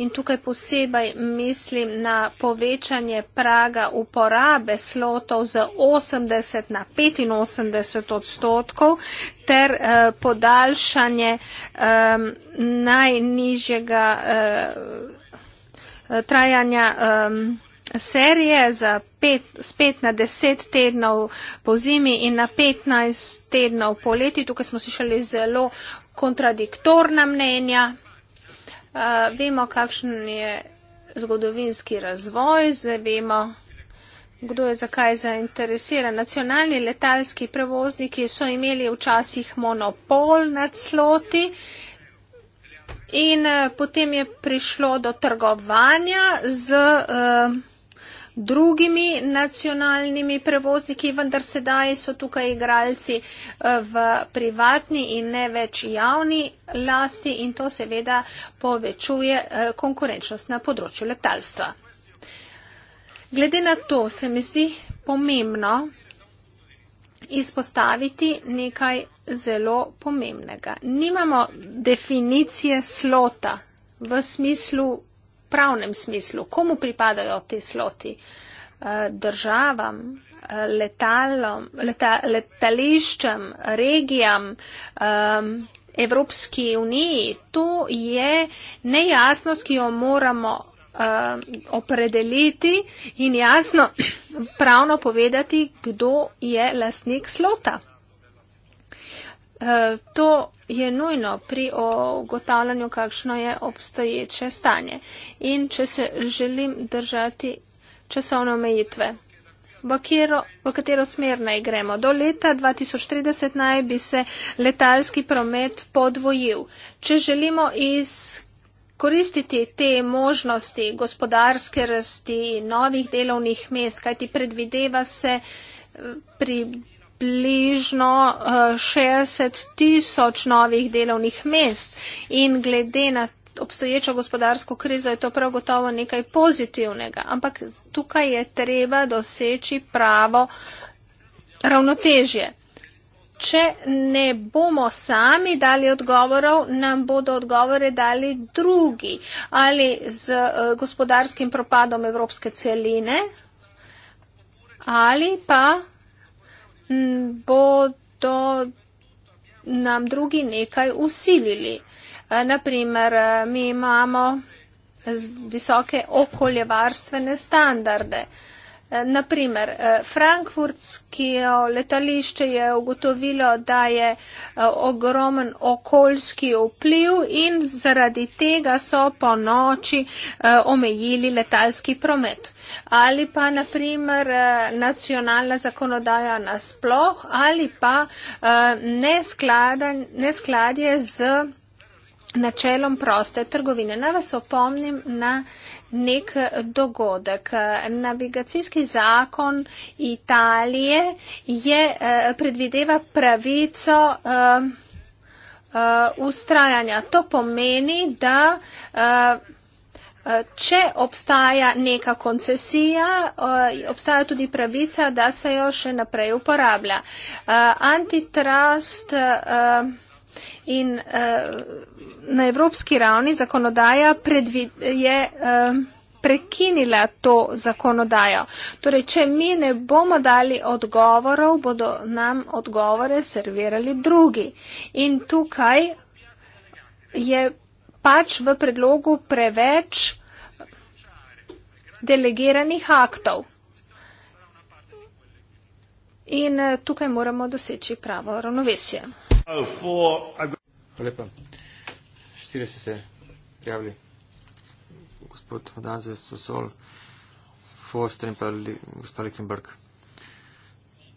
In tukaj posebej mislim na povečanje praga uporabe slotov z 80 na 85 odstotkov ter eh, podaljšanje eh, najnižjega eh, trajanja eh, serije za pet, z 5 na 10 tednov po zimi in na 15 tednov po leti. Tukaj smo slišali zelo kontradiktorna mnenja vemo, kakšen je zgodovinski razvoj, zdaj vemo, kdo je zakaj zainteresiran. Nacionalni letalski prevozniki so imeli včasih monopol nad sloti. In eh, potem je prišlo do trgovanja z uh, drugimi nacionalnimi prevozniki, vendar sedaj so tukaj igralci eh, v privatni in ne več javni lasti in to seveda povečuje eh, konkurenčnost na področju letalstva. Glede na to se mi zdi pomembno izpostaviti nekaj zelo pomembnega. Nimamo definicije slota v smislu pravnem smislu, komu pripadajo te sloti? Eh, državam, eh, letalom, leta, letališčem, regijam, ehm, Evropski uniji. To je nejasnost, ki jo moramo eh, opredeliti in jasno pravno povedati, kdo je lastnik slota. Eh, to je nujno pri ugotavljanju, kakšno je obstoječe stanje in če se želim držati časovne omejitve. V, kjero, v katero smer naj gremo? Do leta 2030 naj bi se letalski promet podvojil. Če želimo izkoristiti te možnosti gospodarske rasti, novih delovnih mest, kajti predvideva se eh, pri približno 60 eh, tisoč novih delovnih mest in glede na obstoječo gospodarsko krizo je to prav gotovo nekaj pozitivnega, ampak tukaj je treba doseči pravo ravnotežje. Če ne bomo sami dali odgovorov, nam bodo odgovore dali drugi ali z eh, gospodarskim propadom Evropske celine ali pa Mm, bodo nam drugi nekaj usilili. Naprimer, mi imamo visoke okoljevarstvene standarde. Uh, Eh, naprimer, eh, frankfurtsko letališče je ugotovilo, da je eh, ogromen okoljski vpliv in zaradi tega so po noči omejili letalski promet. Ali pa, naprimer, nacionalna zakonodaja nasploh ali pa neskladje z. Načelom proste trgovine. Naj vas opomnim na nek dogodek. Navigacijski zakon Italije je eh, predvideva pravico eh, eh, ustrajanja. To pomeni, da če obstaja neka koncesija, obstaja tudi pravica, da se jo še naprej uporablja. Antitrust In uh, na evropski ravni zakonodaja predvid, je uh, prekinila to zakonodajo. Torej, če mi ne bomo dali odgovorov, bodo nam odgovore servirali drugi. In tukaj je pač v predlogu preveč delegiranih aktov. In eh, tukaj moramo doseči pravo ravnovesje. Oh, lepa. Štiri ste se prijavili. Gospod Danze, Sosol, Foster in pa li, gospod Lichtenberg.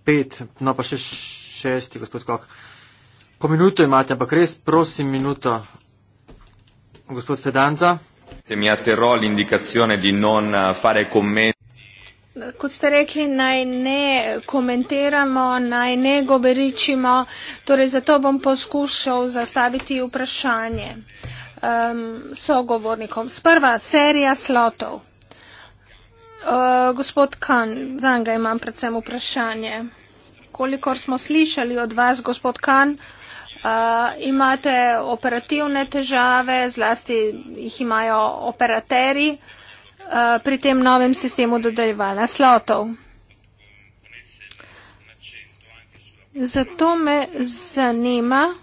Pet, no pa še šesti, gospod Kok. Po minuto imate, ampak res prosim minuto. Gospod Fedanza. Mi ha terrò l'indicazione di non eh, fare commenti. Kot ste rekli, naj ne komentiramo, naj ne govoričimo, torej zato bom poskušal zastaviti vprašanje um, sogovornikom. Sprva, serija slotov. Uh, gospod Kan, za njega imam predvsem vprašanje. Kolikor smo slišali od vas, gospod Kan, uh, imate operativne težave, zlasti jih imajo operateri. Eh, pri tem novem sistemu dodeljevanja slotov. Zato me zanima,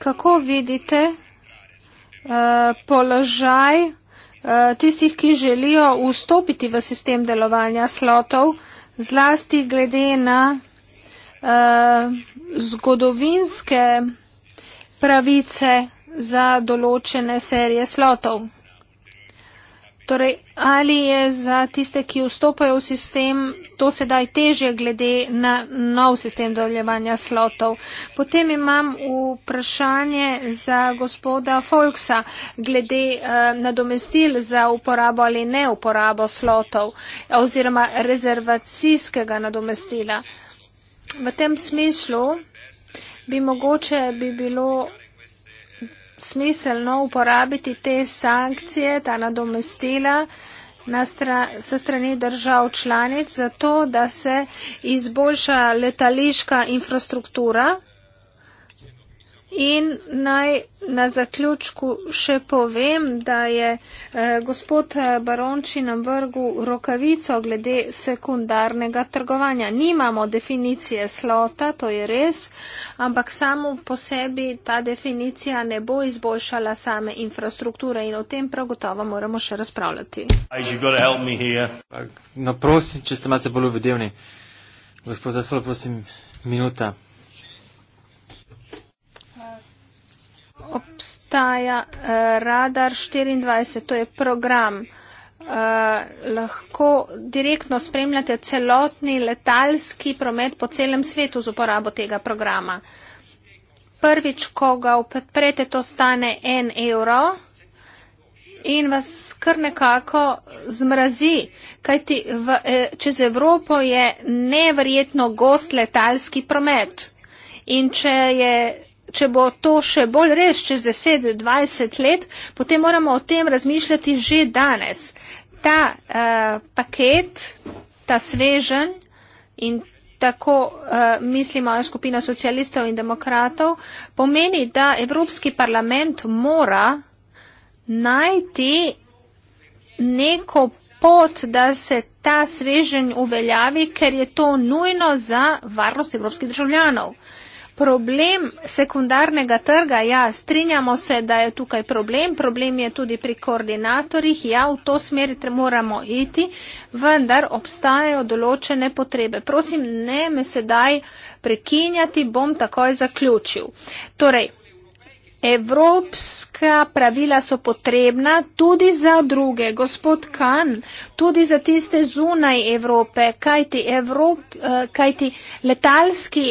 kako vidite uh, položaj uh, tistih, ki želijo vstopiti v sistem delovanja slotov, zlasti glede na uh, zgodovinske pravice za določene serije slotov. Torej, ali je za tiste, ki vstopajo v sistem, to sedaj težje glede na nov sistem doljevanja slotov? Potem imam vprašanje za gospoda Folksa glede eh, nadomestil za uporabo ali ne uporabo slotov oziroma rezervacijskega nadomestila. V tem smislu bi mogoče bi bilo smiselno uporabiti te sankcije, ta nadomestila na stra, se strani držav članic, zato da se izboljša letališka infrastruktura. In naj na zaključku še povem, da je eh, gospod eh, Baronči nam vrgu rokavico glede sekundarnega trgovanja. Nimamo definicije slota, to je res, ampak samo po sebi ta definicija ne bo izboljšala same infrastrukture in o tem prav gotovo moramo še razpravljati. Naprosim, no, če ste malce bolj uvedevni. Gospod Zasol, prosim, minuta. obstaja uh, radar 24, to je program. Uh, lahko direktno spremljate celotni letalski promet po celem svetu z uporabo tega programa. Prvič, ko ga odprete, to stane en evro in vas kar nekako zmrazi, kajti v, eh, čez Evropo je neverjetno gost letalski promet. In če je če bo to še bolj res čez 10-20 let, potem moramo o tem razmišljati že danes. Ta uh, paket, ta svežen in tako uh, misli moja skupina socialistov in demokratov, pomeni, da Evropski parlament mora najti neko pot, da se ta svežen uveljavi, ker je to nujno za varnost evropskih državljanov. Uh, problem sekundarnega trga, ja, strinjamo se, da je tukaj problem, problem je tudi pri koordinatorjih, ja, v to smer moramo iti, vendar obstajajo določene potrebe. Prosim, ne me sedaj prekinjati, bom takoj zaključil. Torej, Evropska pravila so potrebna tudi za druge, gospod Kan, tudi za tiste zunaj Evrope, kajti, Evrop, eh, kajti letalski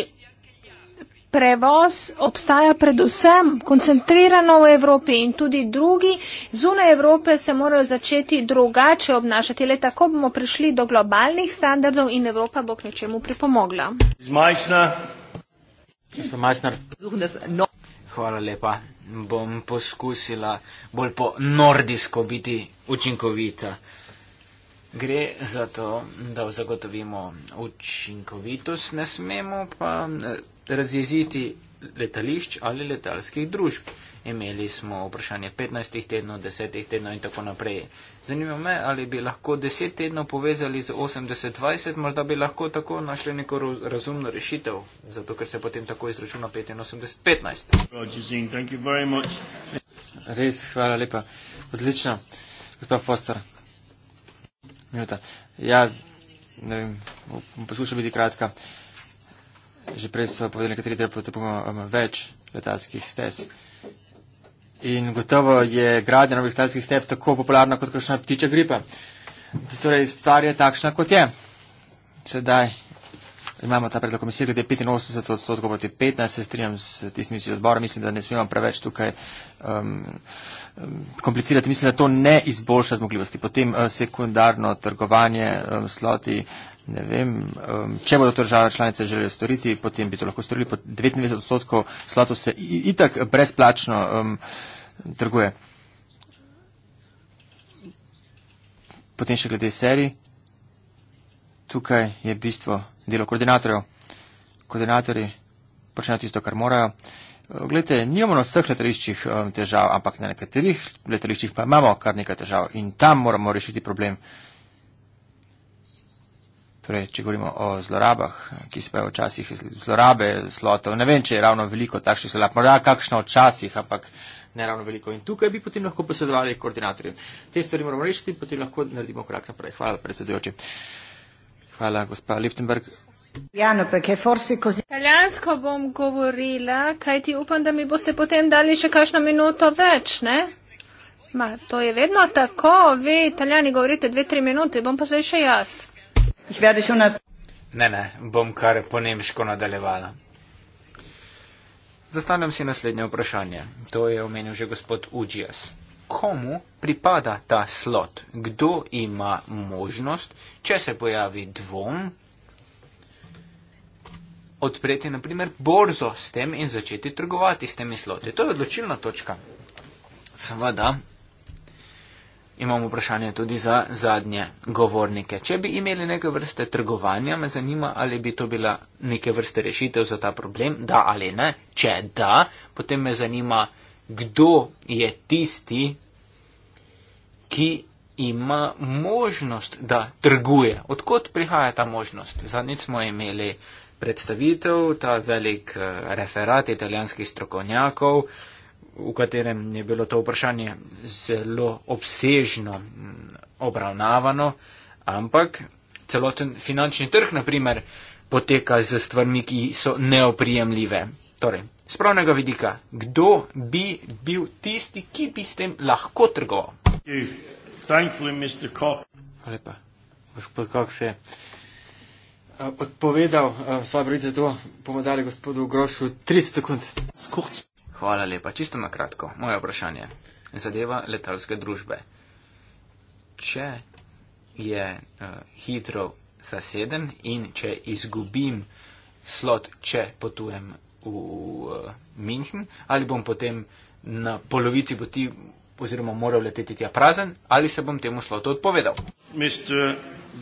prevoz obstaja predvsem koncentrirano v Evropi in tudi drugi. Zunaj Evrope se morajo začeti drugače obnašati. Le tako bomo prišli do globalnih standardov in Evropa bo k nečemu pripomogla. Hvala lepa. Bom poskusila bolj po nordijsko biti učinkovita. Gre za to, da zagotovimo učinkovitost, ne smemo pa razjeziti letališč ali letalskih družb. Imeli smo vprašanje 15 tednov, 10 tednov in tako naprej. Zanima me, ali bi lahko 10 tednov povezali z 80-20, morda bi lahko tako našli neko razumno rešitev, zato ker se potem tako izračuna 85-15. Res, hvala lepa. Odlično. Gospod Foster. Minuta. Ja, ne vem, poskušam biti kratka. Uh, Že prej so povedali nekateri, da potrebujemo um, več letalskih stez. In gotovo je gradnja novih letalskih stez tako popularna kot kakšna ptiča gripa. Torej, stvar je takšna, kot je. Sedaj imamo ta predlog komisije, glede 85 odstotkov proti 15, se strinjam s tistimi si odborom, mislim, da ne smemo preveč tukaj um, um, komplicirati. Mislim, da to ne izboljša zmogljivosti. Potem uh, sekundarno trgovanje um, sloti uh, ne vem, um, če bodo to države članice želeli storiti, potem bi to lahko storili, po 99 odstotkov slato se itak brezplačno um, trguje. Potem še glede serij. Tukaj je bistvo delo koordinatorjev. Koordinatorji počnejo tisto, kar morajo. Glede, nimamo na vseh letališčih težav, ampak na nekaterih letališčih pa imamo kar nekaj težav in tam moramo rešiti problem. Torej, če govorimo o zlorabah, ki se pa včasih zlorabe slotov, ne vem, če je ravno veliko takšnih zlorab, morda kakšna včasih, ampak ne ravno veliko. In tukaj bi potem lahko posredovali koordinatorje. Te stvari moramo rešiti in potem lahko naredimo korak naprej. Hvala, predsedujoči. Hvala, gospa Liftenberg. Italijansko bom govorila, kaj ti upam, da mi boste potem dali še kakšno minuto več, ne? Ma, to je vedno tako, vi italijani govorite dve, tri minute, bom pa zdaj še jaz. Jih vedi še na. Ne, ne, bom kar po nemško nadaljevala. Zastanem si naslednje vprašanje. To je omenil že gospod Udžijas. Komu pripada ta slot? Kdo ima možnost, če se pojavi dvom, odpreti naprimer borzo s tem in začeti trgovati s temi sloti? To je odločilna točka. Seveda, imam vprašanje tudi za zadnje govornike. Če bi imeli neke vrste trgovanja, me zanima, ali bi to bila neke vrste rešitev za ta problem, da ali ne. Če da, potem me zanima, kdo je tisti, ki ima možnost, da trguje. Odkot prihaja ta možnost? Zadnjič smo imeli predstavitev, ta velik eh, referat italijanskih strokovnjakov, uh, v katerem je bilo to vprašanje zelo obsežno mm, obravnavano, ampak celoten finančni trg, na primer, poteka z stvarmi, ki so neoprijemljive. Torej, z pravnega vidika, kdo bi bil tisti, ki bi s tem lahko trgoval? Thankfully, Mr. Cox. Hvala lepa. Gospod Cox je eh, odpovedal eh, svoje pravice, zato bomo dali gospodu Grošu 30 sekund. Skurc. Hvala lepa. Čisto na kratko. Moje vprašanje. Zadeva letalske družbe. Če je uh, hitro zaseden in če izgubim slot, če potujem v uh, München, ali bom potem na polovici poti oziroma moral leteti tja prazen, ali se bom temu slotu odpovedal.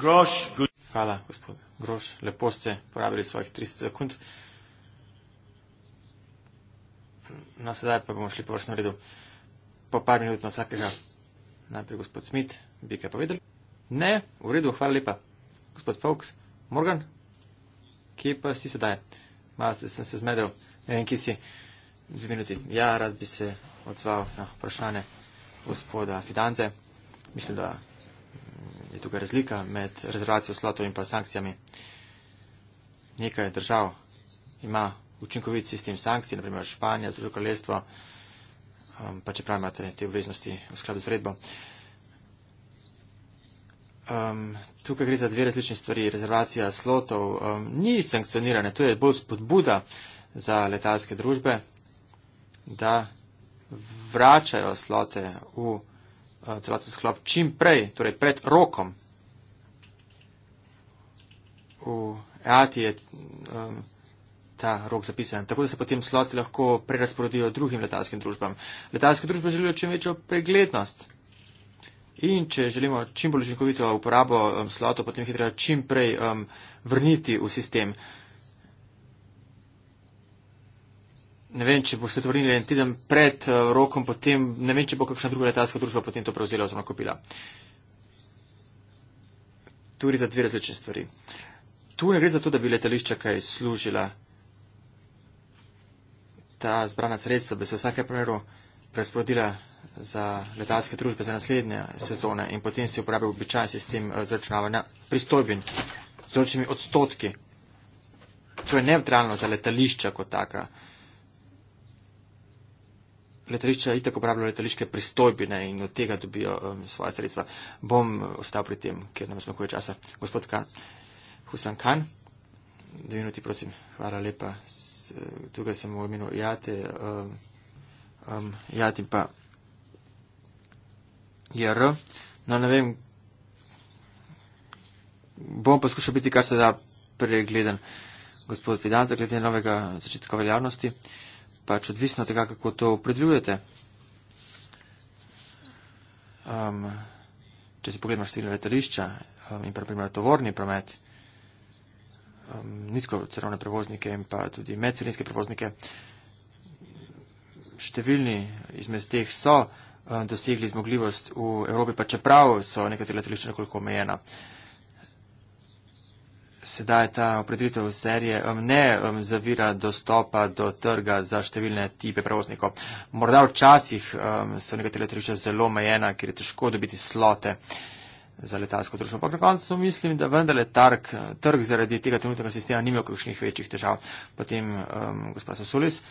Grosch, good... Hvala, gospod Groš. Lepo ste porabili svojih 30 sekund. No, sedaj pa bomo šli po vrstnem redu. Po par minut na vsakega. Najprej gospod Smit, bi kaj povedali? Ne, v redu, hvala lepa. Gospod Fawkes, Morgan, kje pa si sedaj? Malo se sem se zmedel, ne vem, kje si. Dve minuti. Ja, rad bi se odzval na vprašanje gospoda Fidanze. Mislim, da mm, je tukaj razlika med rezervacijo slotov in pa sankcijami. Nekaj držav ima učinkovit sistem sankcij, naprimer Španija, Združeno kraljestvo, um, pa čeprav imate te obveznosti v skladu z vredbo. Um, tukaj gre za dve različne stvari. Rezervacija slotov um, ni sankcionirana, to je bolj spodbuda za letalske družbe, da vračajo slote v uh, celoten sklop čim prej, torej pred rokom. V EATI je um, ta rok zapisan, tako da se potem sloti lahko prerasporedijo drugim letalskim družbam. Letalske družbe želijo čim večjo preglednost. In če želimo čim bolj učinkovito uporabo um, slotov, potem jih treba čim prej um, vrniti v sistem. Ne vem, če boste to vrnili en teden pred uh, rokom, potem ne vem, če bo kakšna druga letalska družba potem to prevzela oziroma kupila. Tu gre za dve različne stvari. Tu ne gre za to, da bi letališča kaj služila ta zbrana sredstva bi se v vsakem primeru presporodila za letalske družbe za naslednje sezone in potem si uporabil običajen sistem eh, zračunavanja pristojbin z določenimi odstotki. To je nevtralno za letališča kot taka. Letališča itak uporabljajo letališke pristojbine in od tega dobijo um, svoje sredstva. Bom eh, ostal pri tem, ker nam zmanjkuje časa. Gospod Kan, Husan Kan, dve minuti prosim. Hvala lepa tukaj sem v imenu Jate, um, um, Jati pa JR. No, ne vem, bom poskušal biti kar se da pregleden gospod Fidan, zaglede novega začetka veljavnosti, pač odvisno od tega, kako to predvidujete. Um, če se pogledamo število letališča um, in pa primer tovorni promet um, nizkocenovne prevoznike in pa tudi medcelinske prevoznike. Številni izmed teh so um, dosegli zmogljivost v Evropi, pa čeprav so nekatere letališče nekoliko omejena. Sedaj je ta opredelitev serije um, ne um, zavira dostopa do trga za številne tipe prevoznikov. Morda včasih um, so nekatere letališče zelo omejena, ker je težko dobiti slote. Um, za letalsko družbo. Ampak na koncu mislim, da vendarle trg zaradi tega trenutnega sistema ni imel kakšnih večjih težav. Potem um, gospod Sosulis.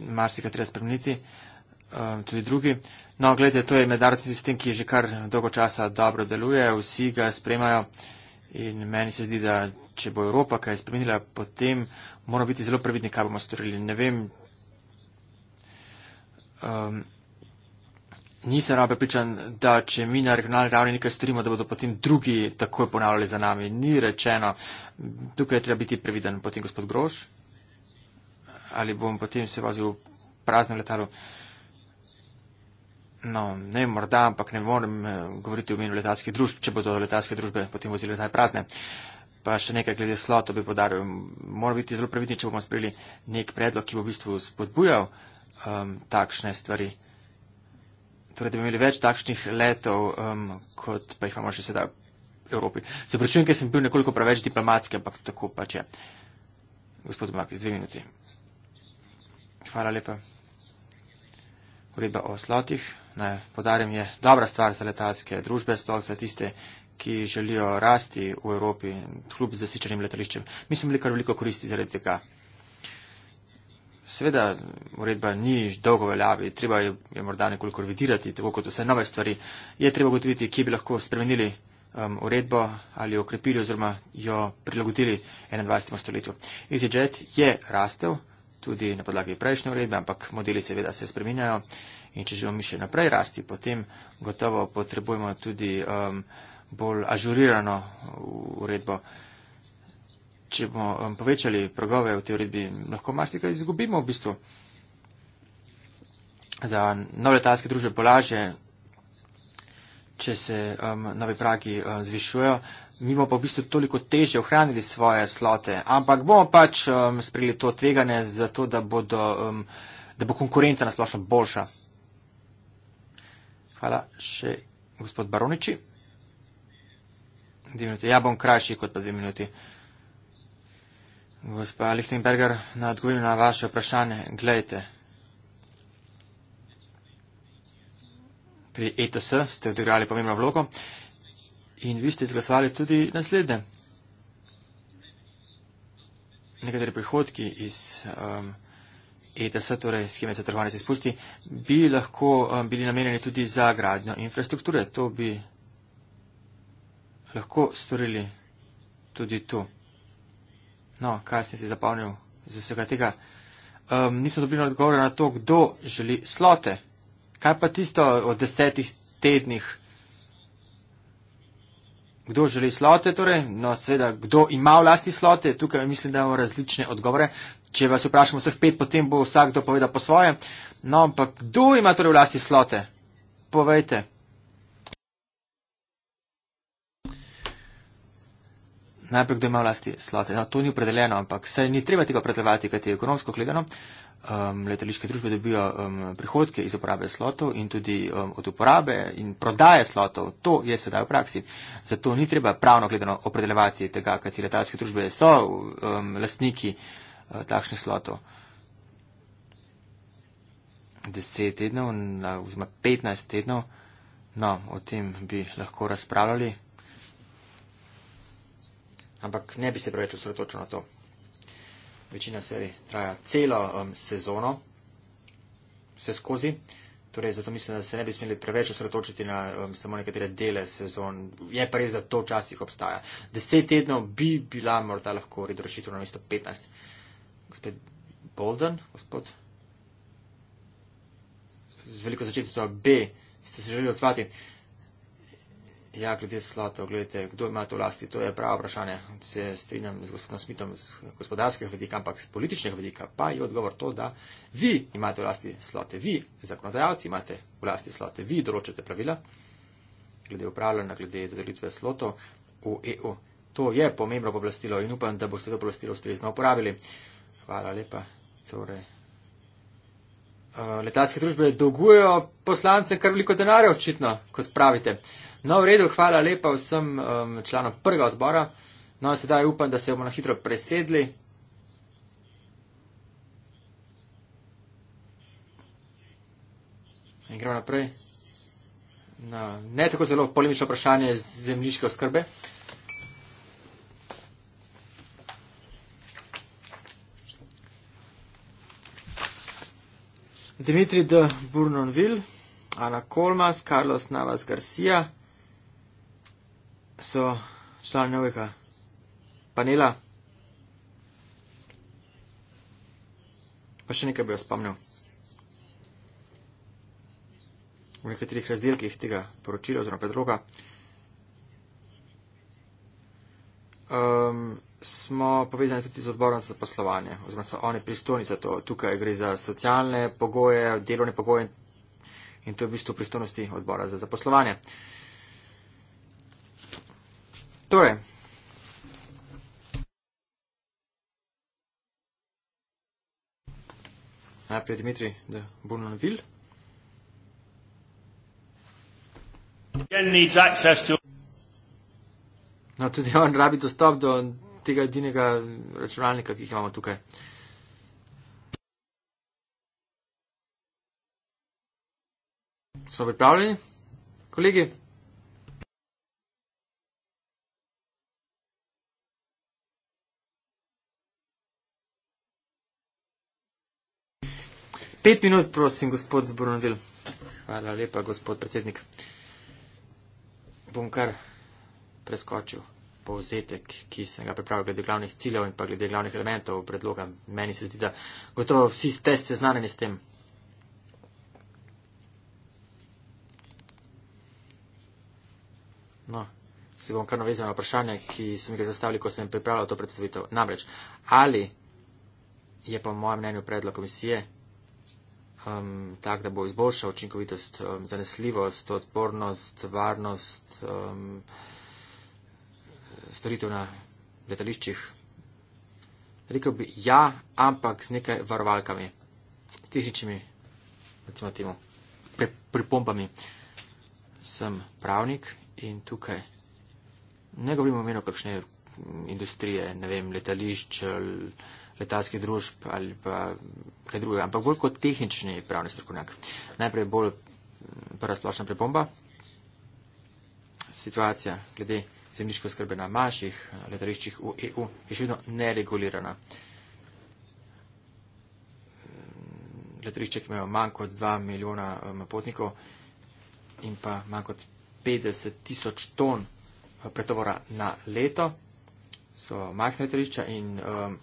Marsika treba spremeniti, um, tudi drugi. No, gledajte, to je mednarodni sistem, ki že kar dolgo časa dobro deluje, vsi ga spremajo in meni se zdi, da če bo Evropa kaj spremenila, potem moramo biti zelo previdni, kaj bomo storili. Ne vem. Um, nisem rabe pričan, da če mi na regionalni ravni nekaj storimo, da bodo potem drugi takoj ponavljali za nami. Ni rečeno, tukaj je treba biti previden, potem gospod Groš, ali bom potem se vozil v praznem letalu. No, ne morda, ampak ne morem eh, govoriti v imenu letalskih družb, če bodo letalske družbe potem vozile letale prazne. Pa še nekaj glede sloto bi podaril. Moramo biti zelo previdni, če bomo sprejeli nek predlog, ki bo v bistvu spodbujal um, takšne stvari torej, da bi imeli več takšnih letov, um, kot pa jih imamo še sedaj v Evropi. Se pričujem, ker sem bil nekoliko preveč diplomatski, ampak tako pač je. Gospod Mak, dve minuti. Hvala lepa. Uredba o slotih. Podarim je dobra stvar za letalske družbe, sploh za tiste, ki želijo rasti v Evropi, kljub zasičanim letališčem. Mi smo imeli kar veliko koristi zaradi tega. Seveda, uredba ni dolgo veljavi, treba jo je morda nekoliko revidirati, tako kot vse nove stvari. Je treba ugotoviti, kje bi lahko spremenili um, uredbo ali jo okrepili oziroma jo prilagodili 21. stoletju. EasyJet je rastel tudi na podlagi prejšnje uredbe, ampak modeli seveda se spreminjajo in če želimo mi še naprej rasti, potem gotovo potrebujemo tudi um, bolj ažurirano uh, uredbo če bomo um, povečali progove v teoriji, bi lahko marsikaj izgubimo v bistvu. Za nove letalske družbe bo lažje, če se um, novi pragi um, zvišujejo. Mi bomo pa v bistvu toliko teže ohranili svoje slote, ampak bomo pač um, sprejeli to tveganje, zato da, bodo, um, da bo konkurenca nasplošno boljša. Hvala še gospod Baroniči. Dve minuti. Ja, bom krajši kot pa dve minuti. Gospa Lichtenberger, na odgovorim na vaše vprašanje. Glejte, pri ETS ste odigrali pomembno vlogo in vi ste izglasovali tudi naslednje. Nekateri prihodki iz um, ETS, torej scheme za trgovanje z izpusti, bi lahko um, bili namenjeni tudi za gradnjo infrastrukture. To bi lahko storili tudi tu. No, kaj sem si zapomnil iz vsega tega? Um, nismo dobili odgovora na to, kdo želi slote. Kaj pa tisto o desetih tednih? Kdo želi slote? Torej? No, seveda, kdo ima vlasti slote? Tukaj mislim, da imamo različne odgovore. Če vas vprašamo vseh pet, potem bo vsakdo povedal po svoje. No, ampak kdo ima torej vlasti slote? Povejte. najprej, kdo ima vlasti slote. No, to ni opredeljeno, ampak se ni treba tega predelevati, kajti ekonomsko gledano um, letališke družbe dobijo um, prihodke iz uporabe slotov in tudi um, od uporabe in prodaje slotov. To je sedaj v praksi. Zato ni treba pravno gledano opredeljevati tega, kajti letalske družbe so um, lastniki uh, takšnih slotov. 10 tednov, oziroma 15 tednov, no, o tem bi lahko razpravljali ampak ne bi se preveč osredotočil na to. Večina serij traja celo um, sezono, vse skozi, torej zato mislim, da se ne bi smeli preveč osredotočiti na um, samo nekatere dele sezon. Je pa res, da to včasih obstaja. Deset tednov bi bila morda lahko redrošitev na mesto 15. Gospod Bolden, gospod. Z veliko začetnico B ste se želeli odzvati. Ja, glede slato, gledajte, kdo ima to vlasti, to je pravo vprašanje. Se strinjam z gospodom Smitom z gospodarskega vedika, ampak z političnega vedika pa je odgovor to, da vi imate vlasti slote, vi zakonodajalci imate vlasti slote, vi določate pravila glede upravljanja, glede dodelitve sloto v EU. To je pomembno poblastilo in upam, da boste to poblastilo ustrezno uporabili. Hvala lepa. Torej. Eh, letalske družbe dolgujejo poslance kar veliko denarja, očitno, kot pravite. No, v redu, hvala lepa vsem um, članom prvega odbora. No, sedaj upam, da se bomo na hitro presedli. In gremo naprej. No, ne tako zelo polemično vprašanje zemljiške oskrbe. Dimitri de Bournonville, Ana Kolmas, Carlos Navas Garcia so člani novega panela. Pa še nekaj bi jo spomnil. V nekaterih razdelkih tega poročila oziroma predloga um, smo povezani tudi z odborom za poslovanje, oziroma so oni pristojni za to. Tukaj gre za socialne pogoje, delovne pogoje in to je v bistvu pristojnosti odbora za poslovanje. Uh, To je. Najprej Dimitri de Bournonville. No, tudi on rabi dostop do tega edinega računalnika, ki ga imamo tukaj. So pripravljeni, kolegi? Pet minut, prosim, gospod Brunovil. Hvala lepa, gospod predsednik. Bom kar preskočil povzetek, ki sem ga pripravil glede glavnih ciljev in pa glede glavnih elementov predloga. Meni se zdi, da gotovo vsi ste seznanjeni s tem. No, se bom kar navezal na vprašanje, ki so mi ga zastavili, ko sem pripravljal to predstavitev. Namreč, ali je po mojem mnenju predlog komisije um, tak, da bo izboljšal učinkovitost, um, zanesljivost, odpornost, varnost um, storitev na letališčih. Rekel bi ja, ampak z nekaj varovalkami, s tehničnimi, recimo temu, pripombami. Sem pravnik in tukaj ne govorimo o imenu kakšne industrije, ne vem, letališč, letalskih družb ali pa kaj drugega, ampak bolj kot tehnični pravni strokovnjak. Najprej bolj prva splošna prepomba. Situacija glede zemljiške oskrbe na manjših letališčih v EU je še vedno neregulirana. Letališče, ki imajo manj kot 2 milijona potnikov in pa manj kot 50 tisoč ton eh, pretovora na leto, so majhne letališča in um,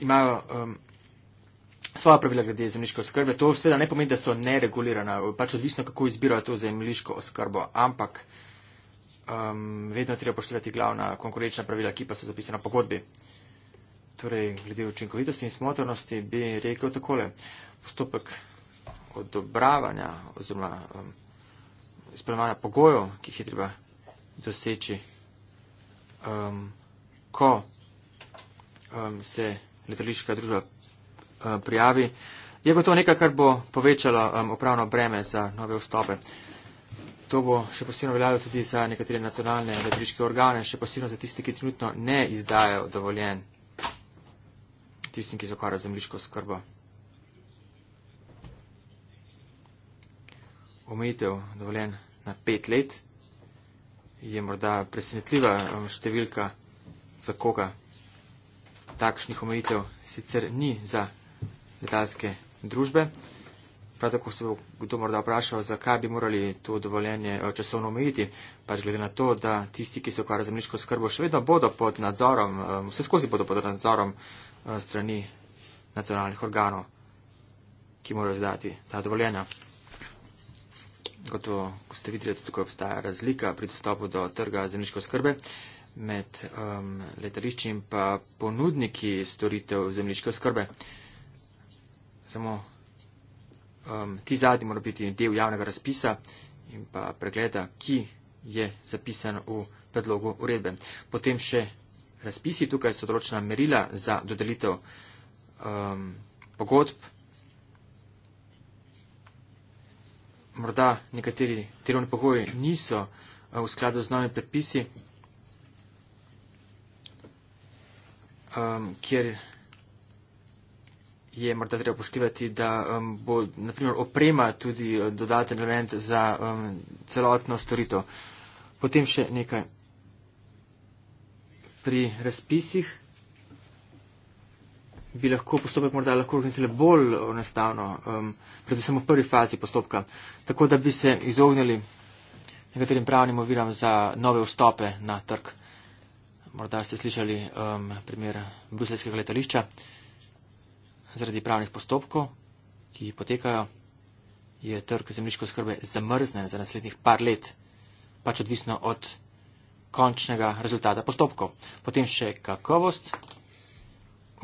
imajo um, svoja pravila glede zemljiške oskrbe. To seveda ne pomeni, da so neregulirana, pač odvisno, kako izbirajo to zemljiško oskrbo, ampak um, vedno treba poštevati glavna konkurenčna pravila, ki pa so zapisana v pogodbi. Torej, glede učinkovitosti in smotrnosti bi rekel takole. Postopek odobravanja oziroma um, izpolnjevanja pogojev, ki jih je treba doseči, um, ko um, se letališka družba eh, prijavi, je gotovo nekaj, kar bo povečalo upravno breme za nove vstope. To bo še posebno veljalo tudi za nekatere nacionalne letališke organe, še posebno za tiste, ki trenutno ne izdajo dovoljen tistim, ki zakvarajo zemljiško skrbo. Omejitev dovoljen na pet let je morda presenetljiva številka za koga takšnih omejitev sicer ni za letalske družbe. Prav tako se bo kdo morda vprašal, zakaj bi morali to dovoljenje eh, časovno omejiti, pač glede na to, da tisti, ki se ukvarjajo z mliško skrbo, še vedno bodo pod nadzorom, eh, vse skozi bodo pod nadzorom eh, strani nacionalnih organov, ki morajo zdati ta dovoljenja. Gotovo, ko ste videli, da tukaj obstaja razlika pri dostopu do trga zemljiške skrbe med um, letališči in pa ponudniki storitev zemljiške oskrbe. Samo um, ti zadnji mora biti del javnega razpisa in pa pregleda, ki je zapisan v predlogu uredbe. Potem še razpisi, tukaj so določena merila za dodelitev um, pogodb. Morda nekateri delovni pogoji niso uh, v skladu z novimi predpisi. um, kjer je morda treba poštivati, da um, bo naprimer oprema tudi uh, dodaten element za um, celotno storitev. Potem še nekaj. Pri razpisih bi lahko postopek morda lahko organizirali bolj enostavno, um, predvsem v prvi fazi postopka, tako da bi se izognili nekaterim pravnim oviram za nove vstope na trg morda ste slišali um, primer bruseljskega letališča. Zaradi pravnih postopkov, ki potekajo, je trg zemljiške skrbe zamrznen za naslednjih par let, pač odvisno od končnega rezultata postopkov. Potem še kakovost,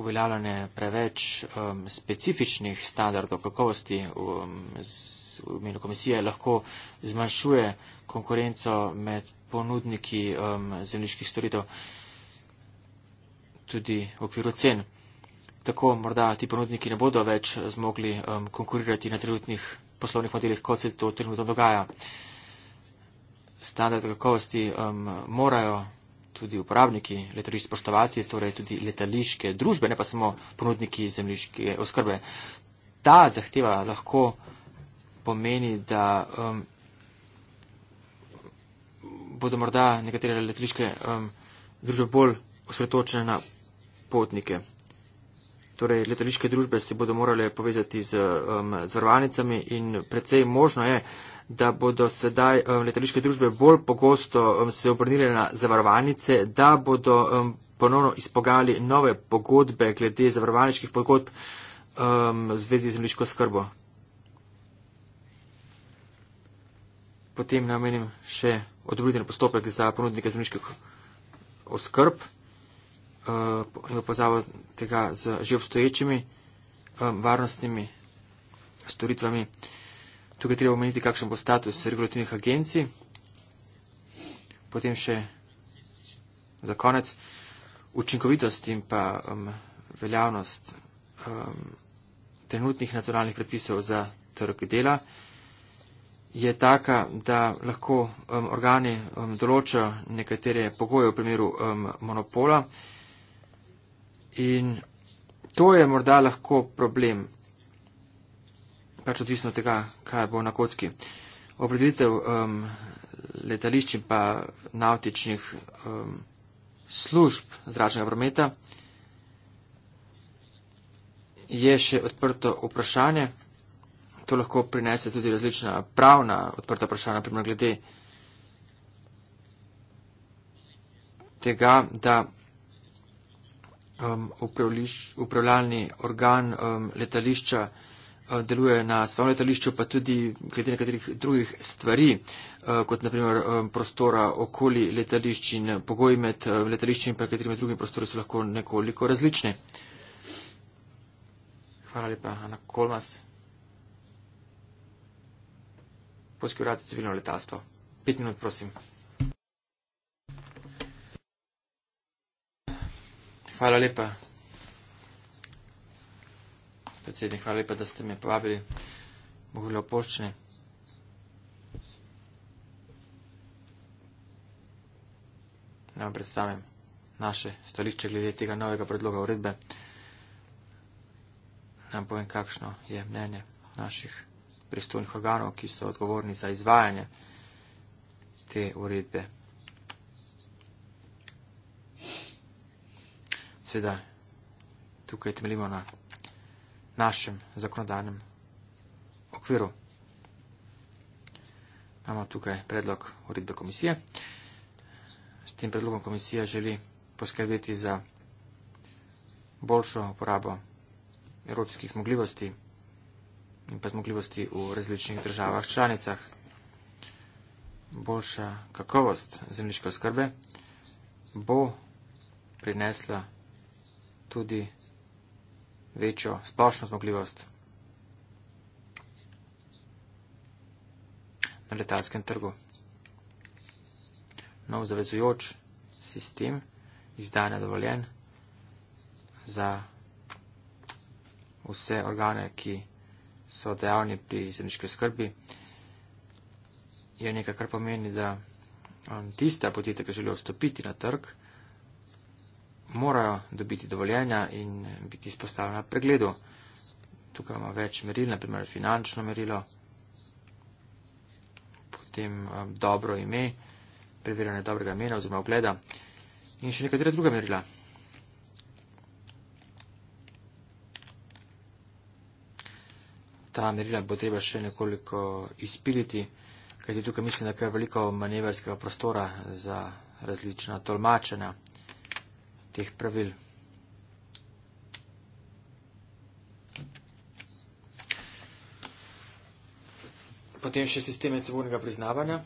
uveljavljanje preveč um, specifičnih standardov kakovosti v, um, v imenu komisije lahko zmanjšuje konkurenco med ponudniki um, zemljiških storitev tudi v okviru cen. Tako morda ti ponudniki ne bodo več zmogli um, konkurirati na trenutnih poslovnih modelih, kot se to trenutno dogaja. Standard kakovosti um, morajo tudi uporabniki letališč spoštovati, torej tudi letališke družbe, ne pa samo ponudniki zemljiške oskrbe. Ta zahteva lahko pomeni, da um, bodo morda nekatere letališke um, družbe bolj osredotočene na potnike. Torej, letališke družbe se bodo morale povezati z um, zvrvanicami in precej možno je, da bodo sedaj um, letališke družbe bolj pogosto um, se obrnile na zavarovanice, da bodo um, ponovno izpogali nove pogodbe glede zavarovaniških pogodb um, v zvezi z zemljiško skrbo. Potem namenim še odobritelj postopek za ponudnike zemljiških oskrb in eh, opozavo tega z že obstoječimi eh, varnostnimi storitvami. Tukaj treba omeniti, kakšen bo status regulativnih agencij. Potem še za konec učinkovitost in pa um, veljavnost um, trenutnih nacionalnih predpisov za trg dela je taka, da lahko um, organi um, določajo nekatere pogoje v primeru um, monopola. In to je morda lahko problem, pač odvisno od tega, kaj bo na kocki. Opredelitev um, letališč in pa navtičnih um, služb zračnega prometa je še odprto vprašanje. To lahko prinese tudi različna pravna odprta vprašanja, naprimer glede tega, da um, upravliš, upravljalni organ um, letališča um, deluje na svojem letališču, pa tudi glede nekaterih drugih stvari, uh, kot naprimer um, prostora okoli letališč in pogoji med um, letališči in pa katerimi drugimi prostori so lahko nekoliko različni. Hvala lepa, Ana Kolmas. Poljski urad za civilno letalstvo. Pet minut, prosim. Hvala lepa. Predsednik, hvala lepa, da ste me povabili. Bogle opoščene. Ne vam predstavim naše stališče glede tega novega predloga uredbe. Nam povem, kakšno je mnenje naših pristojnih organov, ki so odgovorni za izvajanje te uredbe. seveda tukaj temeljimo na našem zakonodajnem okviru. Imamo tukaj predlog uredbe komisije. S tem predlogom komisija želi poskrbeti za boljšo uporabo evropskih zmogljivosti in pa zmogljivosti v različnih državah članicah, boljša kakovost zemljiške oskrbe bo prinesla tudi večjo splošno zmogljivost na letalskem trgu. Nov zavezujoč sistem izdanja dovoljen za vse organe, ki so dejavni pri zemljiški skrbi, je nekaj, kar pomeni, da um, tista podjetja, ki želijo vstopiti na trg, morajo dobiti dovoljenja in biti izpostavljena pregledu. Tukaj imamo več meril, naprimer finančno merilo, potem um, dobro ime, preverjanje dobrega imena oziroma ogleda in še nekatera druga merila. Ta merila bo treba še nekoliko izpiliti, kajti tukaj mislim, da je veliko manevrskega prostora za različna tolmačenja teh pravil. Potem še sisteme cevornega priznavanja,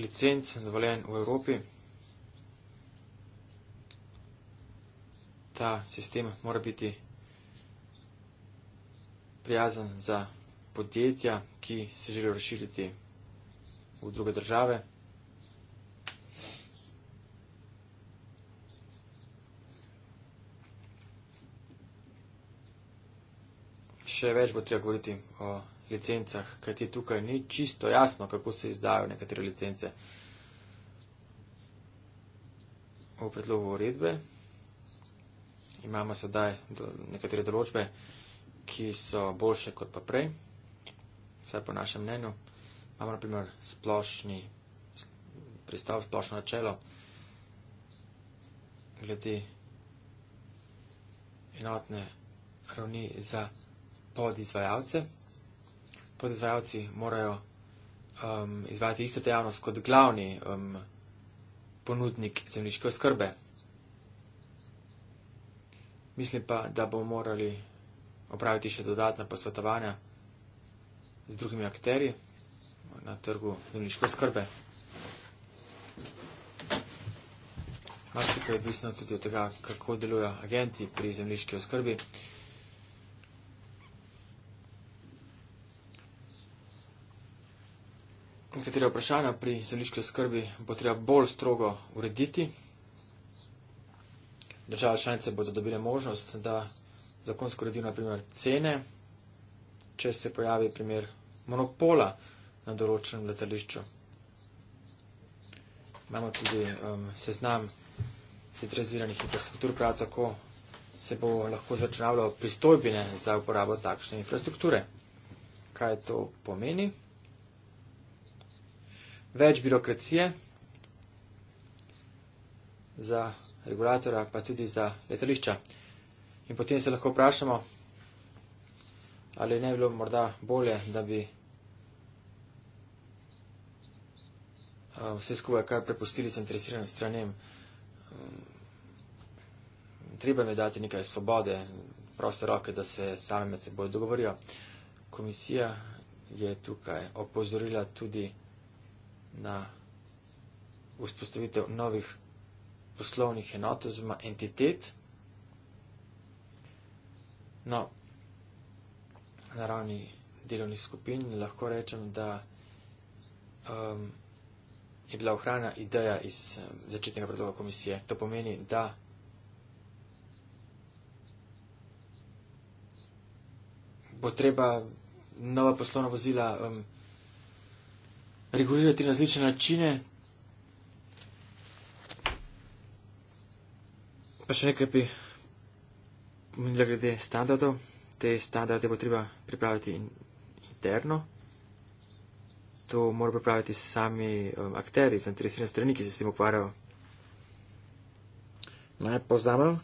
licenc, dovoljen v Evropi. Ta sistem mora biti prijazen za podjetja, ki se želijo razširiti v druge države. še več bo treba govoriti o licencah, kaj ti tukaj ni čisto jasno, kako se izdajo nekatere licence v predlogu uredbe. Imamo sedaj do, nekatere določbe, ki so boljše kot pa prej, vsaj po našem mnenju. Imamo naprimer splošni pristav, splošno načelo glede enotne hrani za podizvajalce. Podizvajalci morajo um, izvajati isto dejavnost kot glavni um, ponudnik zemljiške oskrbe. Mislim pa, da bomo morali opraviti še dodatna posvetovanja z drugimi akteri na trgu zemljiške oskrbe. Malo se pa je odvisno tudi od tega, kako delujejo agenti pri zemljiški oskrbi. nekatere vprašanja pri zemljiški skrbi bo treba bolj strogo urediti. Države članice bodo dobile možnost, da zakonsko uredijo naprimer cene, če se pojavi primer monopola na določenem letališču. Imamo tudi um, seznam centraliziranih infrastruktur, prav tako se bo lahko začnavljalo pristojbine za uporabo takšne infrastrukture. Kaj to pomeni? več birokracije za regulatora, pa tudi za letališča. In potem se lahko vprašamo, ali ne bi bilo morda bolje, da bi vse skupaj kar prepustili zainteresiranim stranem. Mm, treba mi dati nekaj svobode, proste roke, da se sami med seboj dogovorijo. Komisija je tukaj opozorila tudi na vzpostavitev novih poslovnih enot oziroma entitet. No, na ravni delovnih skupin lahko rečem, da um, je bila ohranjena ideja iz um, začetnega predloga komisije. To pomeni, da bo treba nova poslovna vozila um, regulirati na različne načine. Pa še nekaj bi omenila glede standardov. Te standarde bo treba pripraviti interno. To mora pripraviti sami um, akteri, zainteresirani strani, ki se s tem ukvarjajo. Naj pozamem.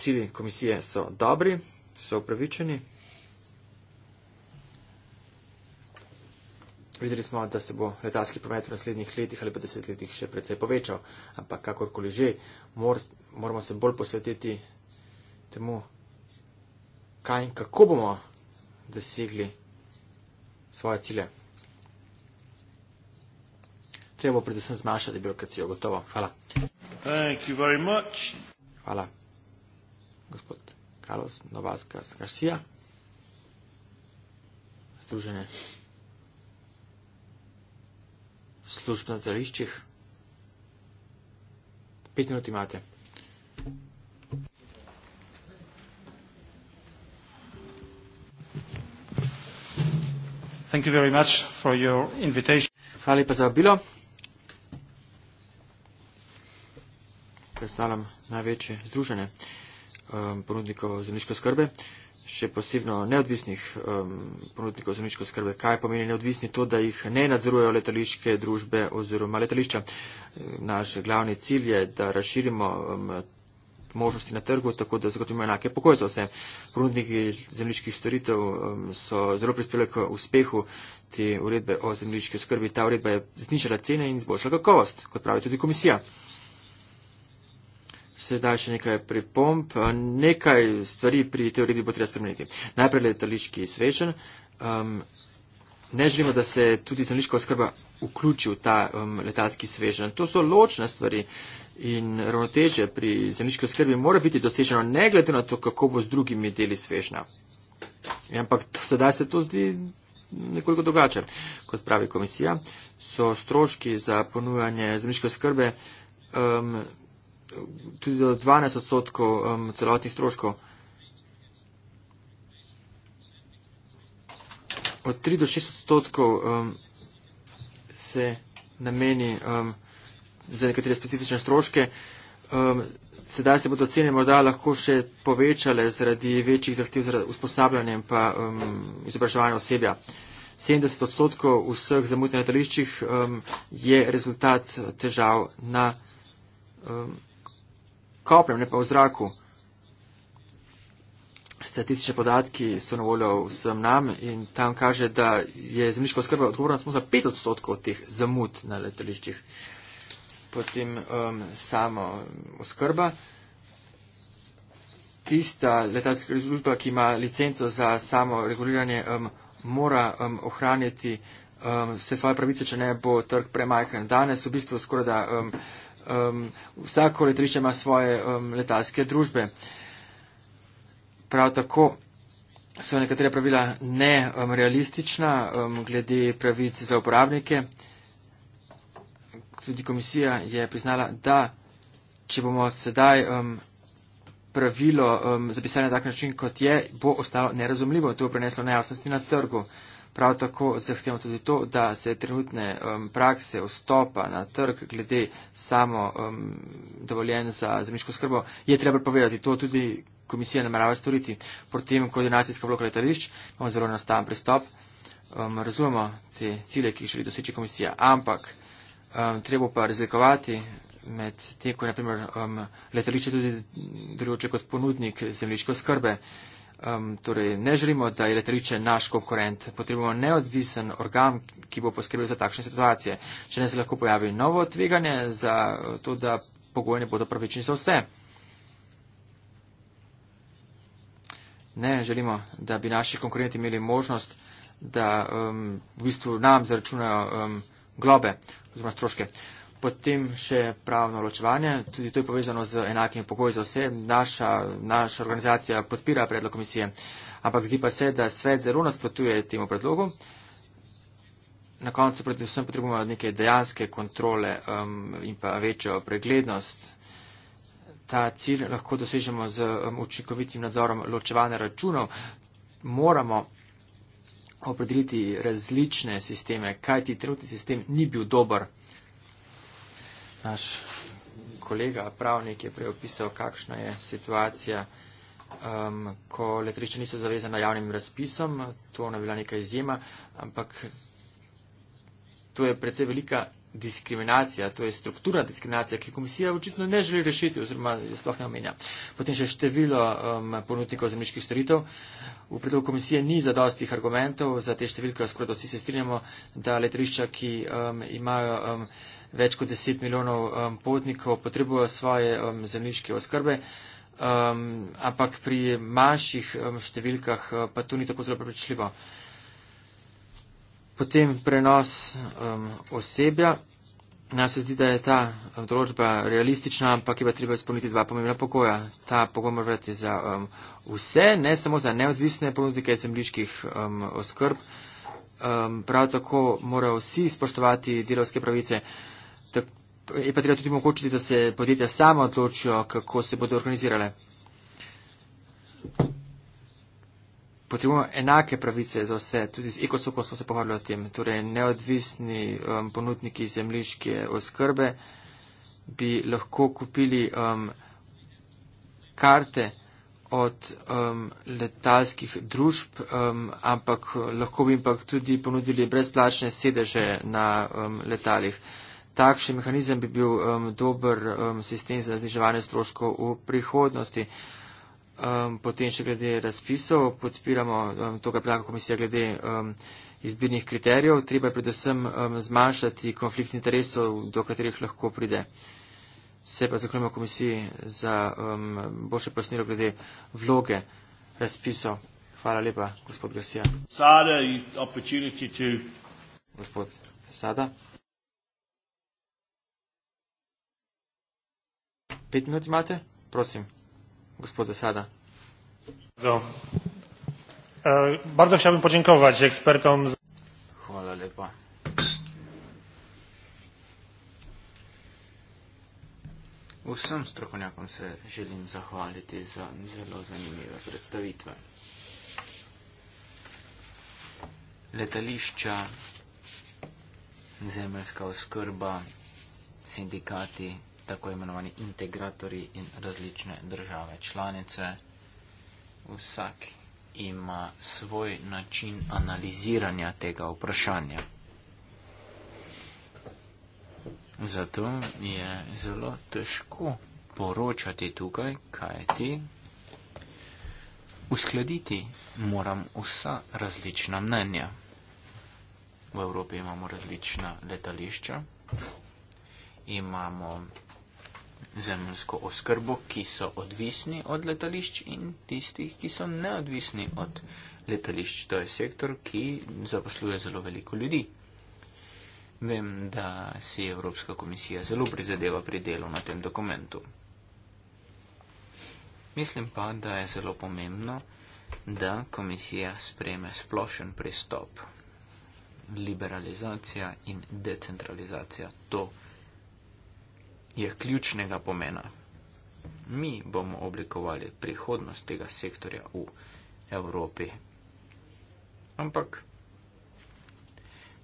Cilji komisije so dobri, so upravičeni. Videli smo, da se bo letalski promet v naslednjih letih ali pa desetletjih še precej povečal, ampak kakorkoli že, mor, moramo se bolj posvetiti temu, kaj in kako bomo dosegli svoje cilje. Treba bo predvsem zmanjšati birokracijo, gotovo. Hvala. Hvala. Gospod Carlos Novaska Garcia. Združenje služiti na teliščih. Pet minut imate. Thank you very much for your invitation. Hvala lepa za obilo. Predstavljam največje združene um, ponudnikov zemljiške skrbe še posebno neodvisnih um, ponudnikov zemljiške skrbe. Kaj pomeni neodvisni to, da jih ne nadzorujejo letališke družbe oziroma letališča? Naš glavni cilj je, da razširimo um, možnosti na trgu, tako da zagotovimo enake pokoje za vse. Ponudniki zemljiških storitev um, so zelo prispeli k uspehu te uredbe o zemljiški skrbi. Ta uredba je znižala cene in izboljšala kakovost, kot pravi tudi komisija. Sedaj še nekaj pripomp, eh, nekaj stvari pri teoriji bi bo treba spremeniti. Najprej letališki svežen. Um, ne želimo, da se tudi zemljiška oskrba vključi v ta um, letalski svežen. To so ločne stvari in ravnoteže pri zemljiški oskrbi mora biti doseženo ne glede na to, kako bo z drugimi deli svežna. Ampak sedaj se to zdi nekoliko drugače. Kot pravi komisija, so stroški za ponujanje zemljiške oskrbe. Um, tudi do 12 odstotkov um, celotnih stroškov. Od 3 do 6 odstotkov um, se nameni um, za nekatere specifične stroške. Um, sedaj se bodo cene morda lahko še povečale zaradi večjih zahtev za usposabljanje in pa um, izobraževanje osebja. 70 odstotkov vseh zamudnih letališčih um, je rezultat težav na um, kopnem, ne pa v zraku. Statistične podatki so na voljo vsem nam in tam kaže, da je zemljiška oskrba odgovorna samo za 5 odstotkov teh zamud na letališčih. Potem um, samo oskrba. Tista letalska služba, ki ima licenco za samo reguliranje, um, mora um, ohraniti um, vse svoje pravice, če ne bo trg premajhen. Danes v bistvu skoraj da. Um, um, vsako letališče ima svoje um, letalske družbe. Prav tako so nekatere pravila nerealistična um, um, glede pravic za uporabnike. Tudi komisija je priznala, da če bomo sedaj um, pravilo um, zapisali na tak način, kot je, bo ostalo nerazumljivo. To je preneslo nejasnosti na trgu. Prav tako zahtevamo tudi to, da se trenutne um, prakse vstopa na trg glede samo um, dovoljen za zemljiško skrbo. Je treba povedati to tudi komisija namerava storiti. Potem koordinacijska vloga letališč imamo zelo enostaven pristop. Um, razumemo te cilje, ki jih želi doseči komisija, ampak um, treba pa razlikovati med tem, ko je naprimer um, letališče tudi drugoče kot ponudnik zemljiške skrbe um, torej ne želimo, da je letališče naš konkurent, potrebujemo neodvisen organ, ki bo poskrbel za takšne situacije. Če ne se lahko pojavi novo tveganje za to, da pogoji ne bodo pravični za vse. Ne želimo, da bi naši konkurenti imeli možnost, da um, v bistvu nam zaračunajo um, globe oziroma stroške. Uh, Potem še pravno ločevanje, tudi to je povezano z enakimi pogoji za vse. Naša, naša organizacija podpira predlog komisije, ampak zdi pa se, da svet zelo nasprotuje temu predlogu. Na koncu predvsem potrebujemo neke dejanske kontrole um, in pa večjo preglednost. Ta cilj lahko dosežemo z um, učinkovitim nadzorom ločevanja računov. Moramo opredeliti različne sisteme, kajti trenutni sistem ni bil dober. Naš kolega pravnik je preopisal, kakšna je situacija, um, ko letrišče niso zavezana javnim razpisom. To ne bila neka izjema, ampak to je predvsej velika diskriminacija, to je struktura diskriminacija, ki komisija očitno ne želi rešiti oziroma sploh ne omenja. Potem še število um, ponudnikov zemljiških storitev. V predlogu komisije ni zadostih argumentov za te številke, skoraj da vsi se strinjamo, da letrišča, ki um, imajo. Um, več kot 10 milijonov um, potnikov potrebujejo svoje um, zemljiške oskrbe. Um, ampak pri manjših um, številkah uh, pa to ni tako zelo prepričljivo. Potem prenos um, osebja. Nas se zdi, da je ta um, določba realistična, ampak je pa treba izpolniti dva pomembna pokoja. Ta pogoj mora vrati za um, vse, ne samo za neodvisne ponudnike zemljiških um, oskrb. Um, prav tako morajo vsi spoštovati delovske pravice je pa treba tudi omogočiti, da se podjetja sama odločijo, kako se bodo organizirale. Potrebujemo enake pravice za vse, tudi z ekosoko smo se pogovarjali o tem. Torej, neodvisni um, ponudniki zemljiške oskrbe bi lahko kupili um, karte od um, letalskih družb, um, ampak lahko bi jim pa tudi ponudili brezplačne sedeže na um, letalih takšen mehanizem bi bil um, dober um, sistem za zniževanje stroškov v prihodnosti. Um, potem še glede razpisov podpiramo um, to, kar pravi komisija glede um, izbirnih kriterijev. Treba je predvsem um, zmanjšati konflikt interesov, do katerih lahko pride. Se pa zahvaljujemo komisiji za um, boljše pojasnilo glede vloge razpisov. Hvala lepa, gospod Garcia. Sada, opportunity to. Gospod Sada. Pet minut imate, prosim, gospod Zasada. Do. E, bardzo chciałbym podziękować ekspertom. Chwala lepa. Vsem strokovnjakom se želim zahvaliti za zelo zanimive predstavitve. Letališča, zemljska oskrba, sindikati, tako imenovani integratori in različne države članice. Vsak ima svoj način analiziranja tega vprašanja. Zato je zelo težko poročati tukaj, kaj ti. Uskladiti moram vsa različna mnenja. V Evropi imamo različna letališča, imamo zemljsko oskrbo, ki so odvisni od letališč in tistih, ki so neodvisni od letališč. To je sektor, ki zaposluje zelo veliko ljudi. Vem, da si Evropska komisija zelo prizadeva pri delu na tem dokumentu. Mislim pa, da je zelo pomembno, da komisija spreme splošen pristop. Liberalizacija in decentralizacija to je ključnega pomena. Mi bomo oblikovali prihodnost tega sektorja v Evropi. Ampak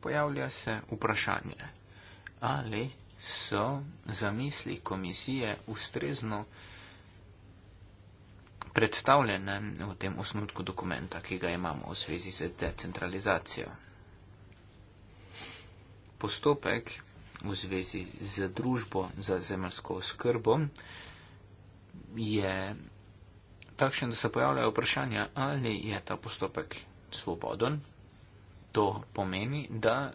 pojavlja se vprašanje, ali so zamisli komisije ustrezno predstavljene v tem osnutku dokumenta, ki ga imamo v zvezi z decentralizacijo. Postopek v zvezi z družbo za zemljsko oskrbo, je takšen, da se pojavljajo vprašanja, ali je ta postopek svoboden. To pomeni, da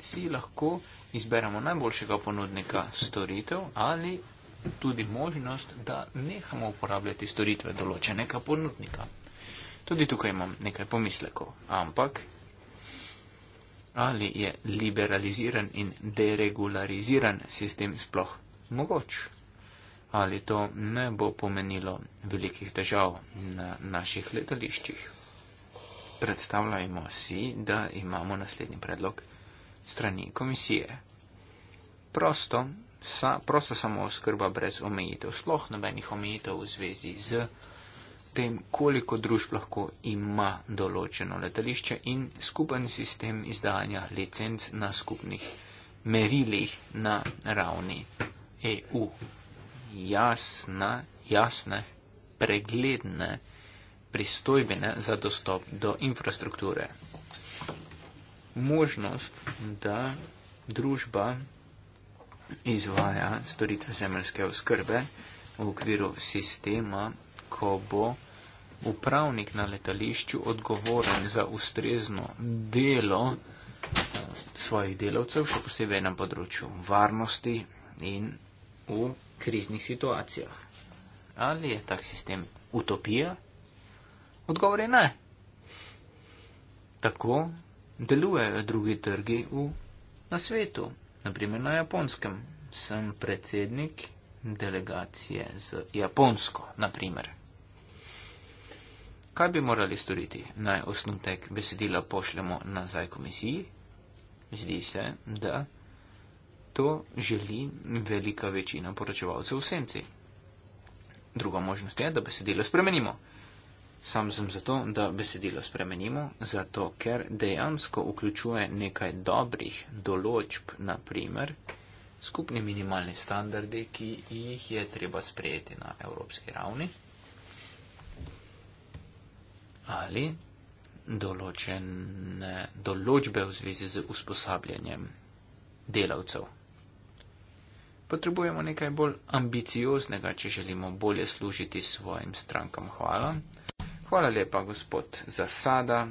si lahko izberemo najboljšega ponudnika storitev ali tudi možnost, da nehamo uporabljati storitve določenega ponudnika. Tudi tukaj imam nekaj pomislekov, ampak ali je liberaliziran in deregulariziran sistem sploh mogoč, ali to ne bo pomenilo velikih težav na naših letališčih. Predstavljajmo si, da imamo naslednji predlog strani komisije. Prosto, sa, prosto samo oskrba brez omejitev, sploh nobenih omejitev v zvezi z tem, koliko družb lahko ima določeno letališče in skupen sistem izdajanja licenc na skupnih merilih na ravni EU. Jasne, jasne, pregledne pristojbine za dostop do infrastrukture. Možnost, da družba izvaja storitve zemljske oskrbe v okviru sistema, ko bo upravnik na letališču odgovoren za ustrezno delo eh, svojih delavcev, še posebej na področju varnosti in v kriznih situacijah. Ali je tak sistem utopija? Odgovor je ne. Tako delujejo drugi trgi v, na svetu, naprimer na japonskem. Sem predsednik delegacije z Japonsko, naprimer. Kaj bi morali storiti? Naj osnutek besedila pošljemo nazaj komisiji? Zdi se, da to želi velika večina poročevalcev v senci. Druga možnost je, da besedilo spremenimo. Sam sem zato, da besedilo spremenimo, zato ker dejansko vključuje nekaj dobrih določb, naprimer skupni minimalni standardi, ki jih je treba sprejeti na evropski ravni ali določene določbe v zvezi z usposabljanjem delavcev. Potrebujemo nekaj bolj ambicioznega, če želimo bolje služiti svojim strankam. Hvala. Hvala lepa, gospod Zasada.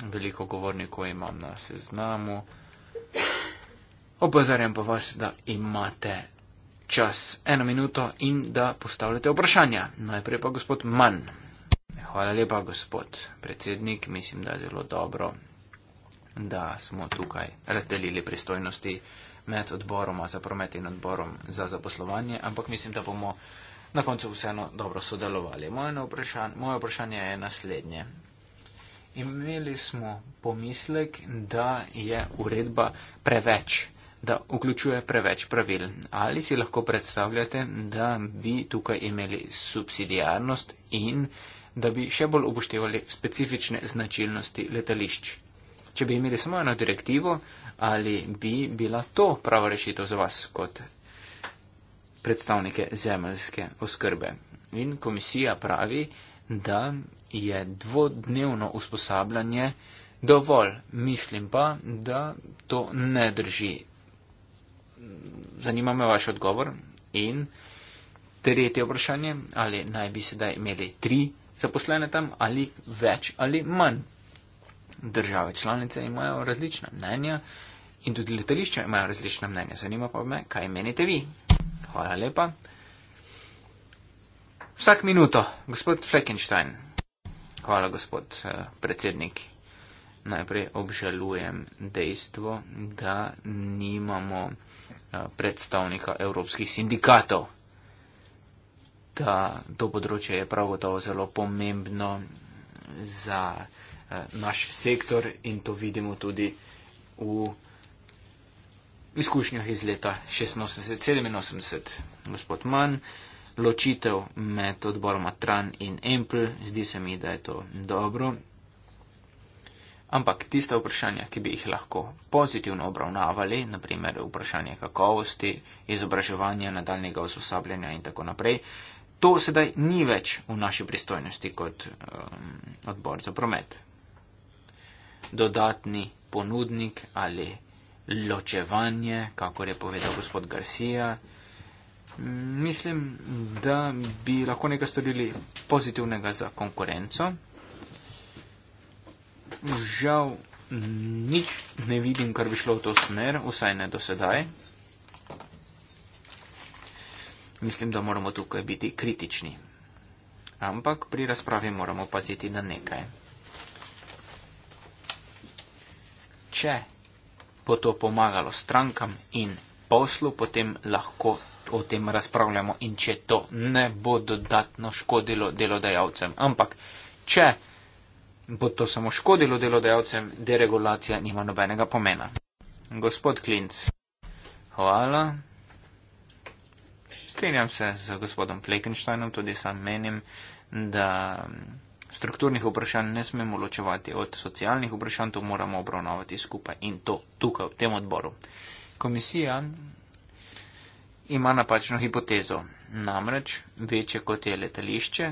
Veliko govornikov imam na seznamu. Opozarjam pa vas, da imate čas eno minuto in da postavljate vprašanja. Najprej pa gospod Mann. Hvala lepa, gospod predsednik. Mislim, da je zelo dobro, da smo tukaj razdelili pristojnosti med odboroma za promet in odborom za zaposlovanje, ampak mislim, da bomo na koncu vseeno dobro sodelovali. Moje vprašanje, moje vprašanje je naslednje. Imeli smo pomislek, da je uredba preveč, da vključuje preveč pravil. Ali si lahko predstavljate, da bi tukaj imeli subsidijarnost in da bi še bolj upoštevali specifične značilnosti letališč. Če bi imeli samo eno direktivo, ali bi bila to prava rešitev za vas kot predstavnike zemljske oskrbe. In komisija pravi, da je dvodnevno usposabljanje dovolj. Mislim pa, da to ne drži. Zanima me vaš odgovor. In tretje vprašanje, ali naj bi sedaj imeli tri zaposlene tam ali več ali manj. Države članice imajo različna mnenja in tudi letališča imajo različna mnenja. Zanima pa me, kaj menite vi. Hvala lepa. Vsak minuto, gospod Fleckenstein. Hvala, gospod eh, predsednik. Najprej obžalujem dejstvo, da nimamo eh, predstavnika evropskih sindikatov da to področje je prav gotovo zelo pomembno za eh, naš sektor in to vidimo tudi v izkušnjah iz leta 86-87. Gospod Mann, ločitev med odboroma Tran in Empl, zdi se mi, da je to dobro. Ampak tiste vprašanja, ki bi jih lahko pozitivno obravnavali, naprimer vprašanje kakovosti, izobraževanja, nadaljnega usposabljanja in tako naprej, To sedaj ni več v naši pristojnosti kot um, odbor za promet. Dodatni ponudnik ali ločevanje, kako je povedal gospod Garcia, mislim, da bi lahko nekaj storili pozitivnega za konkurenco. Žal, nič ne vidim, kar bi šlo v to smer, vsaj ne do sedaj. Mislim, da moramo tukaj biti kritični. Ampak pri razpravi moramo paziti na nekaj. Če bo to pomagalo strankam in poslu, potem lahko o tem razpravljamo in če to ne bo dodatno škodilo delodajalcem. Ampak, če bo to samo škodilo delodajalcem, deregulacija nima nobenega pomena. Gospod Klinc. Hvala. Strenjam se z gospodom Plekensteinom, tudi sam menim, da strukturnih vprašanj ne smemo ločevati od socialnih vprašanj, to moramo obravnavati skupaj in to tukaj v tem odboru. Komisija ima napačno hipotezo. Namreč večje kot je letališče,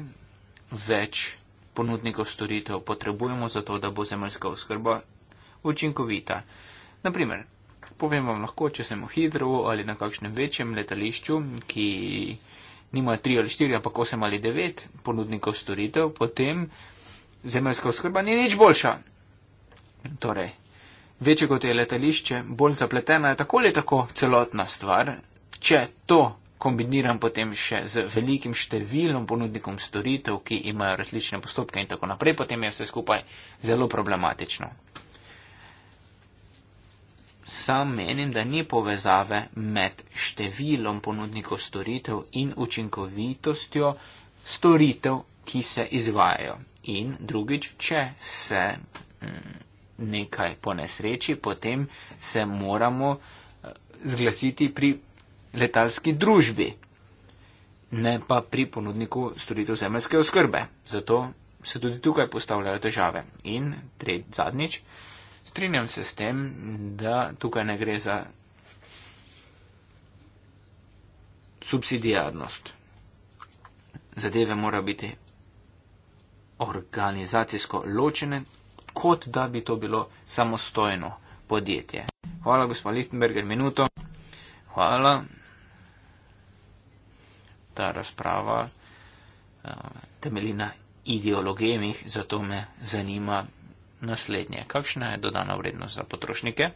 več ponudnikov storitev potrebujemo za to, da bo zemljska oskrba učinkovita. Naprimer, Povem vam lahko, če sem v Hidru ali na kakšnem večjem letališču, ki nima 3 ali 4, ampak 8 ali 9 ponudnikov storitev, potem zemeljska oskrba ni nič boljša. Torej, večje kot je letališče, bolj zapletena je tako ali tako celotna stvar. Če to kombiniram potem še z velikim številom ponudnikom storitev, ki imajo različne postopke in tako naprej, potem je vse skupaj zelo problematično sam menim, da ni povezave med številom ponudnikov storitev in učinkovitostjo storitev, ki se izvajajo. In drugič, če se mm, nekaj ponesreči, potem se moramo eh, zglasiti pri letalski družbi, ne pa pri ponudniku storitev zemljske oskrbe. Zato se tudi tukaj postavljajo težave. In tretjič, strinjam se s tem, da tukaj ne gre za subsidijarnost. Zadeve morajo biti organizacijsko ločene, kot da bi to bilo samostojno podjetje. Hvala, gospod Lichtenberger, minuto. Hvala. Ta razprava uh, temelji na ideologemih, zato me zanima naslednje. Kakšna je dodana vrednost za potrošnike?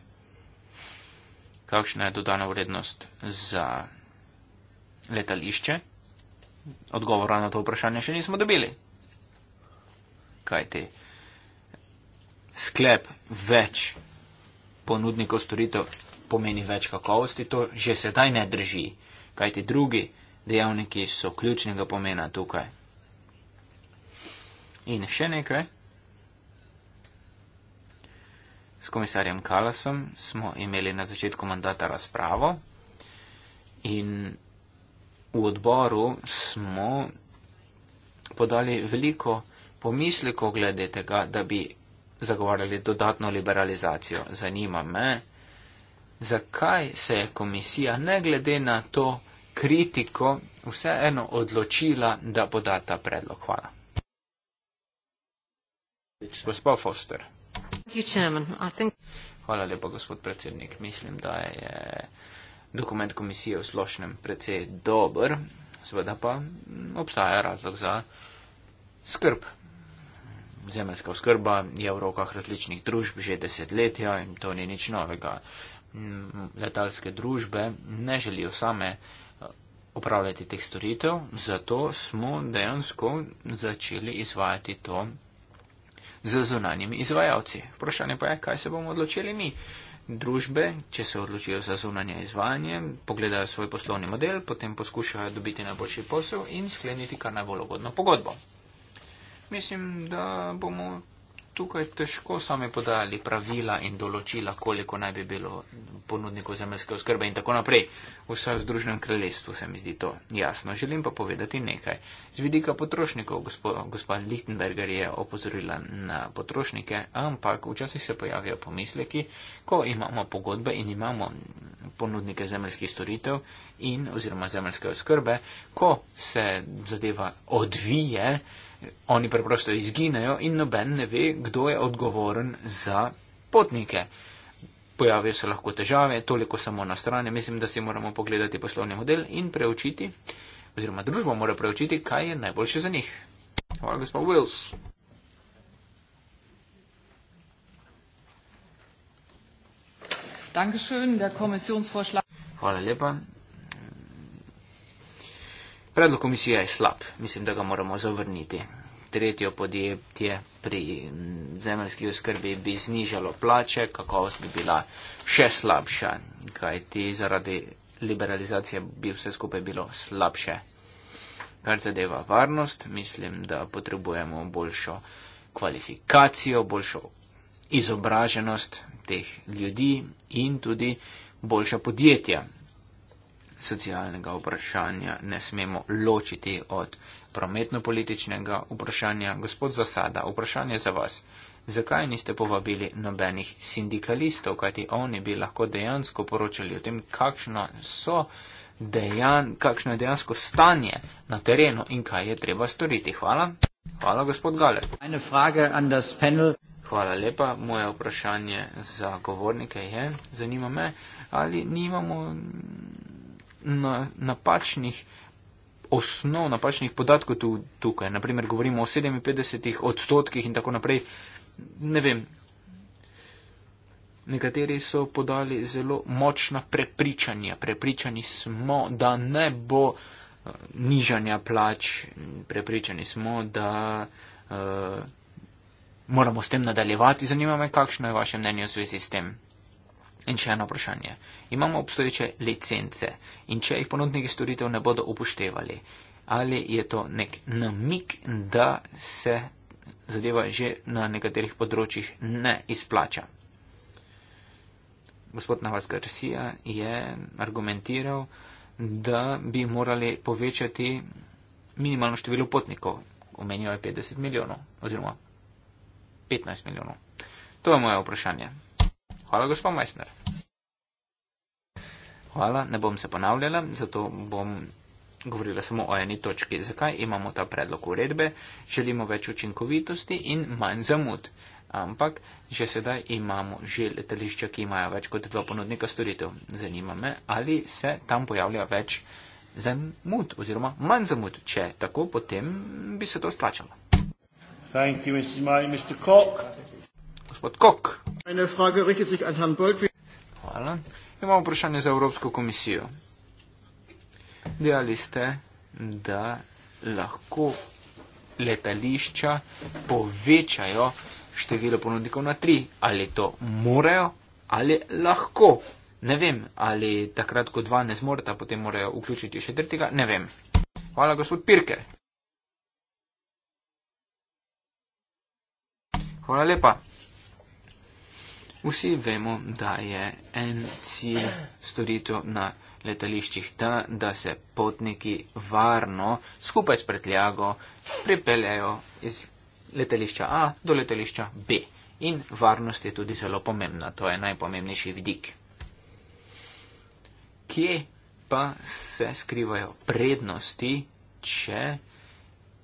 Kakšna je dodana vrednost za letališče? Odgovora na to vprašanje še nismo dobili. Kaj ti? Sklep več ponudnikov storitev pomeni več kakovosti, to že sedaj ne drži. Kaj ti drugi dejavniki so ključnega pomena tukaj? In še nekaj. S komisarjem Kalasom smo imeli na začetku mandata razpravo in v odboru smo podali veliko pomisleko glede tega, da bi zagovarjali dodatno liberalizacijo. Zanima me, zakaj se je komisija, ne glede na to kritiko, vseeno odločila, da poda ta predlog. Hvala. Gospod Foster. Hvala lepa, gospod predsednik. Mislim, da je dokument komisije v splošnem precej dober, seveda pa obstaja razlog za skrb. Zemeljska oskrba je v rokah različnih družb že desetletja in to ni nič novega. Mm, letalske družbe ne želijo same eh, opravljati teh storitev, zato smo dejansko začeli izvajati to z zunanjimi izvajalci. Vprašanje pa je, kaj se bomo odločili mi. Družbe, če se odločijo za zunanje izvajanje, pogledajo svoj poslovni model, potem poskušajo dobiti najboljši posel in skleniti kar najbolj ugodno pogodbo. Mislim, da bomo tukaj težko sami podajali pravila in določila, koliko naj bi bilo ponudnikov zemljske oskrbe in tako naprej. Vse v Združenem kraljestvu se mi zdi to jasno. Želim pa povedati nekaj. Z vidika potrošnikov, gospod Lichtenberger je opozorila na potrošnike, ampak včasih se pojavijo pomisleki, ko imamo pogodbe in imamo ponudnike zemljskih storitev in oziroma zemljske oskrbe, ko se zadeva odvije, oni preprosto izginejo in noben ne ve, kdo je odgovoren za potnike. Pojavijo se lahko težave, toliko samo na strani, mislim, da si moramo pogledati poslovni model in preučiti, oziroma družba mora preučiti, kaj je najboljše za njih. Hvala, gospod Wills. Hvala lepa. Predlog komisije je slab, mislim, da ga moramo zavrniti. Tretje podjetje pri zemljski oskrbi bi znižalo plače, kakovost bi bila še slabša, kajti zaradi liberalizacije bi vse skupaj bilo slabše. Kar zadeva varnost, mislim, da potrebujemo boljšo kvalifikacijo, boljšo izobraženost teh ljudi in tudi boljša podjetja socialnega vprašanja ne smemo ločiti od prometno-političnega vprašanja. Gospod Zasada, vprašanje za vas. Zakaj niste povabili nobenih sindikalistov, kajti oni bi lahko dejansko poročali o tem, kakšno, so, dejan, kakšno je dejansko stanje na terenu in kaj je treba storiti? Hvala. Hvala, gospod Galer. Hvala lepa. Moje vprašanje za govornike je, zanima me, ali nimamo na napačnih osnov, napačnih podatkov tu, tukaj. Naprimer, govorimo o 57 odstotkih in tako naprej. Ne vem. Nekateri so podali zelo močna prepričanja. Prepričani smo, da ne bo eh, nižanja plač. Prepričani smo, da uh, moramo s tem nadaljevati. Zanima me, kakšno je vaše mnenje v zvezi s tem. In še eno vprašanje. Imamo obstoječe licence in če jih ponudniki storitev ne bodo upoštevali, ali je to nek namik, da se zadeva že na nekaterih področjih ne izplača? Gospod Navas Garcia je argumentiral, da bi morali povečati minimalno število potnikov. Omenijo je 50 milijonov oziroma 15 milijonov. To je moje vprašanje. Hvala, gospod Meissner. Hvala, ne bom se ponavljala, zato bom govorila samo o eni točki. Zakaj imamo ta predlog uredbe? Želimo več učinkovitosti in manj zamud. Ampak že sedaj imamo že letališča, ki imajo več kot dva ponudnika storitev. Zanima me, ali se tam pojavlja več zamud oziroma manj zamud. Če tako, potem bi se to splačalo. Thank you, Mr. Cook gospod Kok. Hvala. Imamo vprašanje za Evropsko komisijo. Dejali ste, da lahko letališča povečajo število ponudnikov na tri. Ali to morejo ali lahko? Ne vem, ali takrat, ko dva ne zmorta, potem morajo vključiti še tretjega. Ne vem. Hvala, gospod Pirker. Hvala lepa. Vsi vemo, da je en cilj storitev na letališčih ta, da se potniki varno skupaj s pretljago pripeljajo iz letališča A do letališča B. In varnost je tudi zelo pomembna, to je najpomembnejši vidik. Kje pa se skrivajo prednosti, če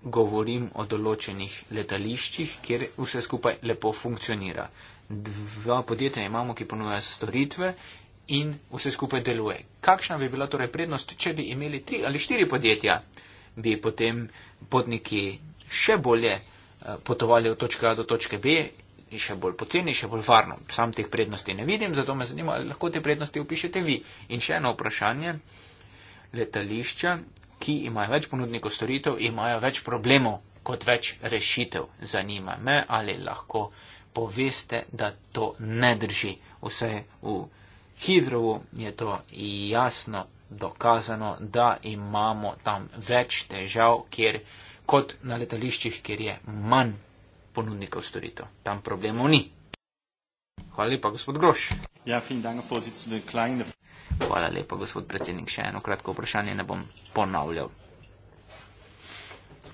govorim o določenih letališčih, kjer vse skupaj lepo funkcionira? dva podjetja imamo, ki ponujajo storitve in vse skupaj deluje. Kakšna bi bila torej prednost, če bi imeli tri ali štiri podjetja, bi potem potniki še bolje eh, potovali od točke A do točke B in še bolj poceni, še bolj varno. Sam teh prednosti ne vidim, zato me zanima, ali lahko te prednosti upišete vi. In še eno vprašanje. Letališča, ki imajo več ponudnikov storitev, imajo več problemov kot več rešitev. Zanima me, ali lahko poveste, da to ne drži. Vse v Hidrovu je to jasno dokazano, da imamo tam več težav, kjer kot na letališčih, kjer je manj ponudnikov storitev. Tam problemov ni. Hvala lepa, gospod Groš. Ja, Hvala lepa, gospod predsednik. Še eno kratko vprašanje ne bom ponavljal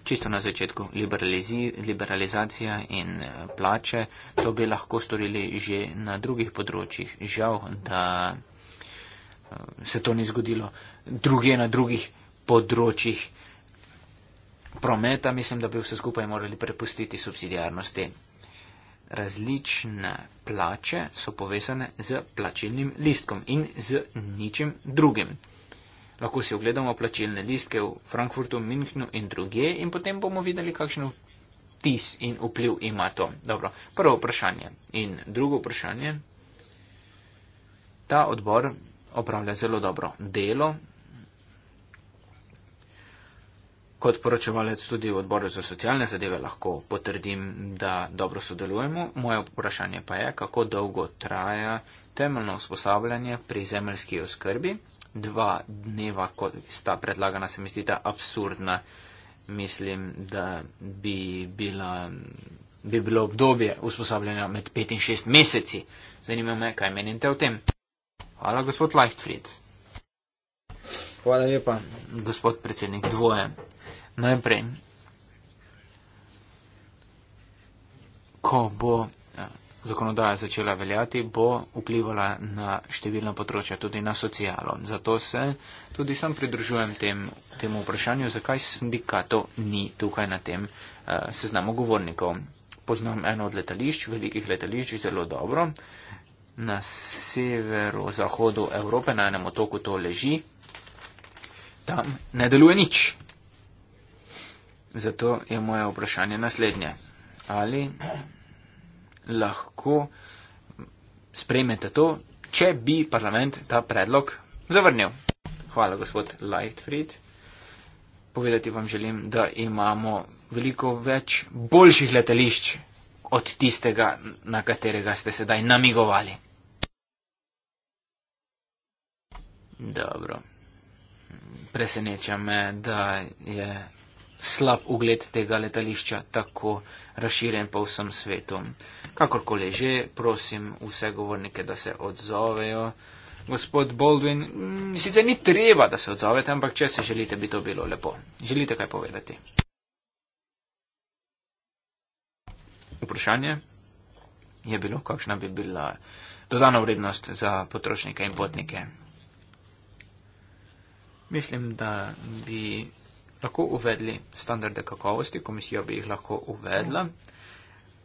čisto na začetku liberalizi, liberalizacija in eh, plače. To bi lahko storili že na drugih področjih. Žal, da eh, se to ni zgodilo druge na drugih področjih prometa, mislim, da bi vse skupaj morali prepustiti subsidijarnosti. Različne plače so povezane z plačilnim listkom in z ničem drugim lahko si ogledamo plačilne listke v Frankfurtu, Münchnu in druge in potem bomo videli, kakšen vtis in vpliv ima to. Dobro, prvo vprašanje. In drugo vprašanje. Ta odbor opravlja zelo dobro delo. Kot poročevalec tudi v odboru za socialne zadeve lahko potrdim, da dobro sodelujemo. Moje vprašanje pa je, kako dolgo traja temeljno usposabljanje pri zemljski oskrbi dva dneva, kot sta predlagana, se mi zdi ta absurdna. Mislim, da bi, bila, bi bilo obdobje usposabljanja med pet in šest meseci. Zanima me, kaj menite o tem. Hvala, gospod Leichtfried. Hvala lepa. Gospod predsednik, dvoje. Najprej, ko bo zakonodaja začela veljati, bo vplivala na številna področja, tudi na socialo. Zato se tudi sam pridružujem tem, temu vprašanju, zakaj sindikato ni tukaj na tem uh, seznamu govornikov. Poznam eno od letališč, velikih letališč, zelo dobro. Na severozahodu Evrope, na enem otoku to leži, tam ne deluje nič. Zato je moje vprašanje naslednje. Ali lahko sprejmete to, če bi parlament ta predlog zavrnil. Hvala, gospod Lightfried. Povedati vam želim, da imamo veliko več boljših letališč od tistega, na katerega ste sedaj namigovali. Dobro. Preseneča me, da je slab ugled tega letališča, tako razširjen po vsem svetu. Kakorkoli že, prosim vse govornike, da se odzovejo. Gospod Baldwin, mm, sicer ni treba, da se odzovete, ampak če se želite, bi to bilo lepo. Želite kaj povedati? Vprašanje je bilo, kakšna bi bila dodana vrednost za potrošnike in potnike. Mislim, da bi lahko uvedli standarde kakovosti, komisija bi jih lahko uvedla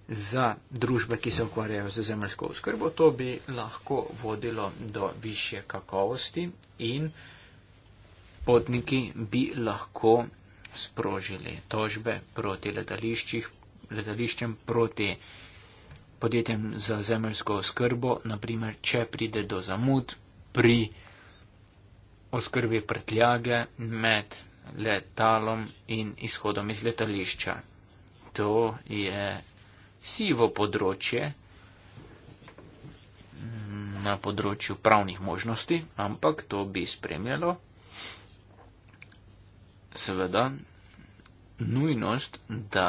za družbe, ki se ukvarjajo z zemljsko oskrbo. To bi lahko vodilo do više kakovosti in potniki bi lahko sprožili tožbe proti letališčem, proti podjetjem za zemljsko oskrbo, naprimer, če pride do zamud pri oskrbi prtljage med letalom in izhodom iz letališča. To je sivo področje mm, na področju pravnih možnosti, ampak to bi spremljalo seveda nujnost, da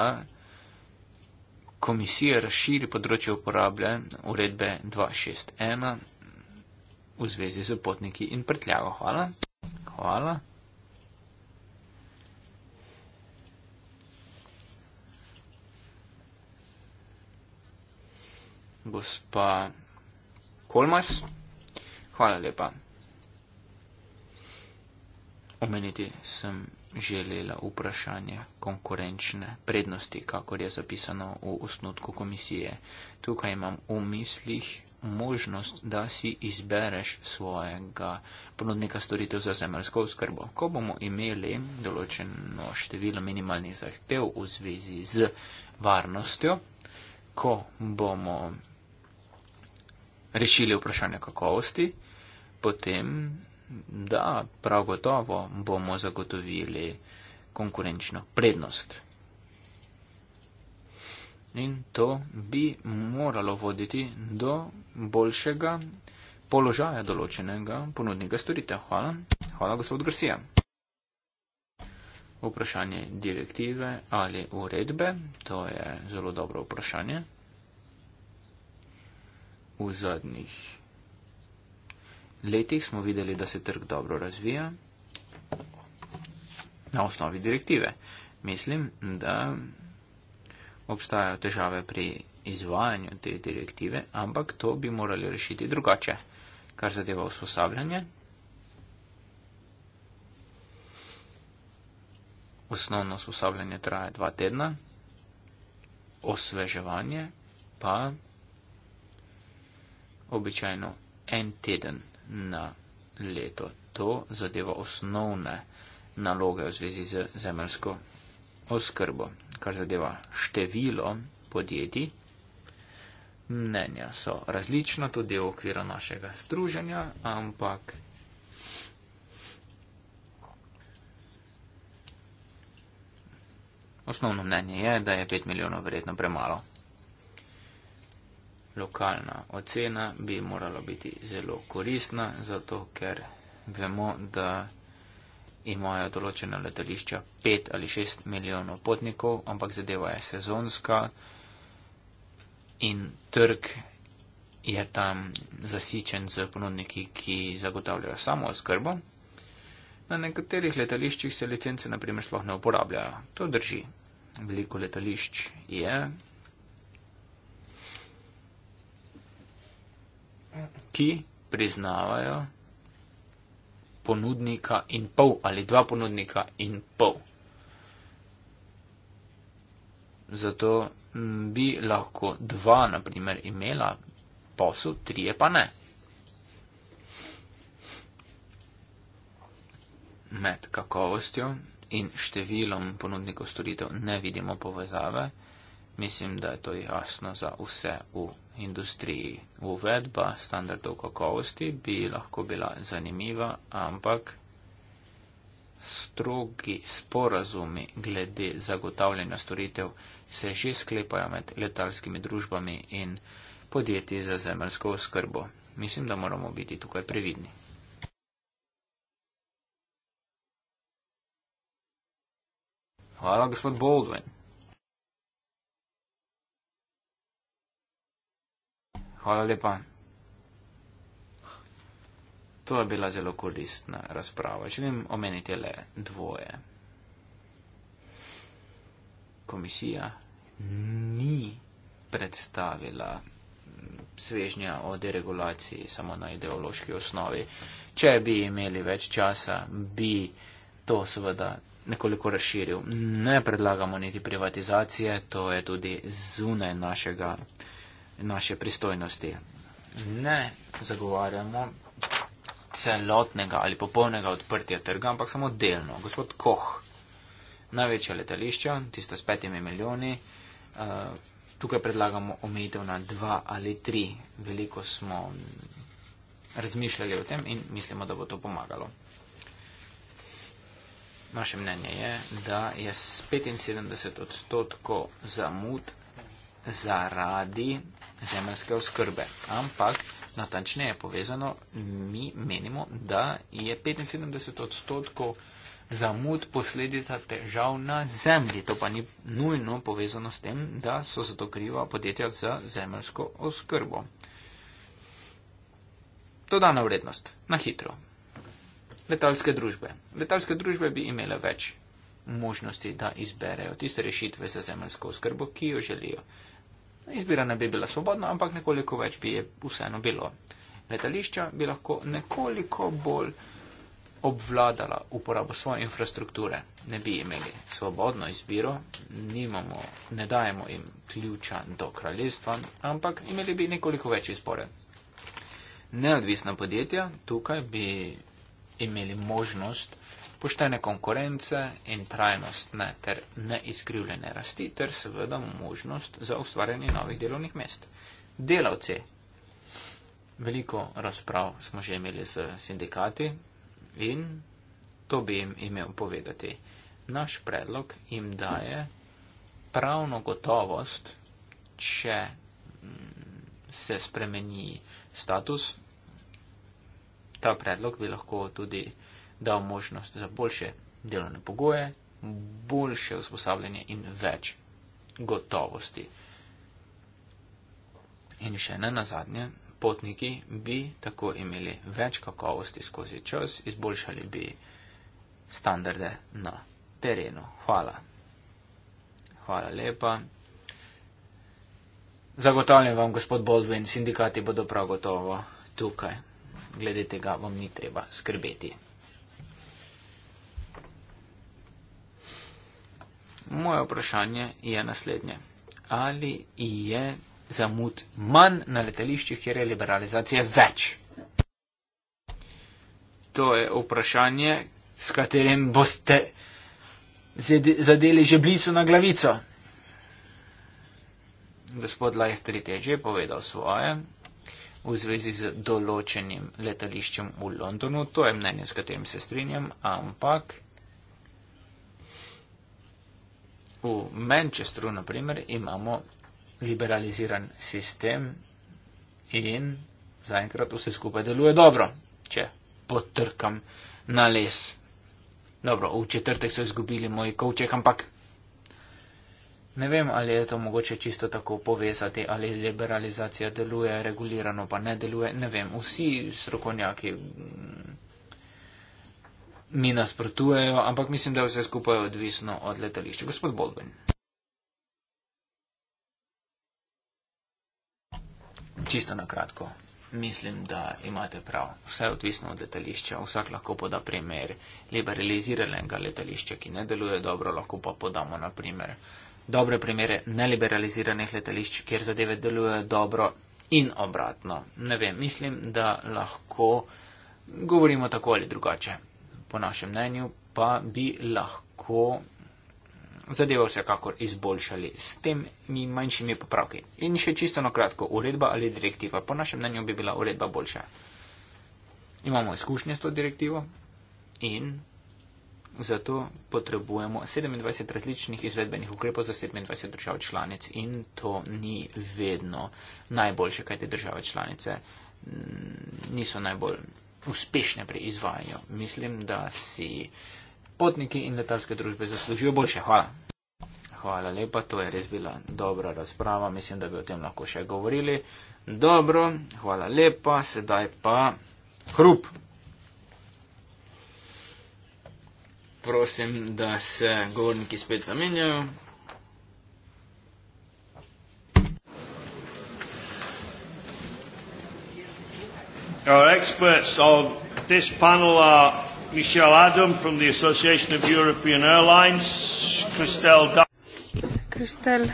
komisija razširi področje uporabe uredbe 261 v zvezi z potniki in prtljago. Hvala. Hvala. gospa Kolmas. Hvala lepa. Omeniti sem želela vprašanje konkurenčne prednosti, kakor je zapisano v osnutku komisije. Tukaj imam v mislih možnost, da si izbereš svojega ponudnika storitev za zemljsko oskrbo. Ko bomo imeli določeno število minimalnih zahtev v zvezi z varnostjo, ko bomo rešili vprašanje kakovosti, potem da prav gotovo bomo zagotovili konkurenčno prednost. In to bi moralo voditi do boljšega položaja določenega ponudnika storitev. Hvala. Hvala, gospod Grsija. Vprašanje direktive ali uredbe, to je zelo dobro vprašanje v zadnjih letih smo videli, da se trg dobro razvija na osnovi direktive. Mislim, da obstajajo težave pri izvajanju te direktive, ampak to bi morali rešiti drugače, kar zadeva usposabljanje. Osnovno usposabljanje traja dva tedna, osveževanje pa običajno en teden na leto. To zadeva osnovne naloge v zvezi z zemljsko oskrbo. Kar zadeva število podjetij, mnenja so različna, tudi v okviru našega združenja, ampak. Osnovno mnenje je, da je 5 milijonov verjetno premalo lokalna ocena bi morala biti zelo koristna, zato ker vemo, da imajo določena letališča 5 ali 6 milijonov potnikov, ampak zadeva je sezonska in trg je tam zasičen z ponudniki, ki zagotavljajo samo oskrbo. Na nekaterih letališčih se licence naprimer sploh ne uporabljajo. To drži. Veliko letališč je, ki priznavajo ponudnika in pol ali dva ponudnika in pol. Zato bi lahko dva, na primer, imela posel, trije pa ne. Med kakovostjo in številom ponudnikov storitev ne vidimo povezave. Mislim, da je to jasno za vse v industriji. Uvedba standardov kakovosti bi lahko bila zanimiva, ampak strogi sporazumi glede zagotavljanja storitev se že sklepajo med letalskimi družbami in podjetji za zemljsko oskrbo. Mislim, da moramo biti tukaj previdni. Hvala, gospod Baldwin. Hvala lepa. To je bila zelo koristna razprava. Želim omeniti le dvoje. Komisija ni predstavila svežnja o deregulaciji samo na ideološki osnovi. Če bi imeli več časa, bi to seveda nekoliko razširil. Ne predlagamo niti privatizacije, to je tudi zunaj našega naše pristojnosti. Ne zagovarjamo celotnega ali popolnega odprtja trga, ampak samo delno. Gospod Koh, največja letališča, tisto s petimi milijoni, eh, tukaj predlagamo omejitev na dva ali tri. Veliko smo razmišljali o tem in mislimo, da bo to pomagalo. Naše mnenje je, da je 75 odstotkov zamud zaradi zemljske oskrbe. Ampak natančneje povezano, mi menimo, da je 75 odstotkov zamud posledica težav na zemlji. To pa ni nujno povezano s tem, da so zato kriva podjetja za zemljsko oskrbo. Dodana vrednost. Na hitro. Letalske družbe. Letalske družbe bi imele več možnosti, da izberejo tiste rešitve za zemljsko oskrbo, ki jo želijo. Izbira ne bi bila svobodna, ampak nekoliko več bi je vseeno bilo. Letališča bi lahko nekoliko bolj obvladala uporabo svoje infrastrukture. Ne bi imeli svobodno izbiro, nimamo, ne dajemo jim ključa do kraljestva, ampak imeli bi nekoliko več izbore. Neodvisna podjetja tukaj bi imeli možnost poštene konkurence in trajnostne ter neizkrivljene rasti ter seveda možnost za ustvarjanje novih delovnih mest. Delavci. Veliko razprav smo že imeli s sindikati in to bi jim imel povedati. Naš predlog jim daje pravno gotovost, če mm, se spremeni status. Ta predlog bi lahko tudi dal možnost za boljše delovne pogoje, boljše usposabljanje in več gotovosti. In še ne na zadnje, potniki bi tako imeli več kakovosti skozi čas, izboljšali bi standarde na terenu. Hvala. Hvala lepa. Zagotavljam vam, gospod Baldwin, sindikati bodo prav gotovo tukaj. Glede tega vam ni treba skrbeti. Moje vprašanje je naslednje. Ali je zamud manj na letališčih, kjer je liberalizacije več? To je vprašanje, s katerim boste zadeli že blico na glavico. Gospod Lajf Tritež je povedal svoje v zvezi z določenim letališčem v Londonu. To je mnenje, s katerim se strinjam, ampak. v Manchesteru, na primer, imamo liberaliziran sistem in zaenkrat vse skupaj deluje dobro, če potrkam na les. Dobro, v četrtek so izgubili moj kovček, ampak ne vem, ali je to mogoče čisto tako povezati, ali liberalizacija deluje regulirano, pa ne deluje, ne vem, vsi strokovnjaki mi nasprotujejo, ampak mislim, da je vse skupaj odvisno od letališča. Gospod Bolben. Čisto na kratko. Mislim, da imate prav. Vse je odvisno od letališča. Vsak lahko poda primer liberaliziranega letališča, ki ne deluje dobro, lahko pa podamo na primer dobre primere neliberaliziranih letališč, kjer zadeve delujejo dobro in obratno. Ne vem, mislim, da lahko govorimo tako ali drugače po našem mnenju pa bi lahko zadevo vsekakor izboljšali s temi manjšimi popravki. In še čisto na kratko, uredba ali direktiva. Po našem mnenju bi bila uredba boljša. Imamo izkušnje s to direktivo in zato potrebujemo 27 različnih izvedbenih ukrepov za 27 držav članic in to ni vedno najboljše, kaj te države članice mm, niso najbolj uspešne pri izvajanju. Mislim, da si potniki in letalske družbe zaslužijo boljše. Hvala. Hvala lepa, to je res bila dobra razprava, mislim, da bi o tem lahko še govorili. Dobro, hvala lepa, sedaj pa hrup. Prosim, da se govorniki spet zamenjajo. Our experts of this panel are Michelle Adam from the Association of European Airlines, Christelle Gama. Christelle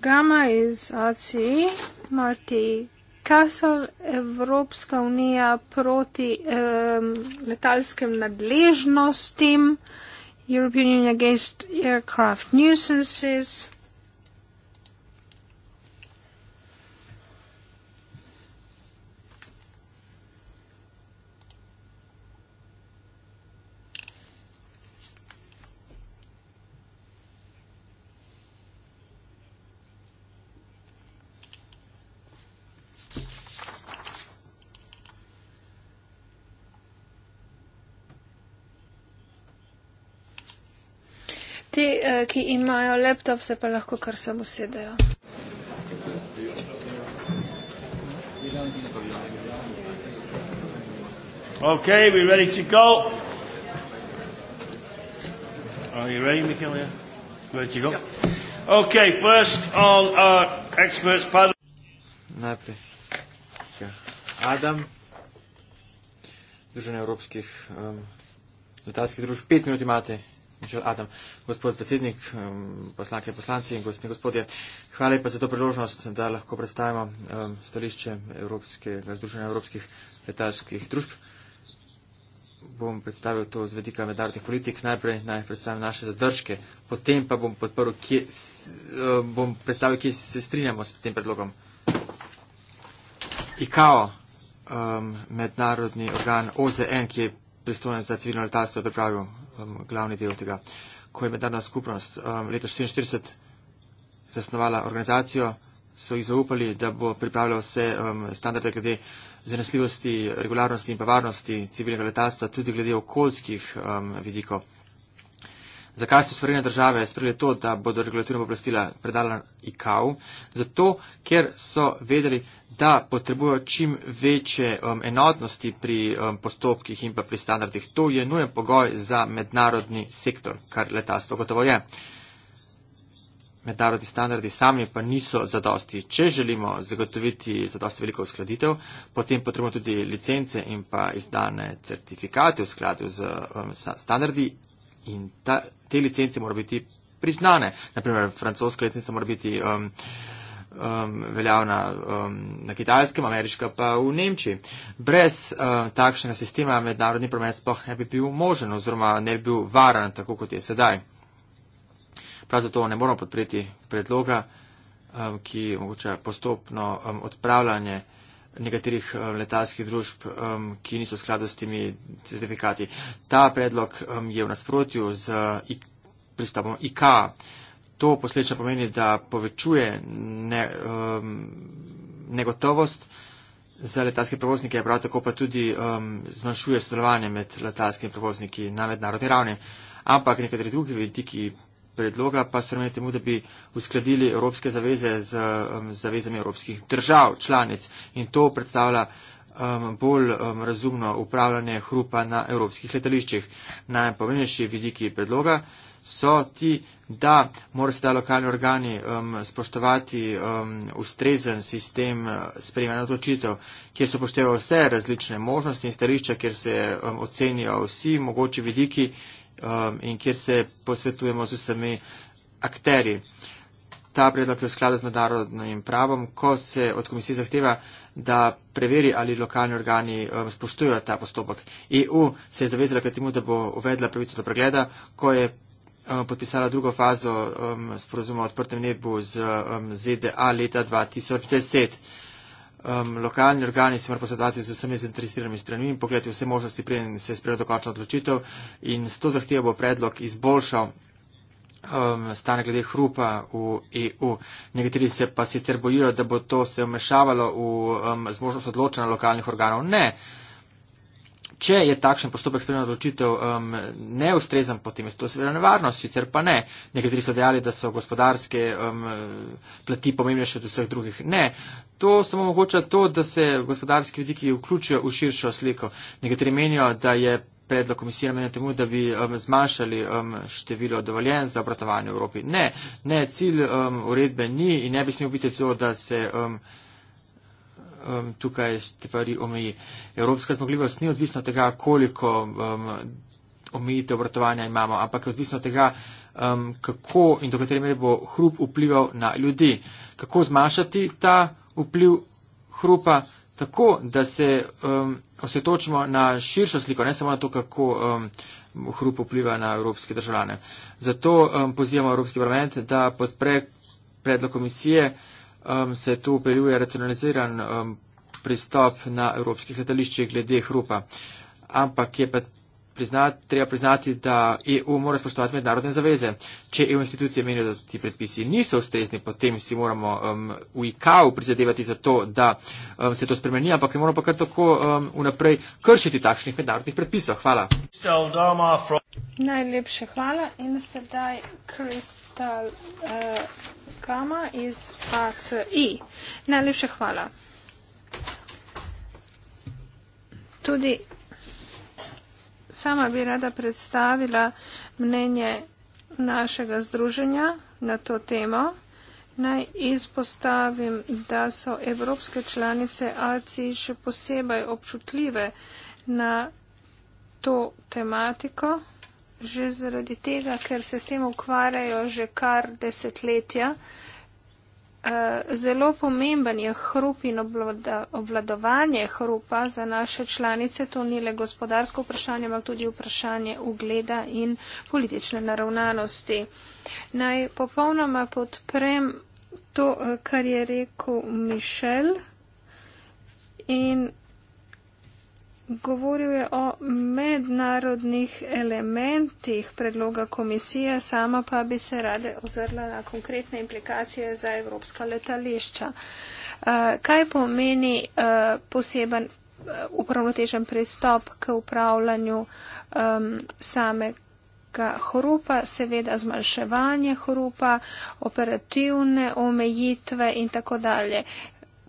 Gama is ACE, Marty Castle, Evropska unija proti um, letalskim nadležnostim, European Union against aircraft nuisances, Ti, eh, ki imajo laptop, se pa lahko kar samo sedejo. Ok, we ready to go. Are you ready, Michaela? Ready to go? Yes. Ok, first on our experts panel. Najprej. Ja. Adam, Združenje evropskih um, letalskih družb, pet minut imate. Žel Adam. Gospod predsednik, poslanke in poslanci in gostni gospodje, hvala pa za to priložnost, da lahko predstavimo stališče Združenja Evropskih letalskih družb. Bom predstavil to z vedika mednarodnih politik. Najprej naj predstavim naše zadržke, potem pa bom, podporu, kje, bom predstavil, kje se strinjamo s tem predlogom. IKAO, mednarodni organ OZN, ki je pristojen za civilno letalstvo, je pripravil um, glavni del tega. Ko je mednarodna skupnost um, leta 1944 zasnovala organizacijo, so jih zaupali, da bo pripravljal vse um, standarde glede zanesljivosti, regularnosti in pa varnosti civilnega letalstva, tudi glede okoljskih um, vidikov. Zakaj so sverjene države sprejeli to, da bodo regulativno poblastila predala ICAO? Zato, ker so vedeli, da potrebujejo čim večje um, enotnosti pri um, postopkih in pa pri standardih. To je nujen pogoj za mednarodni sektor, kar letalstvo gotovo je. Mednarodni standardi sami pa niso zadosti. Če želimo zagotoviti zadosti veliko uskladitev, potem potrebujemo tudi licence in pa izdane certifikate v skladu z um, standardi in ta, te licence morajo biti priznane. Naprimer, francoska licenca mora biti. Um, um, veljavna um, na kitajskem, ameriška pa v Nemčiji. Brez um, takšnega sistema mednarodni promet sploh ne bi bil možen oziroma ne bi bil varen, tako kot je sedaj. Prav zato ne moramo podpreti predloga, um, ki omogoča postopno um, odpravljanje nekaterih um, letalskih družb, um, ki niso v skladu s temi certifikati. Ta predlog um, je v nasprotju z pristopom IKA to posledično pomeni, da povečuje ne, um, negotovost za letalske prevoznike, prav tako pa tudi um, zmanjšuje sodelovanje med letalskimi prevozniki na mednarodni ravni. Ampak nekateri drugi vidiki predloga pa se ravnajo temu, da bi uskladili evropske zaveze z um, zavezami evropskih držav, članic in to predstavlja um, bolj um, razumno upravljanje hrupa na evropskih letališčih. Najpomembnejši vidiki predloga so ti, da mora sedaj lokalni organi um, spoštovati um, ustrezen sistem uh, sprejemanja odločitev, kjer so poštevali vse različne možnosti in starišča, kjer se um, ocenijo vsi mogoči vidiki um, in kjer se posvetujemo z vsemi akteri. Ta predlog je v skladu z mednarodnim pravom, ko se od komisije zahteva, da preveri, ali lokalni organi um, spoštujejo ta postopek. EU se je zavezala k temu, da bo uvedla pravico do pregleda, ko je podpisala drugo fazo um, sporozuma o odprtem nebu z um, ZDA leta 2010. Um, lokalni organi se morajo posvetovati z vsemi zainteresiranimi stranmi in pogledati vse možnosti, preden se sprejme dokončna odločitev. In s to zahtevo bo predlog izboljšal um, stane glede hrupa v EU. Nekateri se pa sicer bojijo, da bo to se vmešavalo v um, zmožnost odločanja lokalnih organov. Ne. Če je takšen postopek sprejemanja odločitev um, neustrezen, potem je to seveda nevarnost, sicer pa ne. Nekateri so dejali, da so gospodarske um, plati pomembnejše od vseh drugih. Ne. To samo omogoča to, da se gospodarski vidiki vključijo v širšo sliko. Nekateri menijo, da je predlog komisije namenjen temu, da bi um, zmanjšali um, število dovoljen za obratovanje v Evropi. Ne, ne cilj um, uredbe ni in ne bi smel biti to, da se. Um, um, tukaj stvari omeji. Evropska zmogljivost ni odvisna od tega, koliko um, omejitev obratovanja imamo, ampak je odvisna od tega, um, kako in do katere mere bo hrup vplival na ljudi. Kako zmašati ta vpliv hrupa tako, da se um, osvetočimo na širšo sliko, ne samo na to, kako um, hrup vpliva na evropske državljane. Zato um, pozivamo Evropski parlament, da podpre predlog komisije, um, se tu upeljuje racionaliziran um, pristop na evropskih letališčih glede hrupa. Ampak je pa priznat, treba priznati, da EU mora spoštovati mednarodne zaveze. Če EU institucije menijo, da ti predpisi niso ustrezni, potem si moramo um, v IKAV prizadevati za to, da um, se to spremeni, ampak ne moramo pa kar tako um, vnaprej kršiti takšnih mednarodnih predpisov. Hvala. Najlepše hvala in sedaj Kristal uh, Kama iz ACI. Najlepše hvala. Tudi Sama bi rada predstavila mnenje našega združenja na to temo. Naj izpostavim, da so evropske članice ACI še posebej občutljive na to tematiko, že zaradi tega, ker se s tem ukvarjajo že kar desetletja. Eh, zelo pomemben je hrup in obvladovanje hrupa za naše članice. To ni le gospodarsko vprašanje, ampak tudi vprašanje ugleda in politične naravnanosti. Naj popolnoma podprem to, eh, kar je rekel Mišel. In govoril je o mednarodnih elementih predloga komisije, sama pa bi se rade ozrla na konkretne implikacije za evropska letališča. Eh, kaj pomeni eh, poseben eh, upravnotežen pristop k upravljanju ehm, samega hrupa, seveda zmanjševanje hrupa, operativne omejitve in tako dalje?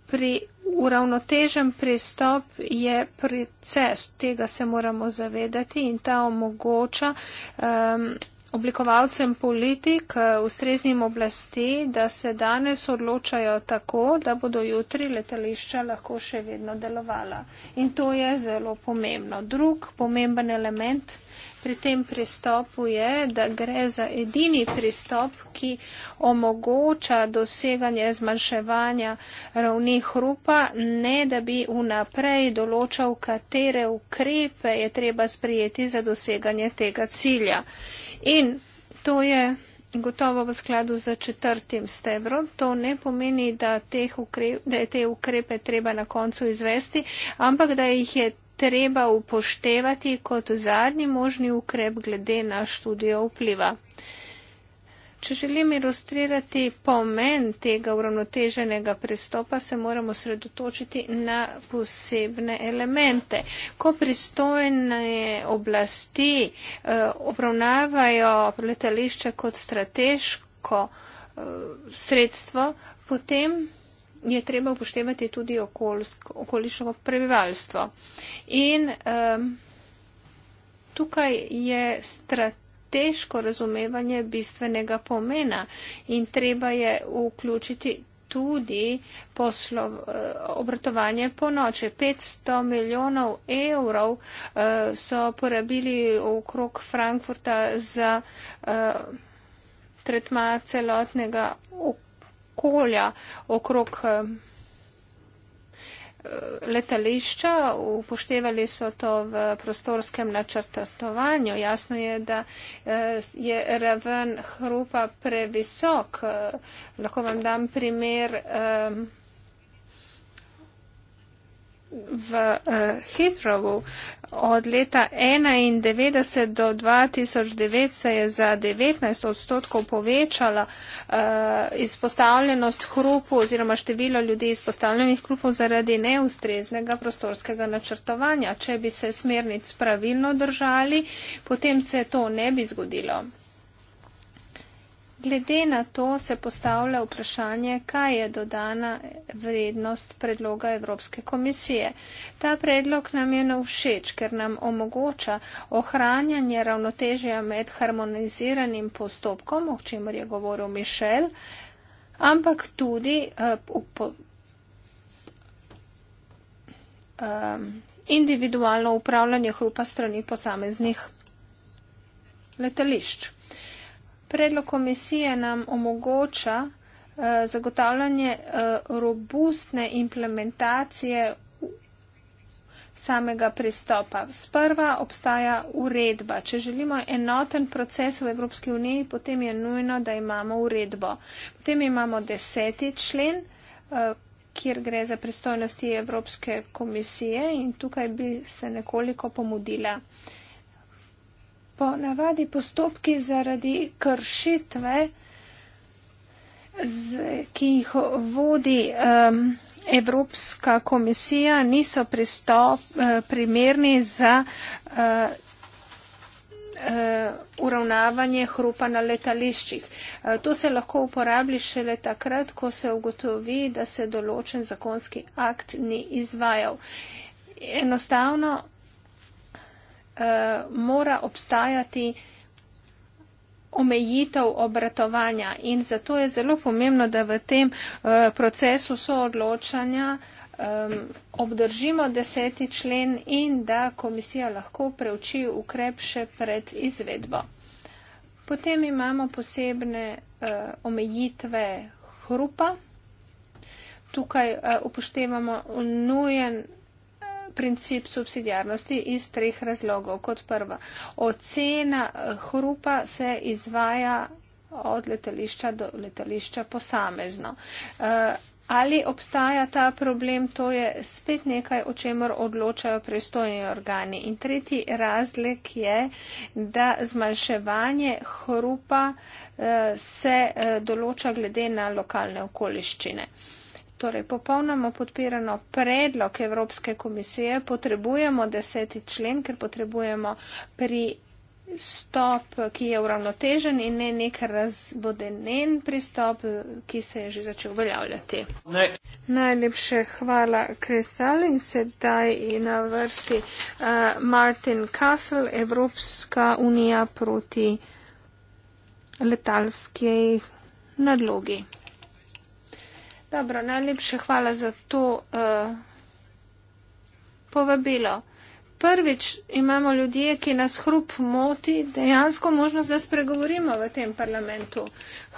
Pri uravnotežen pristop je proces, tega se moramo zavedati in ta omogoča um, oblikovalcem politik, ustreznim oblasti, da se danes odločajo tako, da bodo jutri letališča lahko še vedno delovala. In to je zelo pomembno. Drug pomemben element pri tem pristopu je, da gre za edini pristop, ki omogoča doseganje zmanjševanja ravni hrupa, ne da bi vnaprej določal, katere ukrepe je treba sprijeti za doseganje tega cilja. In to je gotovo v skladu za četrtim stebrom. To ne pomeni, da, ukrep, da je te ukrepe treba na koncu izvesti, ampak da jih je treba upoštevati kot zadnji možni ukrep glede na študijo vpliva. Če želim ilustrirati pomen tega uravnoteženega pristopa, se moramo sredotočiti na posebne elemente. Ko pristojne oblasti eh, obravnavajo letališče kot strateško eh, sredstvo, potem je treba upoštevati tudi okoliško prebivalstvo. In um, tukaj je strateško razumevanje bistvenega pomena in treba je vključiti tudi poslov, e, obratovanje po noči. 500 milijonov evrov uh, so porabili okrog Frankfurta za uh, tretma celotnega okolja okolja okrog eh, letališča, upoštevali so to v prostorskem načrtovanju. Jasno je, da eh, je raven hrupa previsok. Eh, lahko vam dam primer v uh, eh, Hitrovu. Od leta 1991 do 2009 se je za 19 odstotkov povečala uh, izpostavljenost hrupu oziroma število ljudi izpostavljenih hrupu zaradi neustreznega prostorskega načrtovanja. Če bi se smernic pravilno držali, potem se to ne bi zgodilo. Glede na to se postavlja vprašanje, kaj je dodana vrednost predloga Evropske komisije. Ta predlog nam je na všeč, ker nam omogoča ohranjanje ravnotežja med harmoniziranim postopkom, o čemer je govoril Mišel, ampak tudi eh, ehm, individualno upravljanje hrupa strani posameznih letališč predlog komisije nam omogoča eh, zagotavljanje eh, robustne implementacije samega pristopa. Sprva obstaja uredba. Če želimo enoten proces v Evropski uniji, potem je nujno, da imamo uredbo. Potem imamo deseti člen, eh, kjer gre za pristojnosti Evropske komisije in tukaj bi se nekoliko pomudila po navadi postopki zaradi kršitve, z, ki jih vodi um, Evropska komisija, niso pristop, uh, primerni za uh, Uh, uravnavanje hrupa na letališčih. Uh, to se lahko uporabi šele takrat, ko se ugotovi, da se določen zakonski akt ni izvajal. Enostavno uh, mora obstajati omejitev obratovanja in zato je zelo pomembno, da v tem uh, procesu soodločanja um, obdržimo deseti člen in da komisija lahko preuči ukrep še pred izvedbo. Potem imamo posebne uh, omejitve hrupa. Tukaj uh, upoštevamo nujen princip subsidijarnosti iz treh razlogov. Kot prva, ocena eh, hrupa se izvaja od letališča do letališča posamezno. Eh, ali obstaja ta problem, to je spet nekaj, o čemer odločajo pristojni organi. In tretji razlik je, da zmanjševanje hrupa eh, se določa glede na lokalne okoliščine torej popolnoma podpirano predlog Evropske komisije, potrebujemo deseti člen, ker potrebujemo pri stop, ki je uravnotežen in ne nek razbodenen pristop, ki se je že začel uveljavljati. Najlepše hvala, Kristal. In sedaj je na vrsti uh, Martin Castle, Evropska unija proti letalskej nadlogi. Dobro, najlepše hvala za to uh, povabilo. Prvič imamo ljudje, ki nas hrup moti, dejansko možnost, da spregovorimo v tem parlamentu.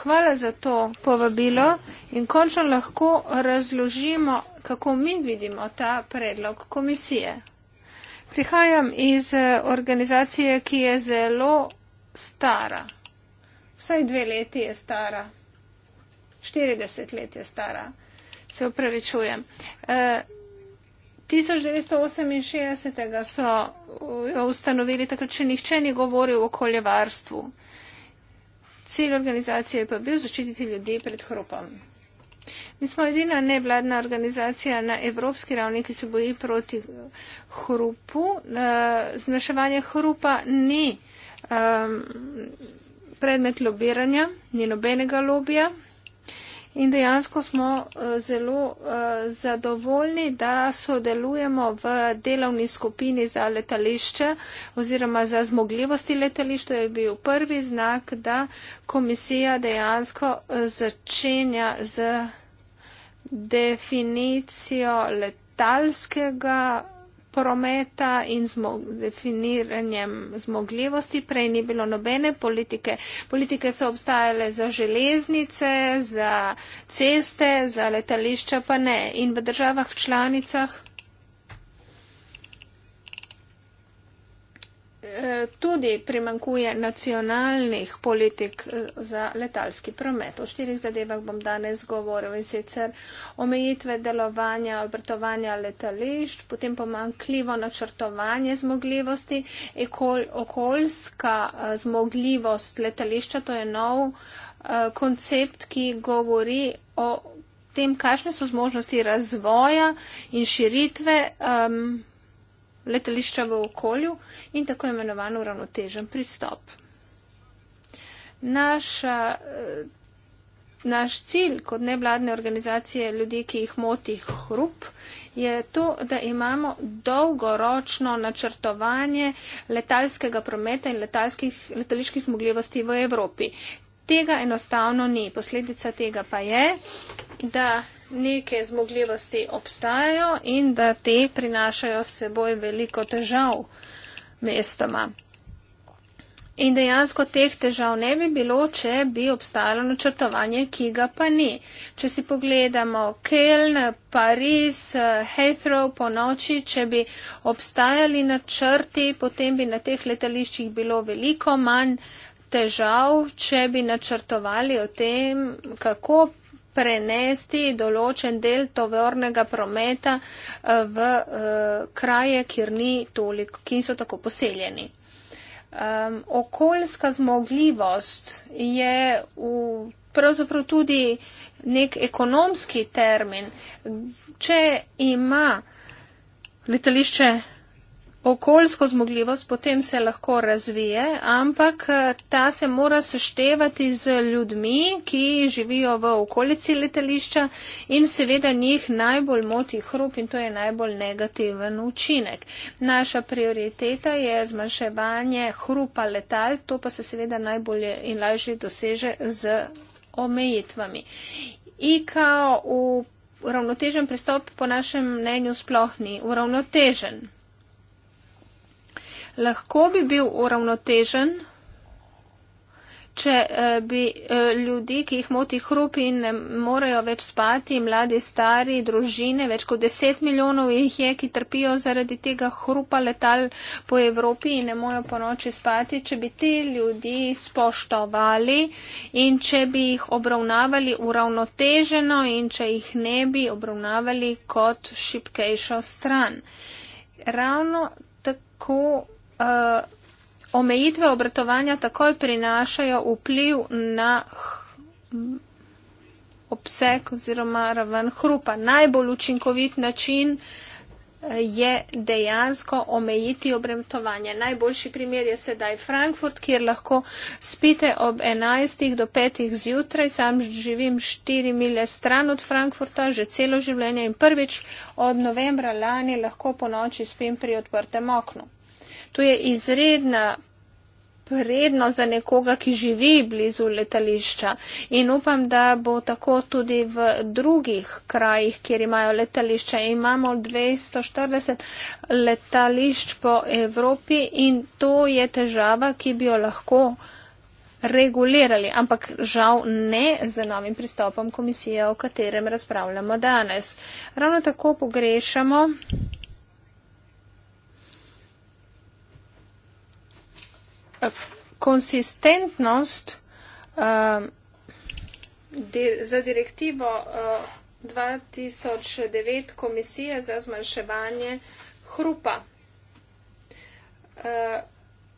Hvala za to povabilo in končno lahko razložimo, kako mi vidimo ta predlog komisije. Prihajam iz eh, organizacije, ki je zelo stara. Vsaj dve leti je stara. 40 let je stara. Se upravičujem. E, 1968. so jo ustanovili takrat, če nihče ni govoril o okoljevarstvu. Cilj organizacije je pa bil zaščititi ljudi pred hrupom. Mi smo edina nevladna organizacija na evropski ravni, ki se boji proti hrupu. E, Zmeševanje hrupa ni um, predmet lobiranja, ni nobenega lobija, In dejansko smo eh, zelo eh, zadovoljni, da sodelujemo v delovni skupini za letališče oziroma za zmogljivosti letališča. To je bil prvi znak, da komisija dejansko eh, začenja z definicijo letališča talskega prometa in zmog, definiranjem zmogljivosti. Prej ni bilo nobene politike. Politike so obstajale za železnice, za ceste, za letališča pa ne. In v državah članicah Eh, tudi primankuje nacionalnih politik eh, za letalski promet. O štirih zadevah bom danes govoril in sicer omejitve delovanja, obratovanja letališč, potem pomankljivo načrtovanje zmogljivosti, ekol, okoljska eh, zmogljivost letališča, to je nov koncept, ki govori o tem, kakšne so zmožnosti razvoja in širitve. Um, letališča v okolju in tako imenovan uravnotežen pristop. Naša, eh, naš cilj kot nevladne organizacije ljudi, ki jih moti hrup, je to, da imamo dolgoročno načrtovanje letalskega prometa in letalskih, letaliških zmogljivosti v Evropi tega enostavno ni. Posledica tega pa je, da neke zmogljivosti obstajajo in da te prinašajo s seboj veliko težav mestoma. In dejansko teh težav ne bi bilo, če bi obstajalo načrtovanje, ki ga pa ni. Če si pogledamo Keln, Pariz, Heathrow po noči, če bi obstajali načrti, potem bi na teh letališčih bilo veliko manj uh, težav, če bi načrtovali o tem, kako prenesti določen del tovornega prometa eh, v eh, kraje, kjer ni toliko, ki so tako poseljeni. Um, okoljska zmogljivost je v, pravzaprav tudi nek ekonomski termin. Če ima letališče okoljsko zmogljivost potem se lahko razvije, ampak eh, ta se mora seštevati z ljudmi, ki živijo v okolici letališča in seveda njih najbolj moti hrup in to je najbolj negativen učinek. Naša prioriteta je zmanjševanje hrupa letal, to pa se seveda najbolje in lažje doseže z omejitvami. IKO v ravnotežen pristop po našem mnenju sploh ni uravnotežen lahko bi bil uravnotežen, če eh, bi eh, ljudi, ki jih moti hrup in ne morejo več spati, mladi, stari, družine, več kot deset milijonov jih je, ki trpijo zaradi tega hrupa letal po Evropi in ne morejo po noči spati, če bi ti ljudi spoštovali in če bi jih obravnavali uravnoteženo in če jih ne bi obravnavali kot šipkejšo stran. Ravno tako Eh, omejitve obratovanja takoj prinašajo vpliv na obseg oziroma raven hrupa. Najbolj učinkovit način eh, je dejansko omejiti obremtovanje. Najboljši primer je sedaj Frankfurt, kjer lahko spite ob 11. do 5. zjutraj. Sam živim 4 milje stran od Frankfurta, že celo življenje in prvič od novembra lani lahko po noči spim pri odprtem oknu. To je izredna prednost za nekoga, ki živi blizu letališča in upam, da bo tako tudi v drugih krajih, kjer imajo letališča. Imamo 240 letališč po Evropi in to je težava, ki bi jo lahko regulirali, ampak žal ne z novim pristopom komisije, o katerem razpravljamo danes. Ravno tako pogrešamo konsistentnost uh, eh, de, za direktivo uh, eh, 2009 Komisije za zmanjševanje hrupa. Uh,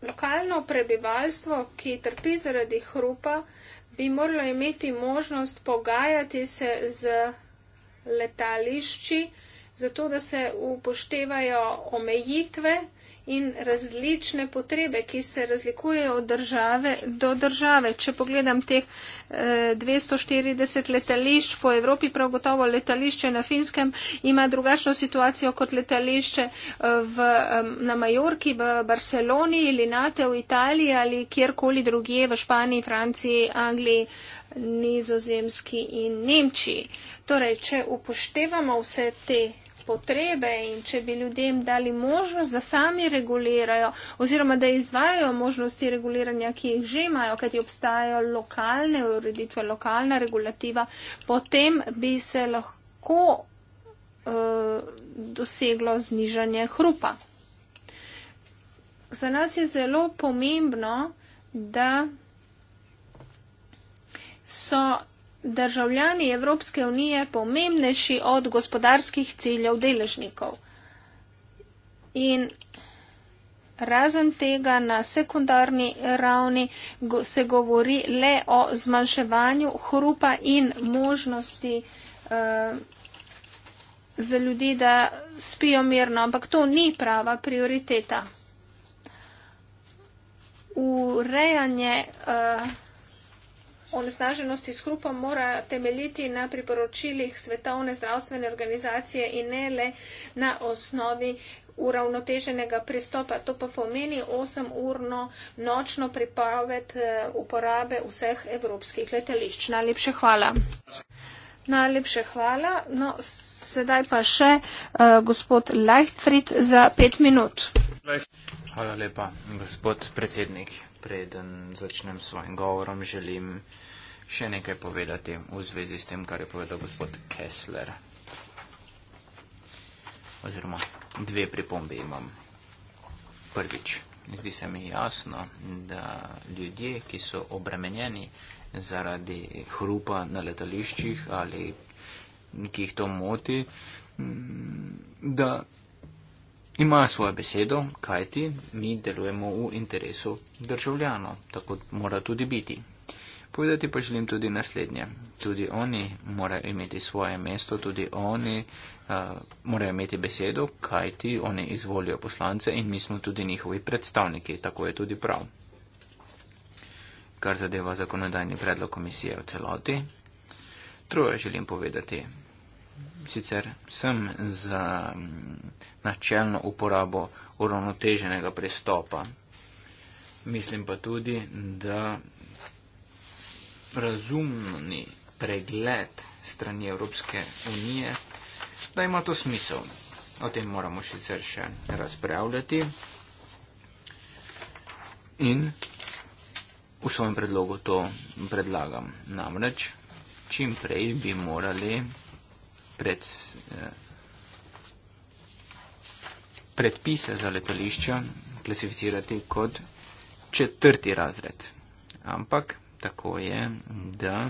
lokalno prebivalstvo, ki trpi zaradi hrupa, bi moralo imeti možnost pogajati se z letališči, zato da se upoštevajo omejitve, in različne potrebe, ki se razlikujejo od države do države. Če pogledam teh e, eh, 240 letališč po Evropi, prav gotovo letališče na Finskem ima drugačno situacijo kot letališče eh, v, na Majorki, v Barceloni ali Nate v Italiji ali kjerkoli drugje v Španiji, Franciji, Angliji, Nizozemski in Nemčiji. Torej, če upoštevamo vse te potrebe in če bi ljudem dali možnost, da sami regulirajo oziroma da izvajajo možnosti reguliranja, ki jih že imajo, kajti obstajajo lokalne ureditve, lokalna regulativa, potem bi se lahko uh, doseglo znižanje hrupa. Za nas je zelo pomembno, da so državljani Evropske unije pomembnejši od gospodarskih ciljev deležnikov. In razen tega na sekundarni ravni se govori le o zmanjševanju hrupa in možnosti eh, za ljudi, da spijo mirno, ampak to ni prava prioriteta. Urejanje eh, onesnaženosti s hrupom mora temeljiti na priporočilih Svetovne zdravstvene organizacije in ne le na osnovi uravnoteženega pristopa. To pa pomeni 8-urno nočno pripoved eh, uporabe vseh evropskih letališč. Najlepše hvala. Najlepše hvala. No, sedaj pa še uh, gospod Leichtfried za pet minut. Hvala lepa, gospod predsednik. Preden začnem s svojim govorom, želim še nekaj povedati v zvezi s tem, kar je povedal gospod Kessler. Oziroma, dve pripombe imam. Prvič, zdi se mi jasno, da ljudje, ki so obremenjeni zaradi hrupa na letališčih ali ki jih to moti, mm, da imajo svojo besedo, kajti mi delujemo v interesu državljano, tako mora tudi biti. Povedati pa želim tudi naslednje. Tudi oni morajo imeti svoje mesto, tudi oni uh, morajo imeti besedo, kajti oni izvolijo poslance in mi smo tudi njihovi predstavniki. Tako je tudi prav. Kar zadeva zakonodajni predlog komisije v celoti. Troje želim povedati. Sicer sem za mm, načelno uporabo uravnoteženega pristopa. Mislim pa tudi, da razumni pregled strani Evropske unije, da ima to smisel. O tem moramo sicer še razpravljati in v svojem predlogu to predlagam. Namreč, čim prej bi morali pred, eh, predpise za letališča klasificirati kot četrti razred. Ampak tako je, da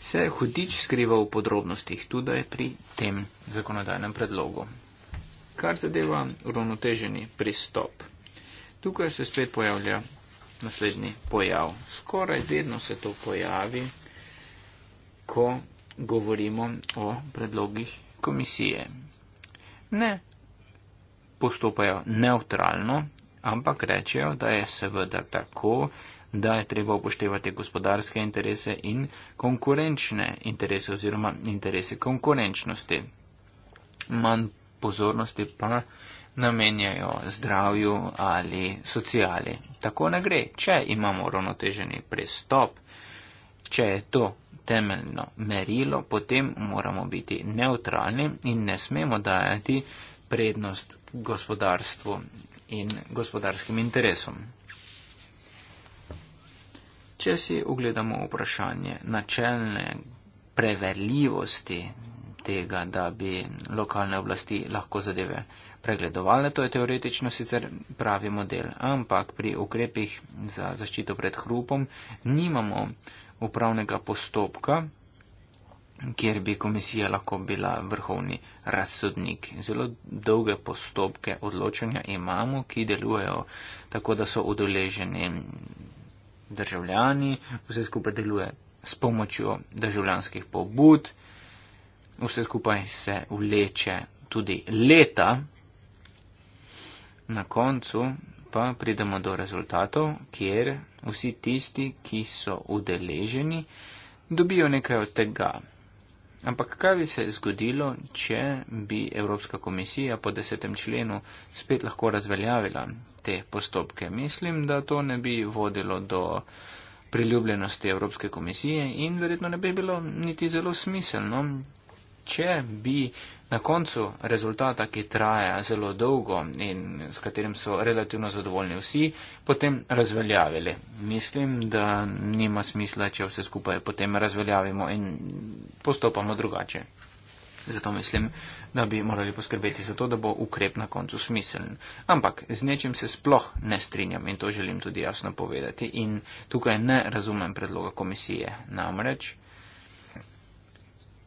se hudič skriva v podrobnostih tudi pri tem zakonodajnem predlogu. Kar zadeva uravnoteženi pristop. Tukaj se spet pojavlja naslednji pojav. Skoraj vedno se to pojavi, ko govorimo o predlogih komisije. Ne postopajo neutralno, ampak rečejo, da je seveda tako, da je treba upoštevati gospodarske interese in konkurenčne interese oziroma interese konkurenčnosti. Manj pozornosti pa namenjajo zdravju ali socijali. Tako ne gre, če imamo ravnoteženi pristop, če je to temeljno merilo, potem moramo biti neutralni in ne smemo dajati prednost gospodarstvu in gospodarskim interesom. Če si ogledamo vprašanje načelne preverljivosti tega, da bi lokalne oblasti lahko zadeve pregledovali, to je teoretično sicer pravi model, ampak pri ukrepih za zaščito pred hrupom nimamo upravnega postopka, kjer bi komisija lahko bila vrhovni razsodnik. Zelo dolge postopke odločanja imamo, ki delujejo tako, da so udeleženi državljani, vse skupaj deluje s pomočjo državljanskih pobud, vse skupaj se vleče tudi leta, na koncu pa pridemo do rezultatov, kjer vsi tisti, ki so udeleženi, dobijo nekaj od tega. Ampak kaj bi se zgodilo, če bi Evropska komisija po desetem členu spet lahko razveljavila te postopke. Mislim, da to ne bi vodilo do priljubljenosti Evropske komisije in verjetno ne bi bilo niti zelo smiselno, če bi na koncu rezultata, ki traja zelo dolgo in s katerim so relativno zadovoljni vsi, potem razveljavili. Mislim, da nima smisla, če vse skupaj potem razveljavimo in postopamo drugače. Zato mislim, da bi morali poskrbeti za to, da bo ukrep na koncu smiseln. Ampak z nečem se sploh ne strinjam in to želim tudi jasno povedati. In tukaj ne razumem predloga komisije. Namreč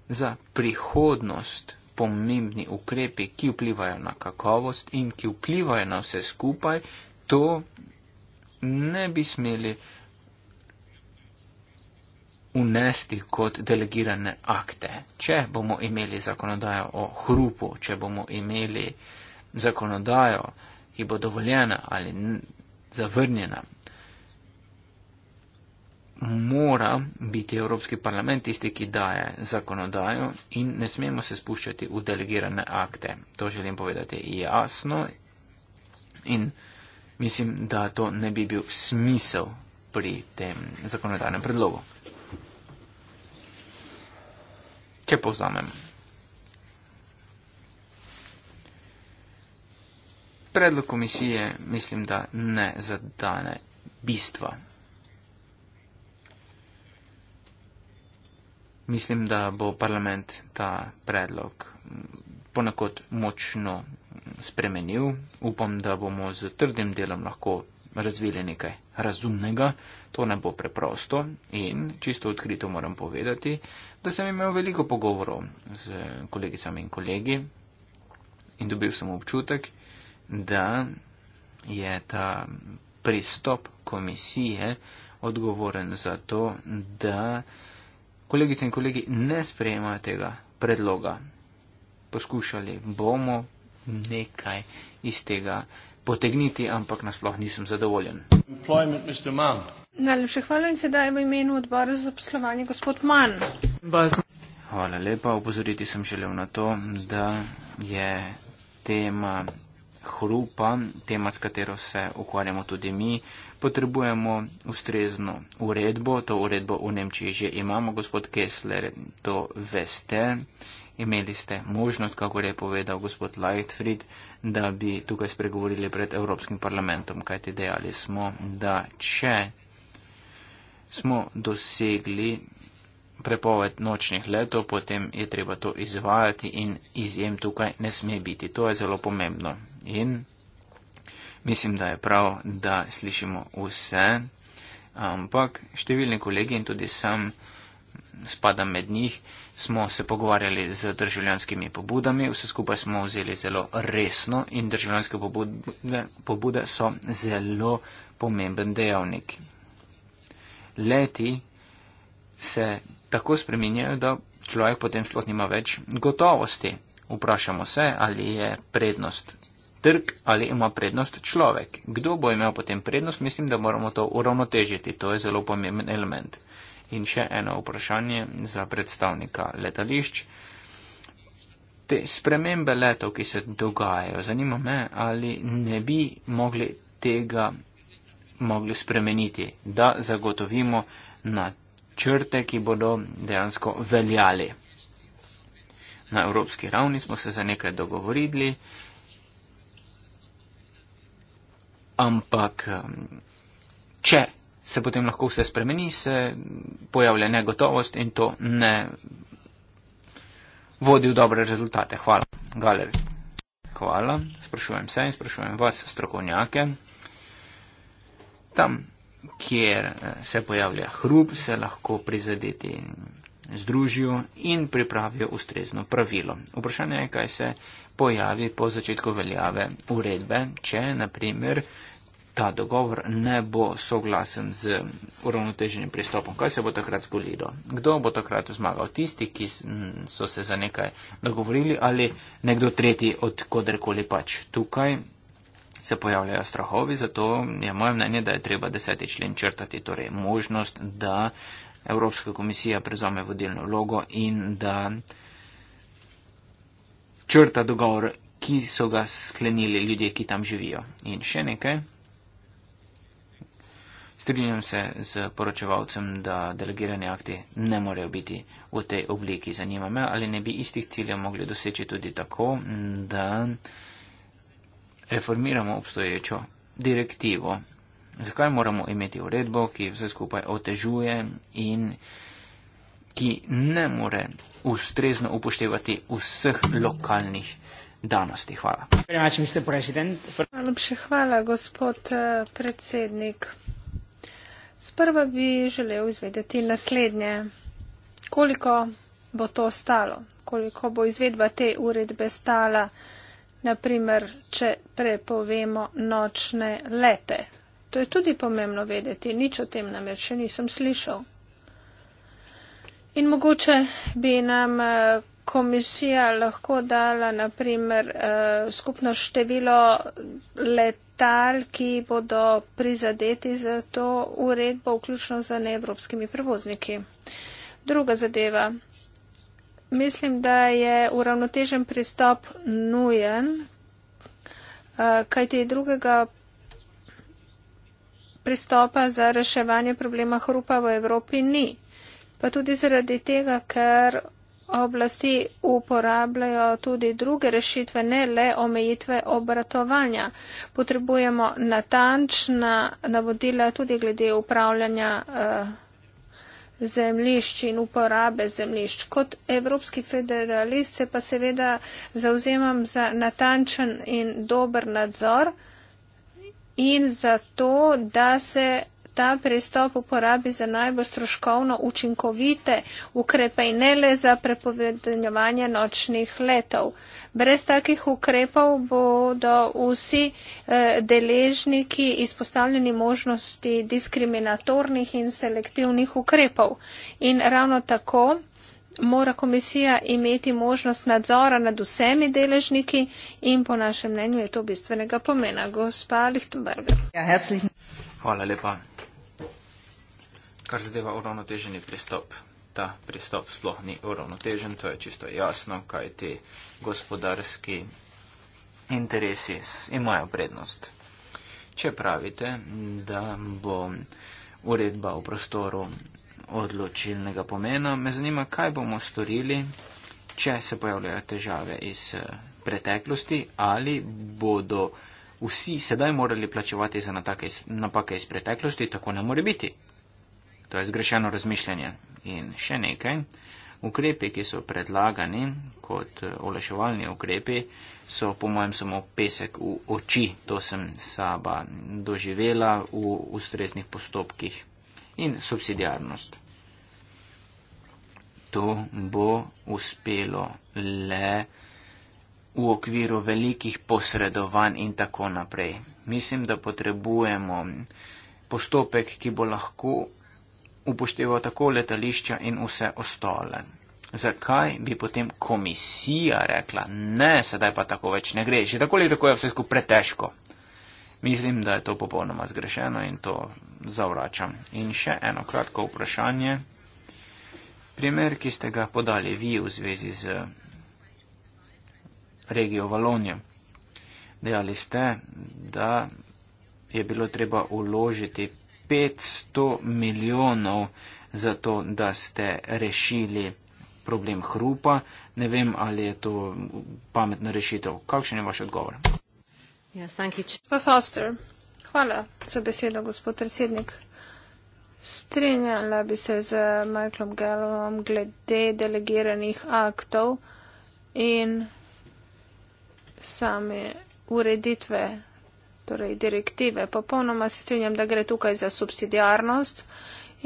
za prihodnost pomembni ukrepi, ki vplivajo na kakovost in ki vplivajo na vse skupaj, to ne bi smeli unesti kot delegirane akte. Če bomo imeli zakonodajo o hrupu, če bomo imeli zakonodajo, ki bo dovoljena ali zavrnjena, mora biti Evropski parlament tisti, ki daje zakonodajo in ne smemo se spuščati v delegirane akte. To želim povedati jasno in mislim, da to ne bi bil smisel pri tem zakonodajnem predlogu. kaj povzamem. Predlog komisije mislim, da ne zadane bistva. Mislim, da bo parlament ta predlog ponekod močno spremenil. Upam, da bomo z trdim delom lahko razvili nekaj razumnega, to ne bo preprosto in čisto odkrito moram povedati, da sem imel veliko pogovorov z kolegicami in kolegi in dobil sem občutek, da je ta pristop komisije odgovoren za to, da kolegice in kolegi ne sprejemajo tega predloga. Poskušali bomo nekaj iz tega potegniti, ampak nasploh nisem zadovoljen. Najlepše hvala in sedaj v imenu odbora za zaposlovanje gospod Mann. Bas. Hvala lepa. Upozoriti sem želel na to, da je tema hrupa, tema, s katero se ukvarjamo tudi mi, potrebujemo ustrezno uredbo. To uredbo v Nemčiji že imamo, gospod Kessler, to veste imeli ste možnost, kako je povedal gospod Lightfried, da bi tukaj spregovorili pred Evropskim parlamentom, kajti dejali smo, da če smo dosegli prepoved nočnih letov, potem je treba to izvajati in izjem tukaj ne sme biti. To je zelo pomembno. In mislim, da je prav, da slišimo vse, ampak številni kolegi in tudi sam spadam med njih, smo se pogovarjali z državljanskimi pobudami, vse skupaj smo vzeli zelo resno in državljanske pobude, pobude so zelo pomemben dejavnik. Leti se tako spreminjajo, da človek potem sploh nima več gotovosti. Vprašamo se, ali je prednost trg ali ima prednost človek. Kdo bo imel potem prednost, mislim, da moramo to uravnotežiti. To je zelo pomemben element. In še eno vprašanje za predstavnika letališč. Te spremembe letov, ki se dogajajo, zanima me, ali ne bi mogli tega mogli spremeniti, da zagotovimo načrte, ki bodo dejansko veljali. Na evropski ravni smo se za nekaj dogovorili, ampak če se potem lahko vse spremeni, se pojavlja negotovost in to ne vodi v dobre rezultate. Hvala. Galer. Hvala. Sprašujem se in sprašujem vas, strokovnjake. Tam, kjer eh, se pojavlja hrup, se lahko prizadeti združijo in pripravijo ustrezno pravilo. Vprašanje je, kaj se pojavi po začetku veljave uredbe, če naprimer ta dogovor ne bo soglasen z uravnoteženim pristopom. Kaj se bo takrat zgodilo? Kdo bo takrat zmagal? Tisti, ki so se za nekaj dogovorili ali nekdo tretji od koderkoli pač tukaj? Se pojavljajo strahovi, zato je moje mnenje, da je treba deseti člen črtati, torej možnost, da Evropska komisija prezame vodilno vlogo in da črta dogovor, ki so ga sklenili ljudje, ki tam živijo. In še nekaj, Strinjam se z poročevalcem, da delegirani akti ne morejo biti v tej obliki. Zanima me, ali ne bi istih ciljev mogli doseči tudi tako, da reformiramo obstoječo direktivo. Zakaj moramo imeti uredbo, ki vse skupaj otežuje in ki ne more ustrezno upoštevati vseh lokalnih danosti? Hvala. Hvala, gospod eh, predsednik. Sprva bi želel izvedeti naslednje. Koliko bo to stalo? Koliko bo izvedba te uredbe stala, naprimer, če prepovemo nočne lete? To je tudi pomembno vedeti, nič o tem namer še nisem slišal. In mogoče bi nam eh, komisija lahko dala, naprimer, eh, skupno število let, letal, ki bodo prizadeti za to uredbo, vključno z neevropskimi prevozniki. Druga zadeva. Mislim, da je uravnotežen pristop nujen, eh, kaj te drugega pristopa za reševanje problema hrupa v Evropi ni. Pa tudi zaradi tega, ker oblasti uporabljajo tudi druge rešitve, ne le omejitve obratovanja. Potrebujemo natančna navodila tudi glede upravljanja eh, zemljišč in uporabe zemljišč. Kot evropski federalist se pa seveda zauzemam za natančen in dober nadzor in za to, da se ta pristop uporabi za najbolj stroškovno učinkovite ukrepe in ne le za prepovedanje nočnih letov. Brez takih ukrepov bodo vsi eh, deležniki izpostavljeni možnosti diskriminatornih in selektivnih ukrepov. In ravno tako mora komisija imeti možnost nadzora nad vsemi deležniki in po našem mnenju je to bistvenega pomena. Gospa Lichtenberger. Ja, Hvala lepa kar zadeva uravnoteženi pristop. Ta pristop sploh ni uravnotežen, to je čisto jasno, kaj ti gospodarski interesi imajo prednost. Če pravite, da bo uredba v prostoru odločilnega pomena, me zanima, kaj bomo storili, če se pojavljajo težave iz eh, preteklosti ali bodo vsi sedaj morali plačevati za napake iz preteklosti, tako ne more biti. To je zgrešeno razmišljanje. In še nekaj. Ukrepi, ki so predlagani kot eh, olaševalni ukrepi, so po mojem samo pesek v oči. To sem saba doživela v ustreznih postopkih. In subsidiarnost. To bo uspelo le v okviru velikih posredovanj in tako naprej. Mislim, da potrebujemo postopek, ki bo lahko upošteval tako letališča in vse ostale. Zakaj bi potem komisija rekla, ne, sedaj pa tako več ne gre, že tako ali tako je vse skupaj pretežko. Mislim, da je to popolnoma zgrešeno in to zavračam. In še eno kratko vprašanje. Primer, ki ste ga podali vi v zvezi z regijo Valonijo. Dejali ste, da je bilo treba uložiti 500 milijonov za to, da ste rešili problem hrupa. Ne vem, ali je to pametna rešitev. Kakšen je vaš odgovor? Ja, yes, Hvala za besedo, gospod predsednik. Strinjala bi se z Michaelom Gallovom glede delegiranih aktov in same ureditve torej direktive. Popolnoma se strinjam, da gre tukaj za subsidijarnost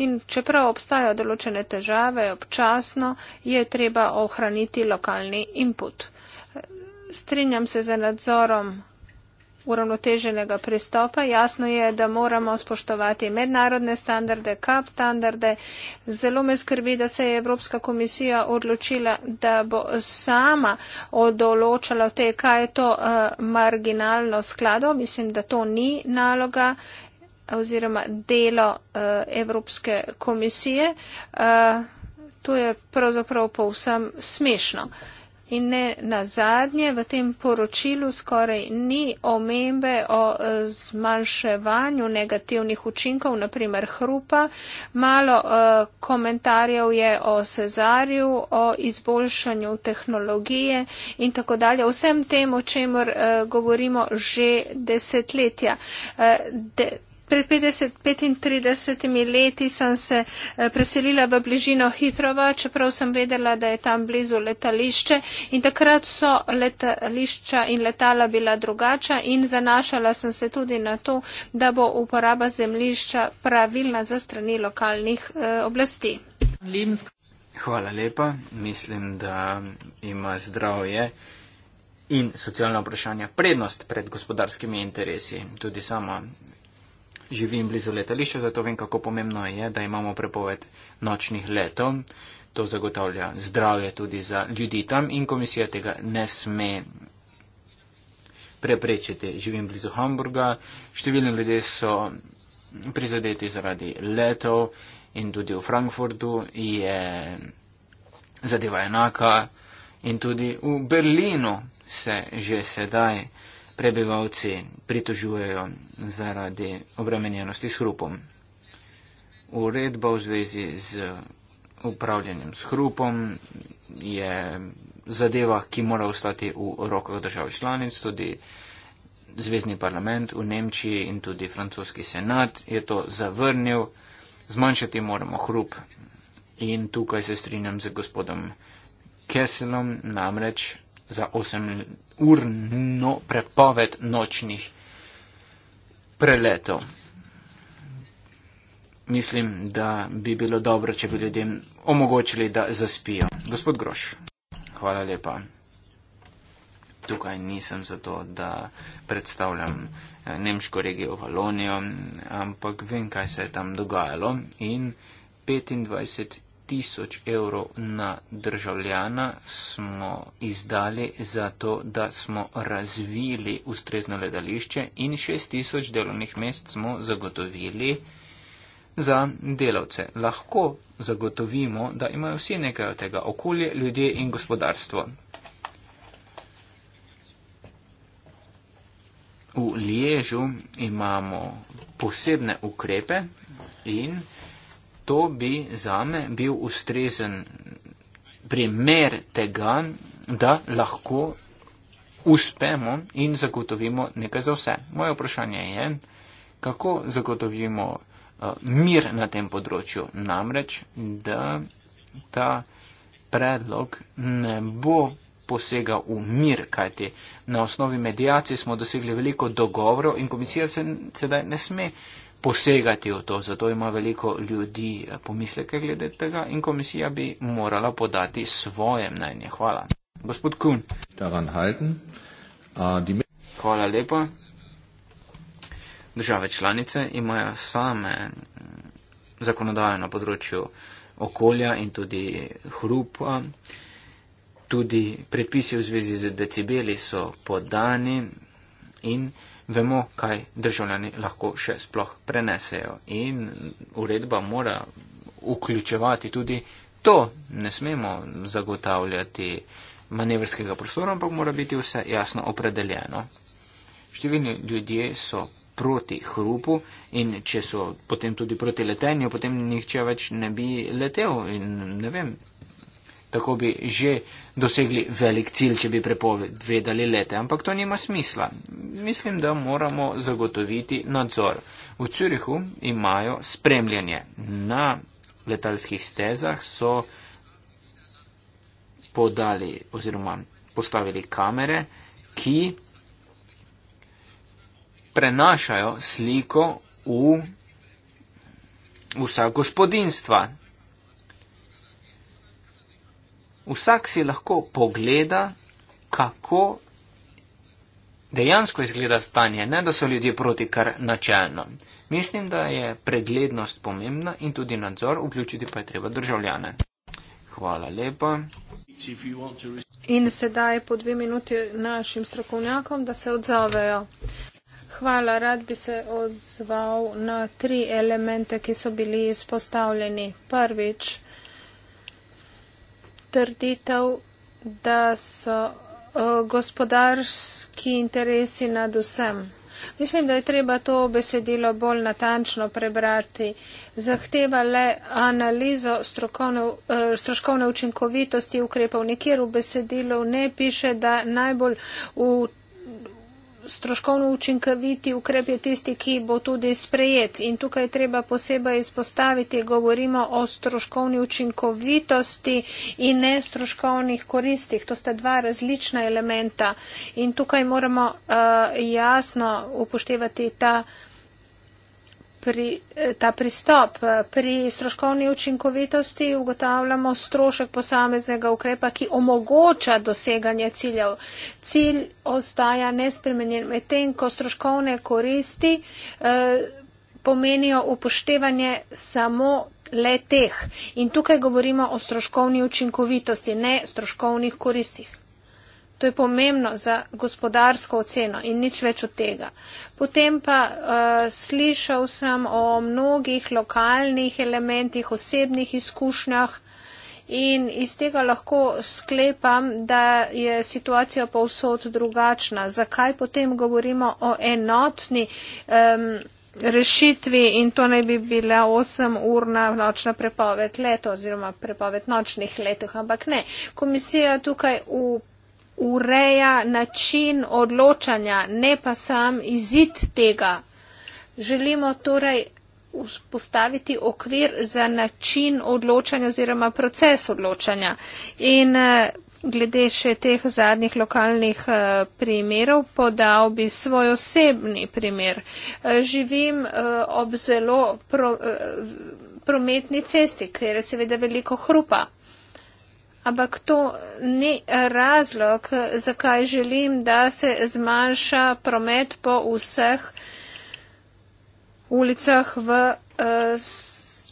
in čeprav obstajajo določene težave, občasno je treba ohraniti lokalni input. Strinjam se z nadzorom uravnoteženega pristopa. Jasno je, da moramo spoštovati mednarodne standarde, CAP standarde. Zelo me skrbi, da se je Evropska komisija odločila, da bo sama odoločala te, kaj je to uh, marginalno sklado. Mislim, da to ni naloga eh, oziroma delo uh, Evropske komisije. Uh, to je pravzaprav povsem smešno. Uh, In ne nazadnje, v tem poročilu skoraj ni omembe o e, zmanjševanju negativnih učinkov, naprimer hrupa. Malo e, komentarjev je o sezarju, o izboljšanju tehnologije in tako dalje. Vsem tem, o čemer e, govorimo že desetletja. De Pred 50, 35 leti sem se eh, preselila v bližino Hitrova, čeprav sem vedela, da je tam blizu letališče in takrat so letališča in letala bila drugača in zanašala sem se tudi na to, da bo uporaba zemljišča pravilna za strani lokalnih eh, oblasti. Hvala lepa. Mislim, da ima zdravje. In socialna vprašanja prednost pred gospodarskimi interesi. Tudi sama živim blizu letališča, zato vem, kako pomembno je, da imamo prepoved nočnih letov. To zagotavlja zdravje tudi za ljudi tam in komisija tega ne sme preprečiti. Živim blizu Hamburga, številni ljudje so prizadeti zaradi letov in tudi v Frankfurtu je zadeva enaka in tudi v Berlinu se že sedaj prebivalci pritožujejo zaradi obremenjenosti s hrupom. Uredba v zvezi z upravljanjem s hrupom je zadeva, ki mora ostati v rokah držav članic, tudi Zvezdni parlament v Nemčiji in tudi francoski senat je to zavrnil. Zmanjšati moramo hrup in tukaj se strinjam z gospodom Kesselom, namreč za 8 ur no, prepoved nočnih preletov. Mislim, da bi bilo dobro, če bi ljudem omogočili, da zaspijo. Gospod Groš, hvala lepa. Tukaj nisem zato, da predstavljam eh, nemško regijo Valonijo, ampak vem, kaj se je tam dogajalo. In 25 tisoč evrov na državljana smo izdali za to, da smo razvili ustrezno ledališče in šest tisoč delovnih mest smo zagotovili za delavce. Lahko zagotovimo, da imajo vsi nekaj od tega okolje, ljudje in gospodarstvo. V Liežu imamo posebne ukrepe in to bi zame bil ustrezen primer tega, da lahko uspemo in zagotovimo nekaj za vse. Moje vprašanje je, kako zagotovimo eh, mir na tem področju. Namreč, da ta predlog ne bo posega v mir, kajti na osnovi medijacij smo dosegli veliko dogovorov in komisija se sedaj ne sme uh, posegati v to, zato ima veliko ljudi eh, pomisleke glede tega in komisija bi morala podati svoje mnenje. Hvala. Gospod Kun. Hvala lepa. Države članice imajo same mm, zakonodaje na področju okolja in tudi hrupa. Tudi predpisi v zvezi z decibeli so podani in vemo, kaj državljani lahko še sploh prenesejo. In uredba mora vključevati tudi to, ne smemo zagotavljati manevrskega prostora, ampak mora biti vse jasno opredeljeno. Številni ljudje so proti hrupu in če so potem tudi proti letenju, potem nihče več ne bi letel in ne vem, tako bi že dosegli velik cilj, če bi prepovedali lete. Ampak to nima smisla. Mislim, da moramo zagotoviti nadzor. V Curihu imajo spremljanje. Na letalskih stezah so podali oziroma postavili kamere, ki prenašajo sliko v vsa gospodinstva. Vsak si lahko pogleda, kako dejansko izgleda stanje, ne da so ljudje proti kar načelno. Mislim, da je preglednost pomembna in tudi nadzor, vključiti pa je treba državljane. Hvala lepa. In sedaj po dve minuti našim strokovnjakom, da se odzovejo. Hvala, rad bi se odzval na tri elemente, ki so bili izpostavljeni. Prvič trditev, da so eh, gospodarski interesi nad vsem. Mislim, da je treba to besedilo bolj natančno prebrati. Zahteva le analizo eh, stroškovne učinkovitosti ukrepov. Nikjer v besedilu ne piše, da najbolj učinkovitosti stroškovno učinkoviti ukrep je tisti, ki bo tudi sprejet. In tukaj treba posebej izpostaviti, govorimo o stroškovni učinkovitosti in ne stroškovnih koristih. To sta dva različna elementa. In tukaj moramo uh, jasno upoštevati ta. Uh, pri, eh, ta pristop. Pri stroškovni učinkovitosti ugotavljamo strošek posameznega ukrepa, ki omogoča doseganje ciljev. Cilj ostaja nespremenjen, medtem ko stroškovne koristi eh, pomenijo upoštevanje samo le teh. In tukaj govorimo o stroškovni učinkovitosti, ne stroškovnih koristih. To je pomembno za gospodarsko oceno in nič več od tega. Potem pa uh, slišal sem o mnogih lokalnih elementih, osebnih izkušnjah in iz tega lahko sklepam, da je situacija povsod drugačna. Zakaj potem govorimo o enotni um, rešitvi in to naj bi bila 8-urna nočna prepoved letov oziroma prepoved nočnih letov, ampak ne. Komisija tukaj upravlja ureja način odločanja, ne pa sam izid tega. Želimo torej postaviti okvir za način odločanja oziroma proces odločanja. In eh, glede še teh zadnjih lokalnih eh, primerov, podal bi svoj osebni primer. Eh, živim ob zelo pro, prometni cesti, kjer je seveda veliko hrupa ampak to ni razlog, zakaj želim, da se zmanjša promet po vseh ulicah v uh,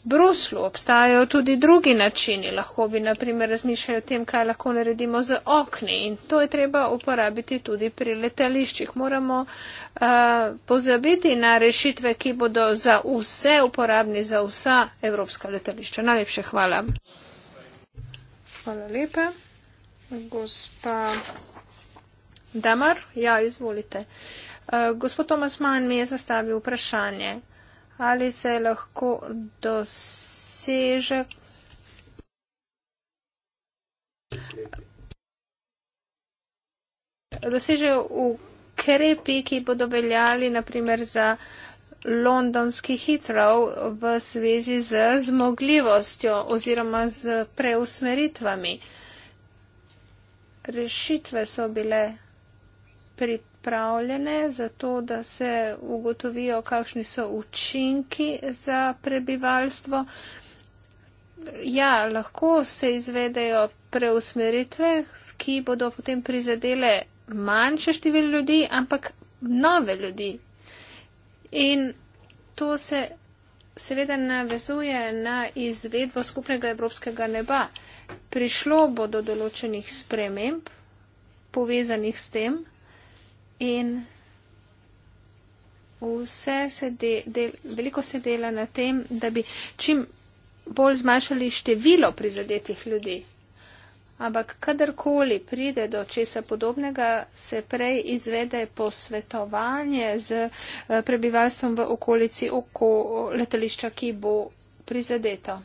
Bruslu. Obstajajo tudi drugi načini. Lahko bi, naprimer, razmišljali o tem, kaj lahko naredimo z okni in to je treba uporabiti tudi pri letališčih. Moramo uh, pozabiti na rešitve, ki bodo za vse uporabni, za vsa evropska letališča. Najlepše hvala. Hvala lepa. Gospa Damar, ja, izvolite. Eh, gospod Tomas Mann mi je zastavil vprašanje, ali se lahko doseže. Dosežejo ukrepi, ki bodo veljali naprimer za uh, londonski hitrov v zvezi z zmogljivostjo oziroma z preusmeritvami. Rešitve so bile pripravljene za to, da se ugotovijo, kakšni so učinki za prebivalstvo. Ja, lahko se izvedejo preusmeritve, ki bodo potem prizadele manjše število ljudi, ampak nove ljudi, In to se seveda navezuje na izvedbo skupnega evropskega neba. Prišlo bo do določenih sprememb povezanih s tem in vse se de, de, veliko se dela na tem, da bi čim bolj zmanjšali število prizadetih ljudi ampak kadarkoli pride do česa podobnega, se prej izvede posvetovanje z eh, prebivalstvom v okolici oko letališča, ki bo prizadeto.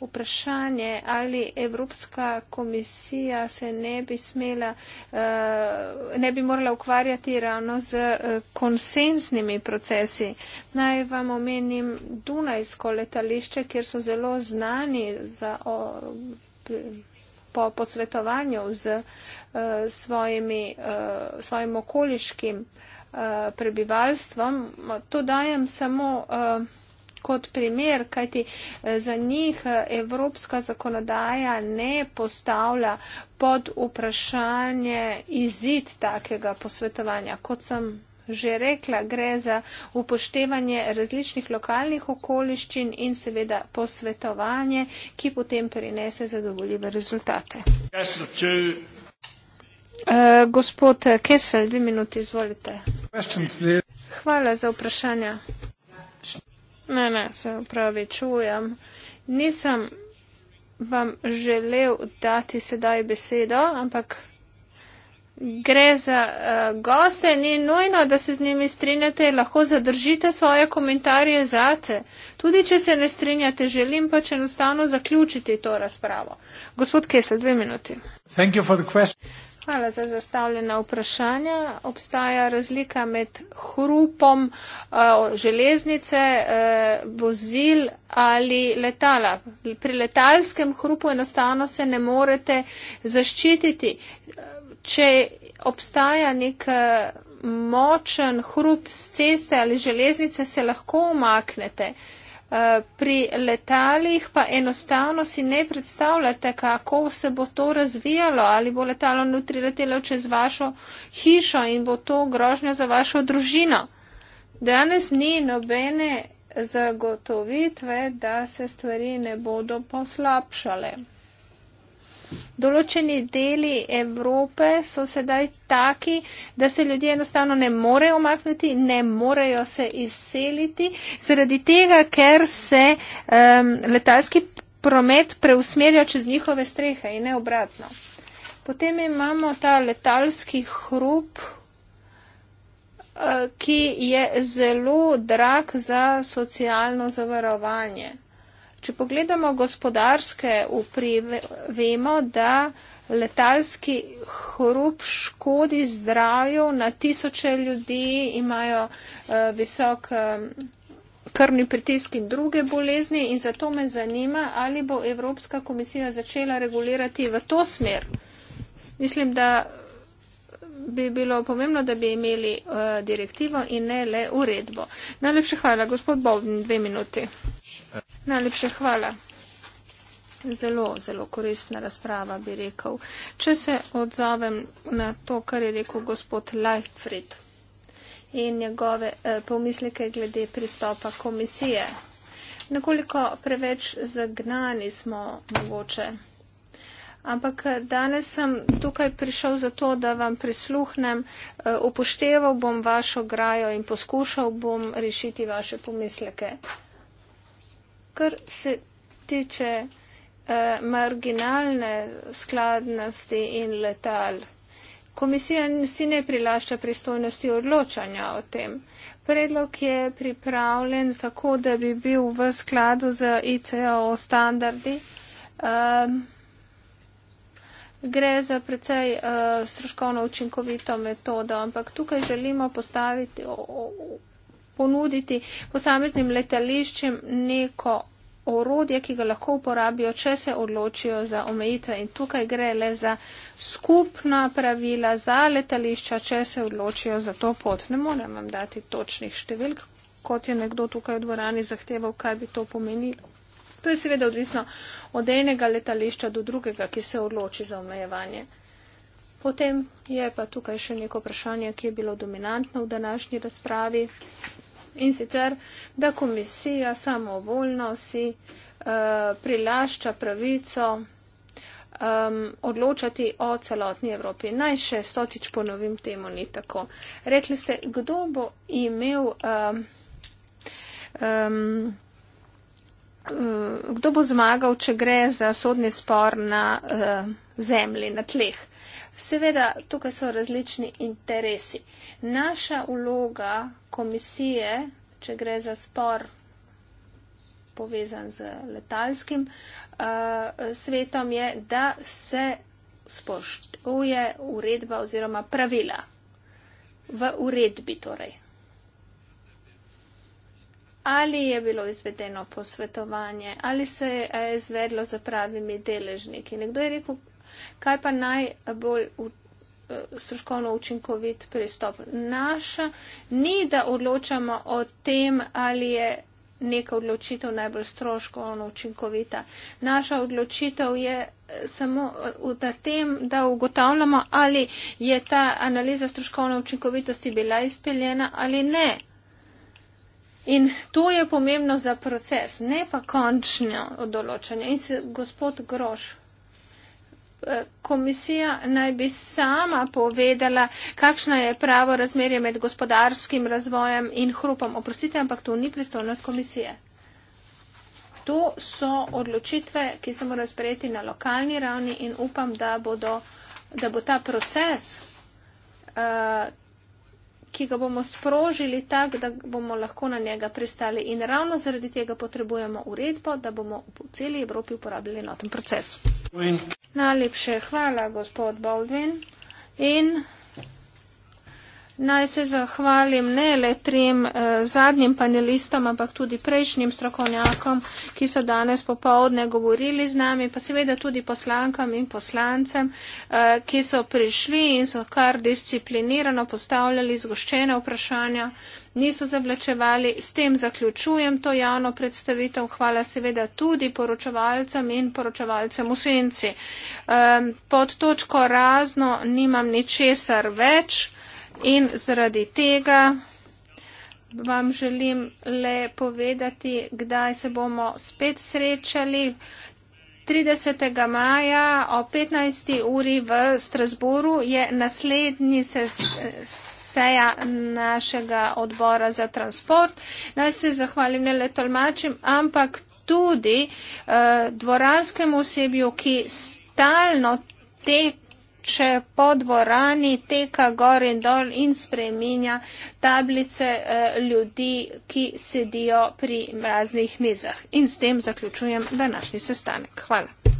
Vprašanje, ali Evropska komisija se ne bi smela, eh, ne bi morala ukvarjati ravno z eh, konsensnimi procesi. Naj vam omenim Dunajsko letališče, kjer so zelo znani za. O, po posvetovanju z eh, svojimi, eh, svojim okoliškim eh, prebivalstvom. To dajem samo kot primer, kajti za njih evropska zakonodaja ne postavlja pod vprašanje izid takega posvetovanja. Kot sem že rekla, gre za upoštevanje različnih lokalnih okoliščin in seveda posvetovanje, ki potem prinese zadovoljive rezultate. Uh, gospod Kessel, dve minuti, izvolite. Hvala za vprašanja. Ne, ne, se pravi, čujem. Nisem vam želel dati sedaj besedo, ampak gre za uh, goste, ni nujno, da se z njimi strinjate, lahko zadržite svoje komentarje zate. Tudi, če se ne strinjate, želim pač enostavno zaključiti to razpravo. Gospod Kesel, dve minuti. Hvala za zastavljena vprašanja. Obstaja razlika med hrupom uh, železnice, uh, vozil ali letala. Pri letalskem hrupu enostavno se ne morete zaščititi. Uh, če obstaja nek eh, močen hrup z ceste ali železnice, se lahko umaknete. Eh, pri letalih pa enostavno si ne predstavljate, kako se bo to razvijalo, ali bo letalo notri letelo čez vašo hišo in bo to grožnja za vašo družino. Danes ni nobene zagotovitve, da se stvari ne bodo poslabšale določeni deli Evrope so sedaj taki, da se ljudje enostavno ne morejo omakniti, ne morejo se izseliti, zaradi tega, ker se um, letalski promet preusmerja čez njihove strehe in ne obratno. Potem imamo ta letalski hrup, eh, ki je zelo drag za socialno zavarovanje. Če pogledamo gospodarske uprave, vemo, da letalski hrup škodi zdravju na tisoče ljudi, imajo uh, visok um, krvni pritisk in druge bolezni in zato me zanima, ali bo Evropska komisija začela regulirati v to smer. Mislim, da bi bilo pomembno, da bi imeli uh, direktivo in ne le uredbo. Najlepša hvala, gospod Bovdin, dve minuti. Najlepša hvala. Zelo, zelo koristna razprava, bi rekel. Če se odzovem na to, kar je rekel gospod Leitfried in njegove eh, pomisleke glede pristopa komisije. Nekoliko preveč zagnani smo mogoče. Ampak eh, danes sem tukaj prišel zato, da vam prisluhnem, eh, upošteval bom vašo grajo in poskušal bom rešiti vaše pomisleke. Kar se tiče eh, marginalne skladnosti in letal, komisija si ne prilašča pristojnosti odločanja o tem. Predlog je pripravljen tako, da bi bil v skladu z ICO standardi. Eh, gre za precej eh, stroškovno učinkovito metodo, ampak tukaj želimo postaviti. O, o, ponuditi posameznim letališčem neko orodje, ki ga lahko uporabijo, če se odločijo za omejitve. In tukaj gre le za skupna pravila za letališča, če se odločijo za to pot. Ne morem vam dati točnih številk, kot je nekdo tukaj v dvorani zahteval, kaj bi to pomenilo. To je seveda odvisno od enega letališča do drugega, ki se odloči za omejevanje. Potem je pa tukaj še neko vprašanje, ki je bilo dominantno v današnji razpravi. In sicer, da komisija samovoljno si uh, prilašča pravico um, odločati o celotni Evropi. Naj še stotič ponovim, temu ni tako. Rekli ste, kdo bo imel. Um, um, Kdo bo zmagal, če gre za sodni spor na uh, zemlji, na tleh? Seveda, tukaj so različni interesi. Naša vloga komisije, če gre za spor povezan z letalskim uh, svetom, je, da se spoštuje uredba oziroma pravila v uredbi torej. Ali je bilo izvedeno posvetovanje, ali se je izvedlo za pravimi deležniki. Nekdo je rekel, Kaj pa najbolj eh, stroškovno učinkovit pristop? Naša ni, da odločamo o tem, ali je neka odločitev najbolj stroškovno učinkovita. Naša odločitev je eh, samo eh, v tem, da ugotavljamo, ali je ta analiza stroškovne učinkovitosti bila izpeljena ali ne. In to je pomembno za proces, ne pa končno določanje. In se gospod Groš komisija naj bi sama povedala, kakšno je pravo razmerje med gospodarskim razvojem in hrupom. Oprostite, ampak to ni pristojnost komisije. To so odločitve, ki se morajo sprejeti na lokalni ravni in upam, da, bodo, da bo ta proces, eh, ki ga bomo sprožili tak, da bomo lahko na njega pristali. In ravno zaradi tega potrebujemo uredbo, da bomo v celi Evropi uporabljali enoten proces. Najlepše hvala, gospod Baldwin. In Naj se zahvalim ne le trem eh, zadnjim panelistom, ampak tudi prejšnjim strokovnjakom, ki so danes popovdne govorili z nami, pa seveda tudi poslankam in poslancem, eh, ki so prišli in so kar disciplinirano postavljali zgoščene vprašanja, niso zavlačevali. S tem zaključujem to javno predstavitev. Hvala seveda tudi poročevalcem in poročevalcem v senci. Eh, pod točko razno nimam ničesar več. In zaradi tega vam želim le povedati, kdaj se bomo spet srečali. 30. maja o 15. uri v Strasburu je naslednji se seja našega odbora za transport. Naj se zahvalim ne le tolmačim, ampak tudi uh, dvoranskemu osebju, ki stalno tek teče po dvorani, teka gor in dol in spreminja tablice eh, ljudi, ki sedijo pri raznih mizah. In s tem zaključujem današnji sestanek. Hvala.